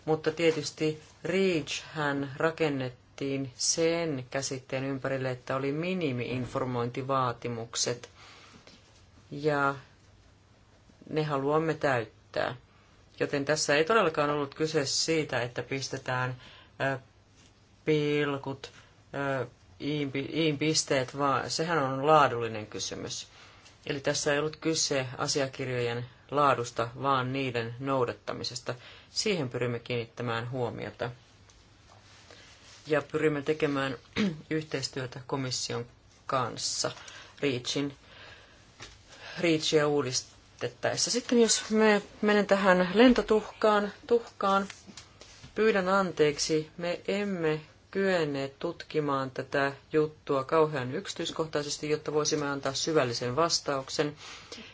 Mutta tietysti REACH hän rakennettiin sen käsitteen ympärille, että oli minimiinformointivaatimukset ja ne haluamme täyttää. Joten tässä ei todellakaan ollut kyse siitä, että pistetään pilkut, iin pisteet, vaan sehän on laadullinen kysymys. Eli tässä ei ollut kyse asiakirjojen laadusta, vaan niiden noudattamisesta. Siihen pyrimme kiinnittämään huomiota. Ja pyrimme tekemään <clears throat> yhteistyötä komission kanssa. Reachin, Reachia uudistaa vältettäessä. Sitten jos me menen tähän lentotuhkaan, tuhkaan, pyydän anteeksi, me emme kyenneet tutkimaan tätä juttua kauhean yksityiskohtaisesti, jotta voisimme antaa syvällisen vastauksen.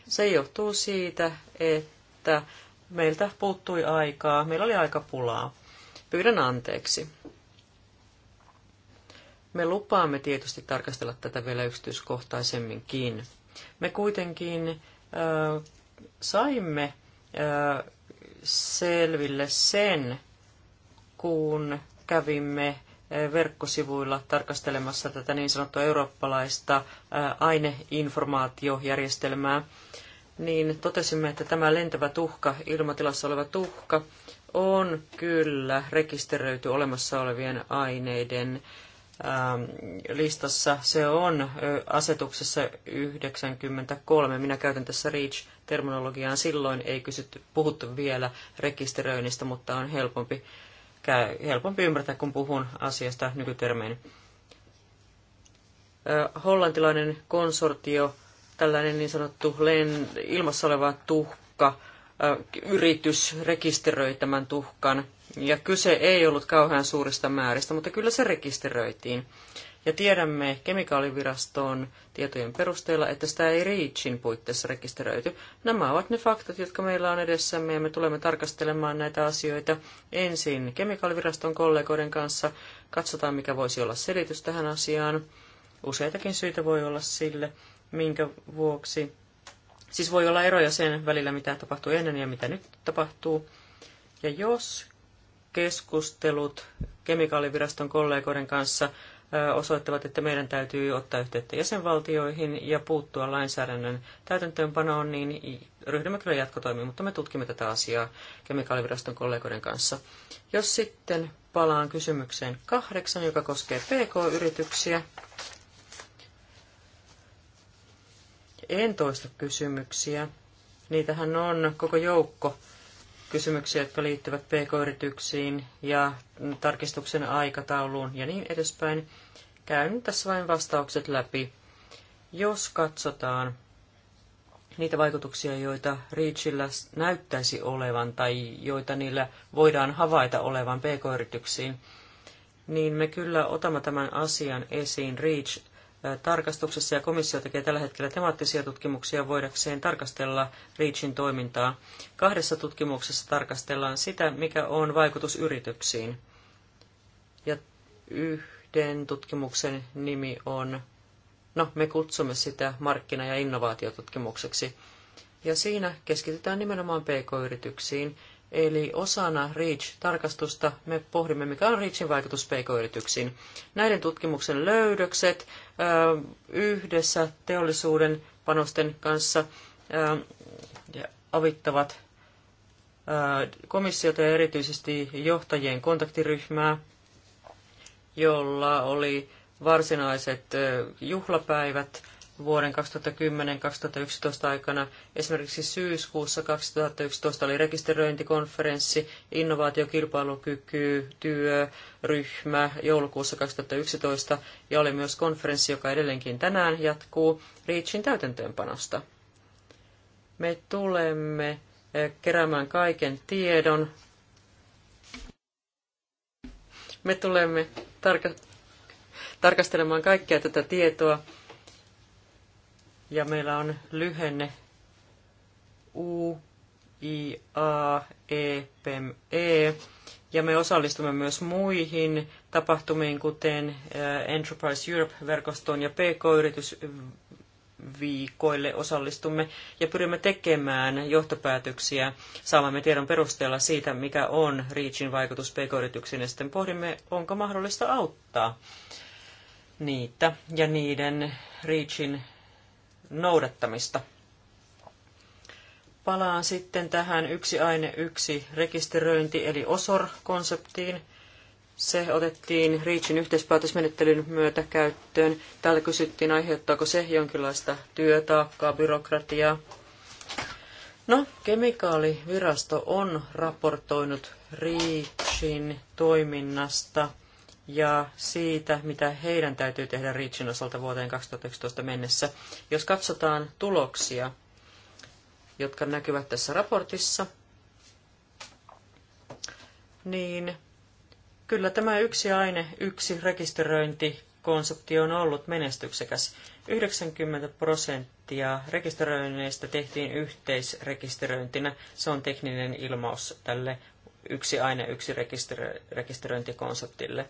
Se johtuu siitä, että meiltä puuttui aikaa, meillä oli aika pulaa. Pyydän anteeksi. Me lupaamme tietysti tarkastella tätä vielä yksityiskohtaisemminkin. Me kuitenkin äh, saimme selville sen, kun kävimme verkkosivuilla tarkastelemassa tätä niin sanottua eurooppalaista aineinformaatiojärjestelmää, niin totesimme, että tämä lentävä tuhka, ilmatilassa oleva tuhka, on kyllä rekisteröity olemassa olevien aineiden ähm, listassa. Se on asetuksessa 93. Minä käytän tässä REACH terminologiaan. Silloin ei kysytty, puhuttu vielä rekisteröinnistä, mutta on helpompi, käy, helpompi ymmärtää, kun puhun asiasta nykytermein. Hollantilainen konsortio, tällainen niin sanottu len, ilmassa oleva tuhka, yritys rekisteröi tämän tuhkan. Ja kyse ei ollut kauhean suurista määristä, mutta kyllä se rekisteröitiin. Ja tiedämme kemikaaliviraston tietojen perusteella, että sitä ei REACHin puitteissa rekisteröity. Nämä ovat ne faktat, jotka meillä on edessämme ja me tulemme tarkastelemaan näitä asioita ensin kemikaaliviraston kollegoiden kanssa. Katsotaan, mikä voisi olla selitys tähän asiaan. Useitakin syitä voi olla sille, minkä vuoksi. Siis voi olla eroja sen välillä, mitä tapahtui ennen ja mitä nyt tapahtuu. Ja jos keskustelut kemikaaliviraston kollegoiden kanssa osoittavat, että meidän täytyy ottaa yhteyttä jäsenvaltioihin ja puuttua lainsäädännön täytäntöönpanoon, niin ryhdymme kyllä jatkotoimiin, mutta me tutkimme tätä asiaa kemikaaliviraston kollegoiden kanssa. Jos sitten palaan kysymykseen kahdeksan, joka koskee PK-yrityksiä. En toista kysymyksiä. Niitähän on koko joukko kysymyksiä, jotka liittyvät pk-yrityksiin ja tarkistuksen aikatauluun ja niin edespäin. Käyn tässä vain vastaukset läpi. Jos katsotaan niitä vaikutuksia, joita REACHillä näyttäisi olevan tai joita niillä voidaan havaita olevan pk-yrityksiin, niin me kyllä otamme tämän asian esiin REACH tarkastuksessa ja komissio tekee tällä hetkellä temaattisia tutkimuksia voidakseen tarkastella REACHin toimintaa. Kahdessa tutkimuksessa tarkastellaan sitä, mikä on vaikutus yrityksiin. Ja yhden tutkimuksen nimi on, no me kutsumme sitä markkina- ja innovaatiotutkimukseksi. Ja siinä keskitytään nimenomaan pk-yrityksiin Eli osana REACH-tarkastusta me pohdimme, mikä on REACHin vaikutus pk-yrityksiin. Näiden tutkimuksen löydökset yhdessä teollisuuden panosten kanssa avittavat komissiota ja erityisesti johtajien kontaktiryhmää, jolla oli varsinaiset juhlapäivät – vuoden 2010-2011 aikana. Esimerkiksi syyskuussa 2011 oli rekisteröintikonferenssi, innovaatiokilpailukyky, työryhmä joulukuussa 2011 ja oli myös konferenssi, joka edelleenkin tänään jatkuu REACHin täytäntöönpanosta. Me tulemme eh, keräämään kaiken tiedon. Me tulemme tarka- tarkastelemaan kaikkea tätä tietoa ja meillä on lyhenne U, I, A, E, P, E. Ja me osallistumme myös muihin tapahtumiin, kuten Enterprise Europe-verkostoon ja PK-yritysviikoille osallistumme ja pyrimme tekemään johtopäätöksiä saamamme tiedon perusteella siitä, mikä on REACHin vaikutus PK-yrityksiin ja sitten pohdimme, onko mahdollista auttaa niitä ja niiden REACHin noudattamista. Palaan sitten tähän yksi aine yksi rekisteröinti eli OSOR-konseptiin. Se otettiin REACHin yhteispäätösmenettelyn myötä käyttöön. Täällä kysyttiin, aiheuttaako se jonkinlaista työtaakkaa, byrokratiaa. No, kemikaalivirasto on raportoinut REACHin toiminnasta – ja siitä, mitä heidän täytyy tehdä Reachin osalta vuoteen 2011 mennessä. Jos katsotaan tuloksia, jotka näkyvät tässä raportissa, niin kyllä tämä yksi aine, yksi rekisteröinti konsepti on ollut menestyksekäs. 90 prosenttia rekisteröinneistä tehtiin yhteisrekisteröintinä. Se on tekninen ilmaus tälle yksi aine, yksi rekisterö, rekisteröintikonseptille.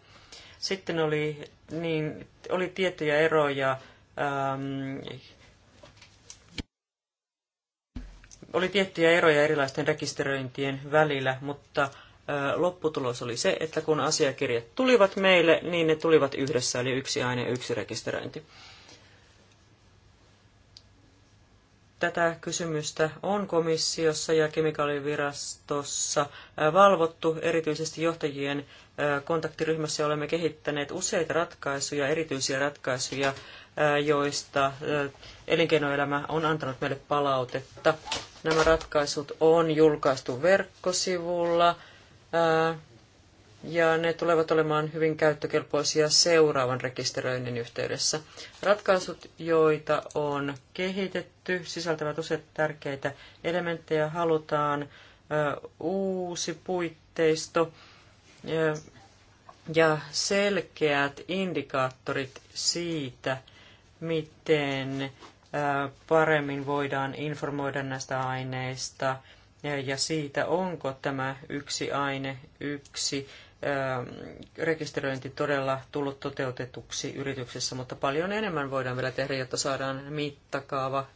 Sitten oli, niin, oli tiettyjä eroja ähm, oli tiettyjä eroja erilaisten rekisteröintien välillä, mutta äh, lopputulos oli se, että kun asiakirjat tulivat meille, niin ne tulivat yhdessä, eli yksi aine, yksi rekisteröinti. tätä kysymystä on komissiossa ja kemikaalivirastossa valvottu, erityisesti johtajien kontaktiryhmässä olemme kehittäneet useita ratkaisuja, erityisiä ratkaisuja, joista elinkeinoelämä on antanut meille palautetta. Nämä ratkaisut on julkaistu verkkosivulla ja ne tulevat olemaan hyvin käyttökelpoisia seuraavan rekisteröinnin yhteydessä. Ratkaisut, joita on kehitetty, sisältävät useat tärkeitä elementtejä. Halutaan uusi puitteisto ja selkeät indikaattorit siitä, miten paremmin voidaan informoida näistä aineista ja siitä, onko tämä yksi aine yksi rekisteröinti todella tullut toteutetuksi yrityksessä, mutta paljon enemmän voidaan vielä tehdä, jotta saadaan mittakaava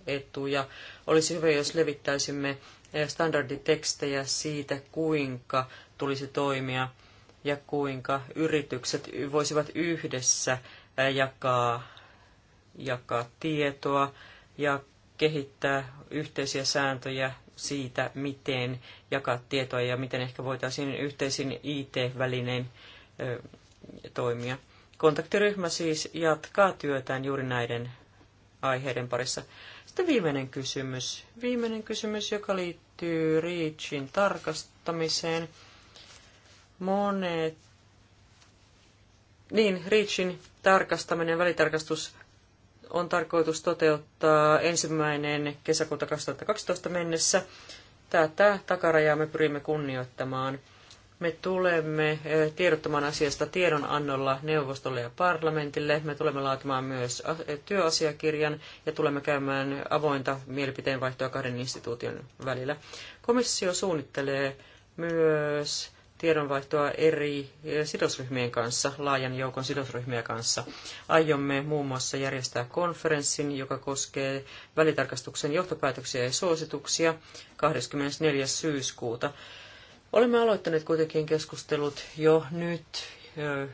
ja Olisi hyvä, jos levittäisimme standarditekstejä siitä, kuinka tulisi toimia ja kuinka yritykset voisivat yhdessä jakaa, jakaa tietoa ja kehittää yhteisiä sääntöjä siitä, miten jakaa tietoa ja miten ehkä voitaisiin yhteisin IT-välineen toimia. Kontaktiryhmä siis jatkaa työtään juuri näiden aiheiden parissa. Sitten viimeinen kysymys. Viimeinen kysymys, joka liittyy REACHin tarkastamiseen. Monet... Niin, REACHin tarkastaminen ja välitarkastus on tarkoitus toteuttaa ensimmäinen kesäkuuta 2012 mennessä. Tätä takarajaa me pyrimme kunnioittamaan. Me tulemme eh, tiedottamaan asiasta tiedonannolla neuvostolle ja parlamentille. Me tulemme laatimaan myös eh, työasiakirjan ja tulemme käymään avointa mielipiteenvaihtoa kahden instituution välillä. Komissio suunnittelee myös tiedonvaihtoa eri eh, sidosryhmien kanssa, laajan joukon sidosryhmiä kanssa. Aiomme muun muassa järjestää konferenssin, joka koskee välitarkastuksen johtopäätöksiä ja suosituksia 24. syyskuuta. Olemme aloittaneet kuitenkin keskustelut jo nyt, eh,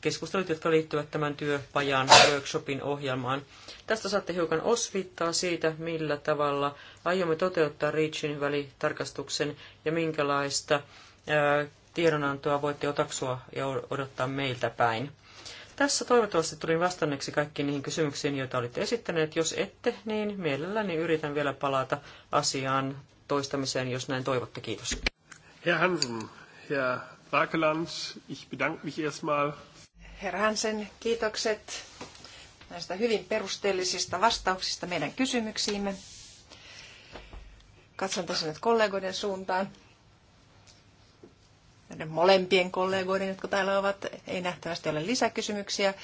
keskustelut, jotka liittyvät tämän työpajan workshopin ohjelmaan. Tästä saatte hiukan osvittaa siitä, millä tavalla aiomme toteuttaa Reachin välitarkastuksen ja minkälaista eh, tiedonantoa voitte otaksua ja odottaa meiltä päin. Tässä toivottavasti tulin vastanneeksi kaikkiin niihin kysymyksiin, joita olitte esittäneet. Jos ette, niin mielelläni yritän vielä palata asiaan toistamiseen, jos näin toivotte. Kiitos. Herr Hansen, Herr Rakeland, ich bedanke mich erstmal. Herr Hansen, kiitokset näistä hyvin perusteellisista vastauksista meidän kysymyksiimme. Katson tässä nyt kollegoiden suuntaan näiden molempien kollegoiden, jotka täällä ovat, ei nähtävästi ole lisäkysymyksiä,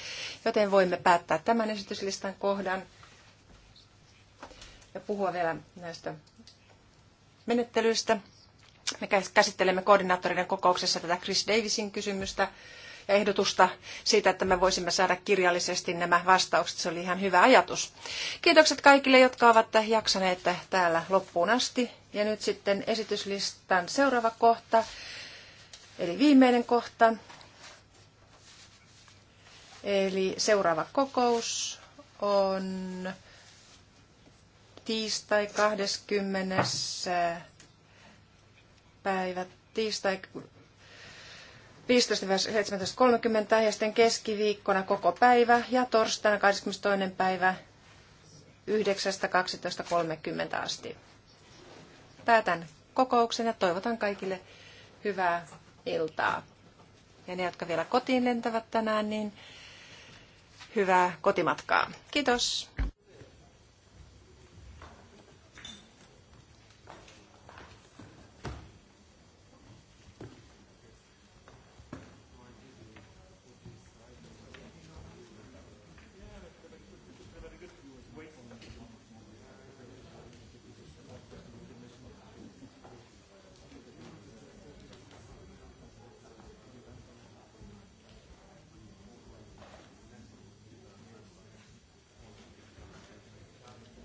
joten voimme päättää tämän esityslistan kohdan ja puhua vielä näistä menettelyistä. Me käsittelemme koordinaattoriden kokouksessa tätä Chris Davisin kysymystä ja ehdotusta siitä, että me voisimme saada kirjallisesti nämä vastaukset. Se oli ihan hyvä ajatus. Kiitokset kaikille, jotka ovat jaksaneet täällä loppuun asti. Ja nyt sitten esityslistan seuraava kohta. Eli viimeinen kohta. Eli seuraava kokous on tiistai 20. Äh, päivä, tiistai 15.17.30 ja sitten keskiviikkona koko päivä ja torstaina 22. päivä 9.12.30 asti. Päätän kokouksen ja toivotan kaikille hyvää iltaa. Ja ne, jotka vielä kotiin lentävät tänään, niin hyvää kotimatkaa. Kiitos.